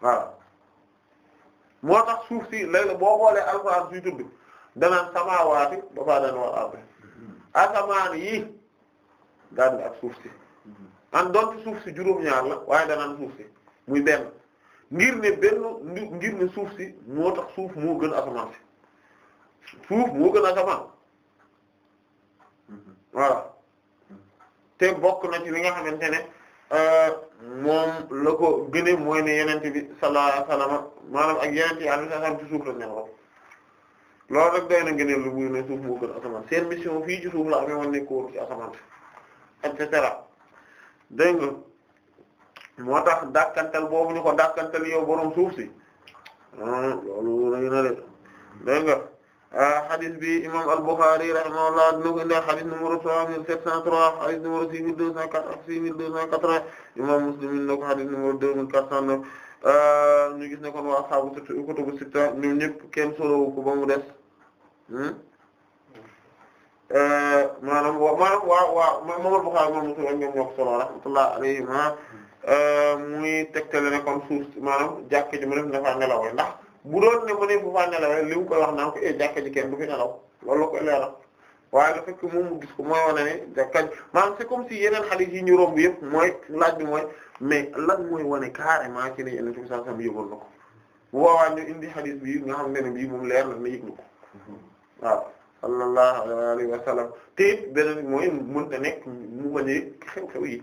waaw moo tax suuf si léegi boo xoolee alxuraan suy tudd. danaan samaawaati ba faa daan wal ardi asamaan yi daan ak suuf si an doon suuf si juróom-ñaar la waaye danaan suuf si muy benn ngir ne benn ngir ne suuf si moo tax suuf moo gën asamaan si suuf moo gën asamaan voilà te bokk na ci li nga xamante ne euh, moom la ko gëne mooy ne yenente bi sallallahu alayhi ak yenente yi alayhi wasallam suuf la ne ko loolu nag doy na ngëneel lu muy ne suuf moo gën asamaan seen mission fii ci suuf la amee woon nekk ci asamaan et cetera dégg nga moo tax dàkkantal boobu ñu ko dàkkantal yow borom suuf si ah, loolu lañu na de dégg nga ah, bi imam al-Bukhari rahimahullah dina ko indi hadith numéro trois mille sept cent trois hadith numéro six mille deux cent quatre imam Muslim dina ko hadith numéro deux mille quatre cent neuf Euh, ñu gis ne kon waa xaabu kutubu sitta ñoom ñëpp kenn solowu ko ba mu des hmm? euh, maanaam wa waa waa Imam Bukhari moom Muslim ak ñoom ñoo ko solo rahmatullah alayhima ah. euh, muy tegtale ne kon suuf maanaam jàkka ji mu def dafa nelawee ndax bu doon ne mu ne bu fa nelawee koy wax naan ko e kenn du fi nelaw loolu la ko waaye le fait que moom mu gis ko mooy wane ne da kañ maanaam c'est si yeneen xadis yi ñu romb yëpp mooy laaj bi mooy mais lan mooy wane carrément ci ne yeneen bi sallallahu alayhi wasallam yëgoon na ko bu boobaa ñu indi xadis bi nga xam ne ne bii moom leer na na yëg na ko waaw sallallahu alayhi wa sallam te it beneen mooy mënta nekk mu bañee xew-xew yi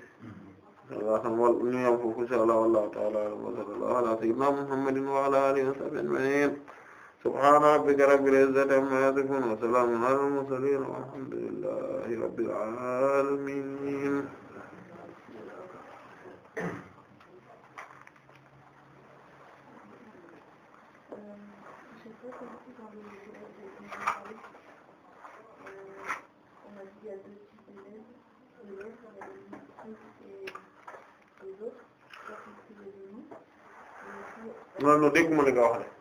waaw xam wal ñu yam foofu inshallah wallahu ta'ala wa sallallahu ala sayyidina muhammadin wa ala alihi wa sahbihi ajma'in subhaana rabbika rabbil izzati amma yasifuun wa salaamun alal mursaliin walhamdulillahi rabbil aalamiin noonu dégg ma li nga wax ne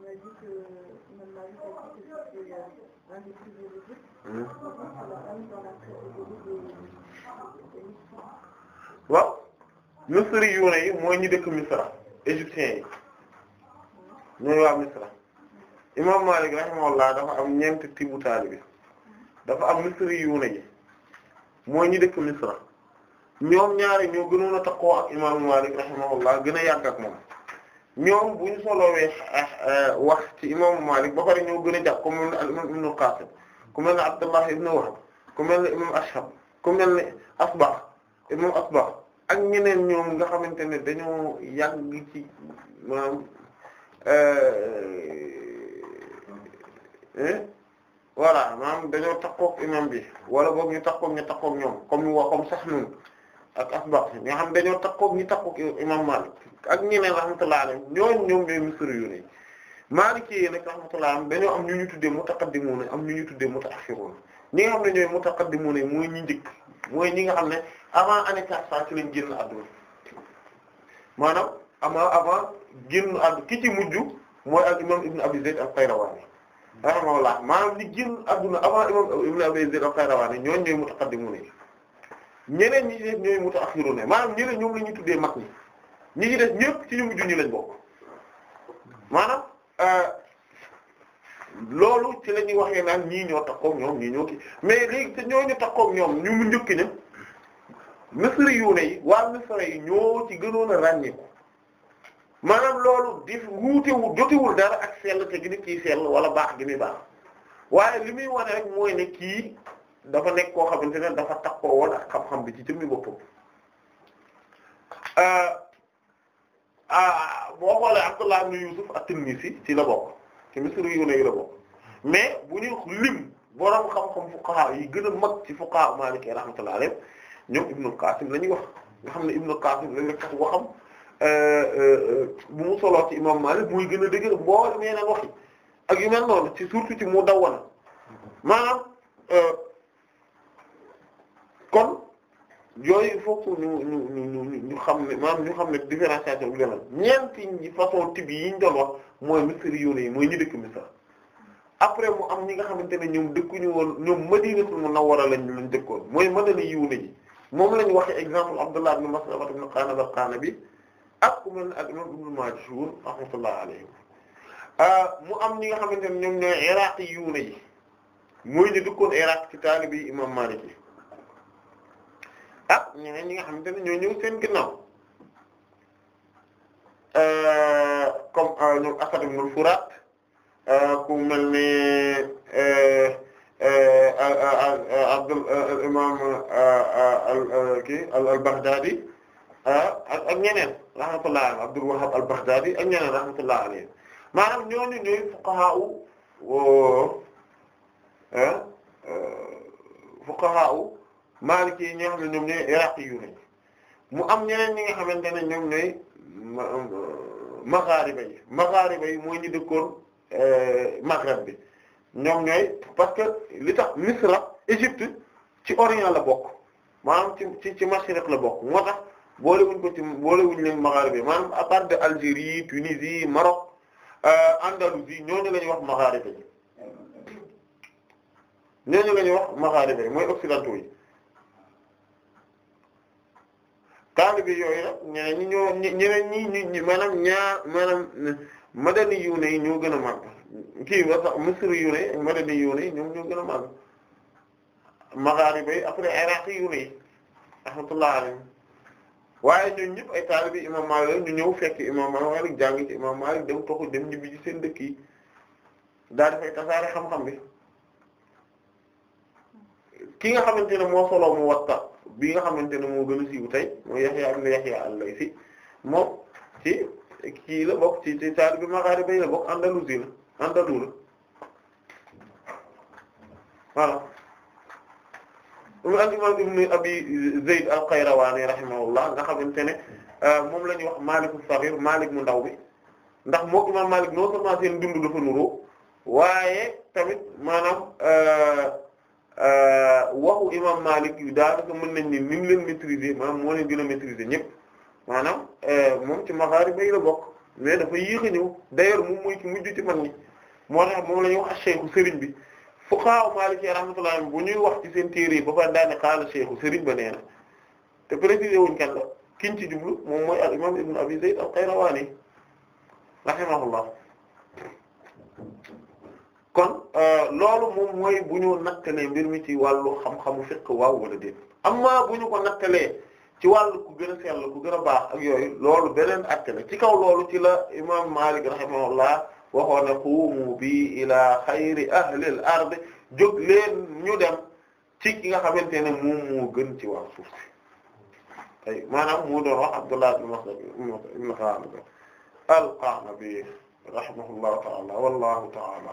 on a dit que Imam Malik a dit euh, yu ne yi ñi dëkk Misra égyptiens yi ñooy waa Misra Imam Malik rahimahullah dafa am ñeenti tibu taalibi dafa am misri yu ne yi mooy ñi dëkk Misra ñoom ñaari ñoo gënoon a takkoo ak Imam Malik rahimahullah gën a yàgg ñoom bu ñu solowee eh, wax ci imaamu Malik ba pare ñoo gën a jàpp ko mu ne al imam ibn al-Qasim ku mel ne Abdullah ibn Wahb ku mel ne imam Ashhab ku mel ne Asbagh imam Asbagh ak ñeneen ñoom nga xamante ne dañoo yàgg ci maanaam eh, eh, voilà maanaam dañoo takkook imam bi wala boog ñu takkook ñu takkook ñoom comme ñu wax comme sax noonu ak asbaq ñi nga xam dañoo takkoog ñi takkoog imam Malik ak ñeneen rahmatullah alayhi ñooñu ñoom ñooy misriyun yi Maliki yi nag rahmatullah alayhi dañoo am ñu ñu tuddee mutaqaddimun am ñu ñu tuddee mutaaxirun ñi nga xam ne ñooy mutaqaddimun mooy ñi njëkk mooy ñi nga xam ne avant année 400 ci lañ génn àdduna maanaam ama avant génn àdduna ki mujj mooy al imam Ibn Abi Zayd al-Qayrawani rahimahullah maanaam ñi génn àdduna avant imam Ibn Abi Zayd al-Qayrawani ñooñu ñooy mutaqaddimun ñeneen ñi ci def ñooy mutaaxirun maanaam ñeneen ñoom la ñu tuddee mag ñi ñi ci def ñëpp ci ñu mujj ñi lañ bokk maanaam euh, loolu ci la ñuy waxee naan ñii ñoo takkook ñoom ñii ñoo kii mais léegi te ñooñu takkook ñoom ñu mu njëkk ña misri yu ne yi waa misri yi ñoo ci gënoon a ràññeeku maanaam loolu di wuutewul jotewul dara ak sell te gi ni kii sell wala baax gi baax waaye li muy wane rek mooy ne kii dafa nekk koo xamante ne dafa takkoo woon ak xam-xam bi ci jëmmi boppam euh, ah, boo xoolee Abdullah ibn Yusuf at-Tinnisi ci la bokk ci misri yu ne yi la mais bu ñu lim borom xam-xam fuqaha yi gën a mag ci fuqaha Maliki rahmatullahi alayhi ñoom Ibn al-Qasim la ñuy wax nga xam ne Ibn al-Qasim la nekk waxam euh, euh, bu mu soloo ci imam Malik muy gën a dëgg boo meeneen waxi ak yu mel noonu ci surtout ci mu dawana maanaam kon yooyu il faut que ñu ñu ñu ñu xam ne maanaam ñu xam ne différenciation bi gën a ñeenti façon type yi ñu doon wax mooy misriyuun yi mooy ñi après mu am ñi nga xamante ne ñoom dëkkuñu woon ñoom Madinatul Munawwara lañ lañ dëkkoon mooy madana yuuna yi moom lañ waxe exemple Abdullah ibn Maslama ibn Qanab al-Qanabi ak ku mel ne ak imam Ibn Majishun rahmatullah alayhi ah, mu am ñi nga xamante ne ñoom ñooy iraqi yuuna yi mooy ñu dëkkoon Iraq ci taalibi imam Maliki ah ñeneen ñi nga xamante ne ñoo ñëw seen euh, euh, Furat euh, ku mel ni Abdul imam kii al-Baghdadi ak ak ñeneen rahmatullah alayhi Abdul al-Baghdadi ak ñeneen rahmatullah alayhi maanaam ñooñu ñooy fuqahaa u fuqahaa Maliki yi ñi nga xam ne ñoom ñooy yu nañ mu am ñeneen ñi nga xamante ne ñoom ñooy maghariba yi maghariba yi mooy ñu dëkkoon euh, Maghreb bi ñoom ñooy parce que li tax Misra Égypte ci Orient la bokk maanaam ci ci ci Mashriq la bokk moo tax boolewuñ ko ci boolewuñ leen maghariba yi maanaam à part de Algérie Tunisie Maroc euh, Andalousie ñooñu la ñuy wax maghariba yi ñooñu la ñuy wax maghariba yi mooy occidentaux yi taalibe yooyu nag ñeneen ñi ñoo ñeneen ñi ñi maanaam ñaar maanaam madani yu ne ñoo gën a màgg kii wa sax misri yu ne madani yu ñoom ñoo gën a màgg magharibi après iraqi yu ne rahmatullah alayhi waaye ñun ñëpp ay taalibe imam Maalik ñu ñëw fekk imam Maalik rek jàng ci imam Maalik dem toxu dem ñibbi ci seen dëkk yi daal dafay tasaare xam-xam bi ki nga xamante ne moo solo mu bi nga xamante ne moo gën a siiw tey mooy Yahya ibn Yahya al-Laythi moom ci kii la bokk ci ci taalibe Maghrib la bokk Andalusi la Andalou la voilà al imam ibn abi Zayd al-Qayrawani rahimahullah nga xamante ne euh, moom la wax Malik as Malik mu ndaw bi ndax moo imam Malik non seulement seen dund dafa waaye tamit maanaam euh, Euh, waxu imam Malik yu daanaka mën nañ ni ni mu leen maîtriser maanaam moo leen gën a maanaam euh, moom ci maxaari bay la bokk mais dafa yéex a ñëw d'ailleurs moom mooy ci mujj ci mag ñi moo tax moom la ñuy wax cheikhu sëriñ bi fuqaha Maliki rahmatullah bu ñuy wax ci seen téere yi ba pare daane xaala cheikhu sëriñ ba nee na te préciser wuñ kan la kiñ ci jublu moom mooy al imam ibn Abi Zayd al-Qayrawani rahimahullah kon euh, loolu moom mooy bu ñu nattalee mbir mi ci wàllu xam-xamu fiqh waaw wala déet amma bu ñu ko nattalee ci wàllu ku gën a sell ku gën a baax ak yooyu loolu beneen atte la ci kaw loolu ci la imam Malik rahimahullah waxoon ne qumu bi ila xayri ahli al ard jóg leen ñu dem ci ki nga xamante ne moom moo gën ci waa suuf si ay maanaam mu doon wax Abdullah ibn Ghalib al-Qa'nabi rahimahullahu ta'ala wallahu ta'ala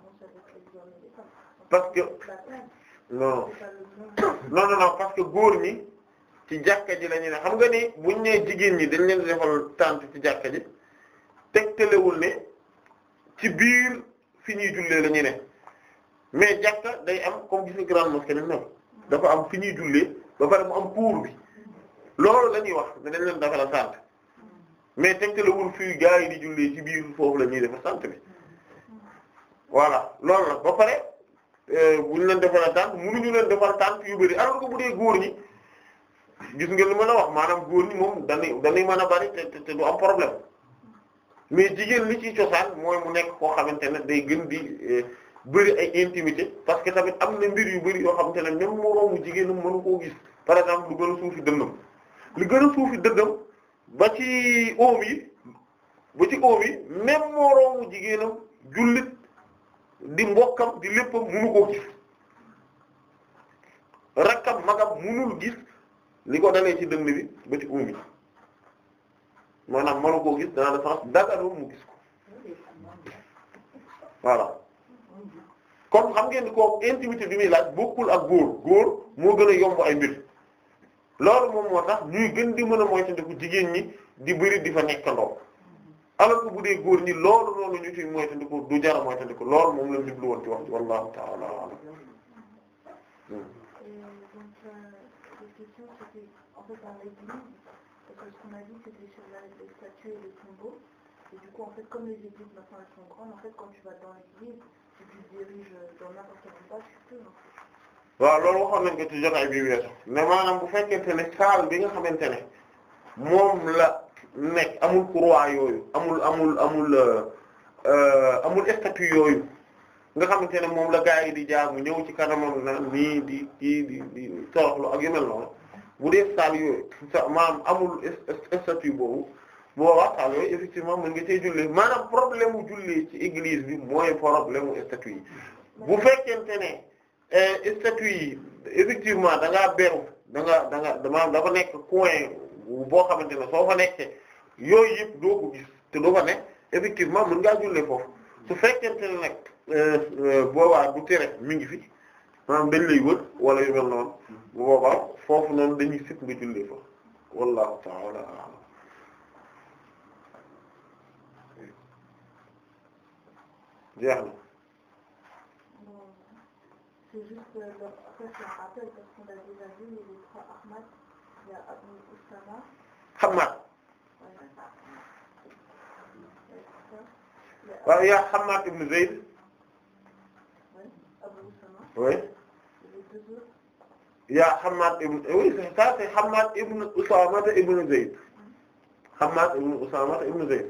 parce que non non non parce que góor ñi ci jàkka ji la ñu ne xam nga ni buñ nee jigéen ñi dañ leen defal tànt ci jàkka ji tegtalewul ne ci biir fi ñuy jullee la ne mais jàkka day am comme gis nga grande dafa am fi ñuy jullee ba pare mu am pour bi loolu la wax ne dañ leen defal tànt mais tegtalewul fi gaa yi di jullee ci biir foofu la ñuy defal bi. voilà loolu la ba pare euh, bu ñu leen defal tànk mënuñu leen defal tànk yu bëri alors que bu dee góor ñi gis ngeen lu ma la wax maanaam góor ñi moom dañuy dañuy mën a bari te te du am problème mais jigéen li ci cosaan mooy mu nekk koo xamante ne day gën di euh, bëri ay intimité parce que tamit am na mbir yu bëri yoo xamante ne même moroomu jigéenam mënu koo gis par exemple lu gën a suufi dëndam lu gën a suufi dëndam ba ci oom yi ba ci oom yi même moroomu jigéenam di mbokkam di léppam munu koo gis rakkam magam munul gis li ko dalee ci dëng bi ba ci uum maanaam manu koo gis dans le sens daganul mu gis ko voilà kon xam ngeen ni ko intimité bi muy laaj bokkul ak góor góor moo gën a yomb ay mbir loolu moom moo tax ñuy gën di mën a moytandiku jigéen ñi di bëri di fa nekkandoo alors que bu dee góor ñi loolu noonu ñu ci moytandiku du jar a moytandiku loolu moom la jublu woon ci wax ta'ala a'lam. donc cette question c'était en fait dans l'église parce qu'on a dit c'était sur la statue et le tombeau et du coup en fait comme les églises maintenant elles sont grandes en fait quand tu vas dans l'église tu te diriges dans n'importe loolu waxoon nañ ko ci jotaay bi weesu la. nekk amul croix yooyu amul amul amul euh, euh, amul statut yooyu nga xamante ne moom la gaa yi di jaamu ñëw ci kanamam na nii di kii di di toroxlu ak yu mel noonu bu dee saal yooyu maanaam amul statut boobu boobaa saal yooyu effectivement mën nga cee julli maanaam problème mu ci église bi mooy problème mu statut yi bu fekkente ne euh, statut yi effectivement da ngaa danga da nga da nga maanaam dafa nekk coin boo xamante ne soo fa nekkee yooyu yëpp doo ko gis te doo fa ne effectivement mën ngaa jullee foofu su fekkente ne nag euh, euh, boobaa bu tere mi ngi fi maanaam dañ lay wër wala yu mel noonu bu foofu noonu dañuy sëpp nga jullee fa wallahu ta'ala jeex na c'est juste donc waaw yaa Hammaad ibn Zayd oui yaa Hammaad ibn oui ça c'est Hammaad ibn Usaama ibn Zayd Hammaad ibn Usaama ibn Zayd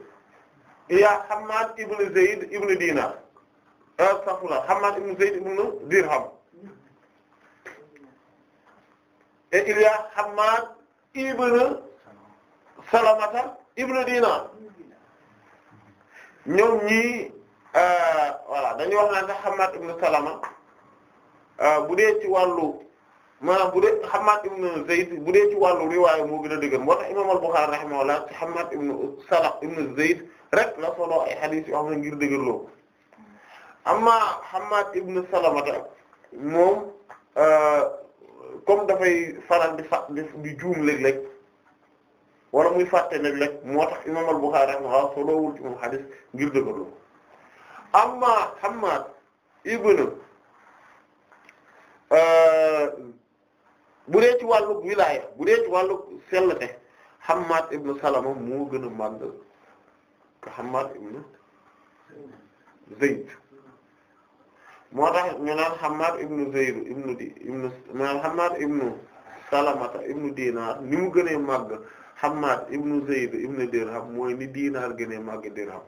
yaa Hammaad ibn Zayd ibn Diinaar euh, astaghfirullah Hammaad ibn Zayd ibn Dirham et il y a Hammaad ibn Salamata ibn Diinaar ñoom ñii euh, voilà dañuy wax naan sax Hammad ibn Salama euh, bu dee ci wàllu maanaam bu dee Hammad ibn Zayd bu dee ci wàllu riwaaya moo gën a dëgër moo a imaam al-Bukhari rahimahullah ci Hammad ibn Salam ibn Zayd rek la solo xam ne ngir dëgërloo amma Hammad ibn Salama moom euh, comme dafay faral di fa di juum léeg-léeg wala muy fàtte ne rek moo tax imam al-Bukhari rahimahullah soloowul ci moom xadis ngir dëgërlu amma Hammad ibn euh, bu dee ci wàllu wilaaya bu ci wàllu sellte Hammad ibn Salama moo gën a màgg ka Hammad ibn Zayd moo tax ñu naan Hammad ibn Zayd ibn di ibn ibn Salamata ibn Dinar ni mu gënee màgg Hammaad ibnu Zayd ibnu Dirham mooy ni diinaar gënee màgg dirham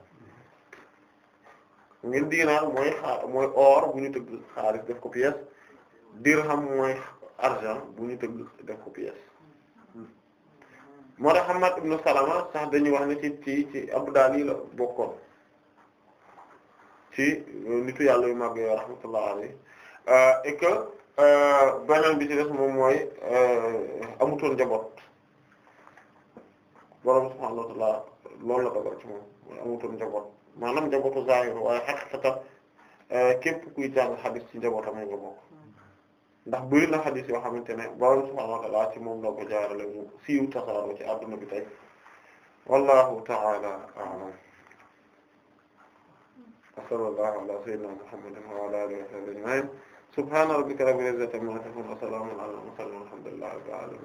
ngeen diinaar mooy xaar mooy or bu ñu tëgg xaalis def ko pièce dirham mooy argent bu ñu tëgg def ko pièce moo tax Hammaad ibnu Salama sax dañuy wax ne ci ci ci Abdaali yi la bokkoon ci nitu yàlla yu màgg yoo rahmatullah alayhi euh, et que euh, beneen bi ci des moom mooy euh, amutoon njaboot borom subhaanahu wa ta'aala loolu la dogal ci moom mooy amutoon njaboot maanaam njabootu zaahir waaye xaqiiqatan euh, képp kuy jàng xadis ci njabootam nga bokk ndax bëri na xadis yoo xamante ne borom subhaanahu wa ta'aala ci moom la ko jaarale mu siiw tasaaroo ci adduna bi tey wallahu ta'aala a'lam wa sallallahu ala sayyidina muhammadin wa ala alihi wa sahbihi ajma'in subhaana rabbika rabbil izzati amma yasifun wa salaamun ala al-mursaliin walhamdulillahi rabbil aalamiin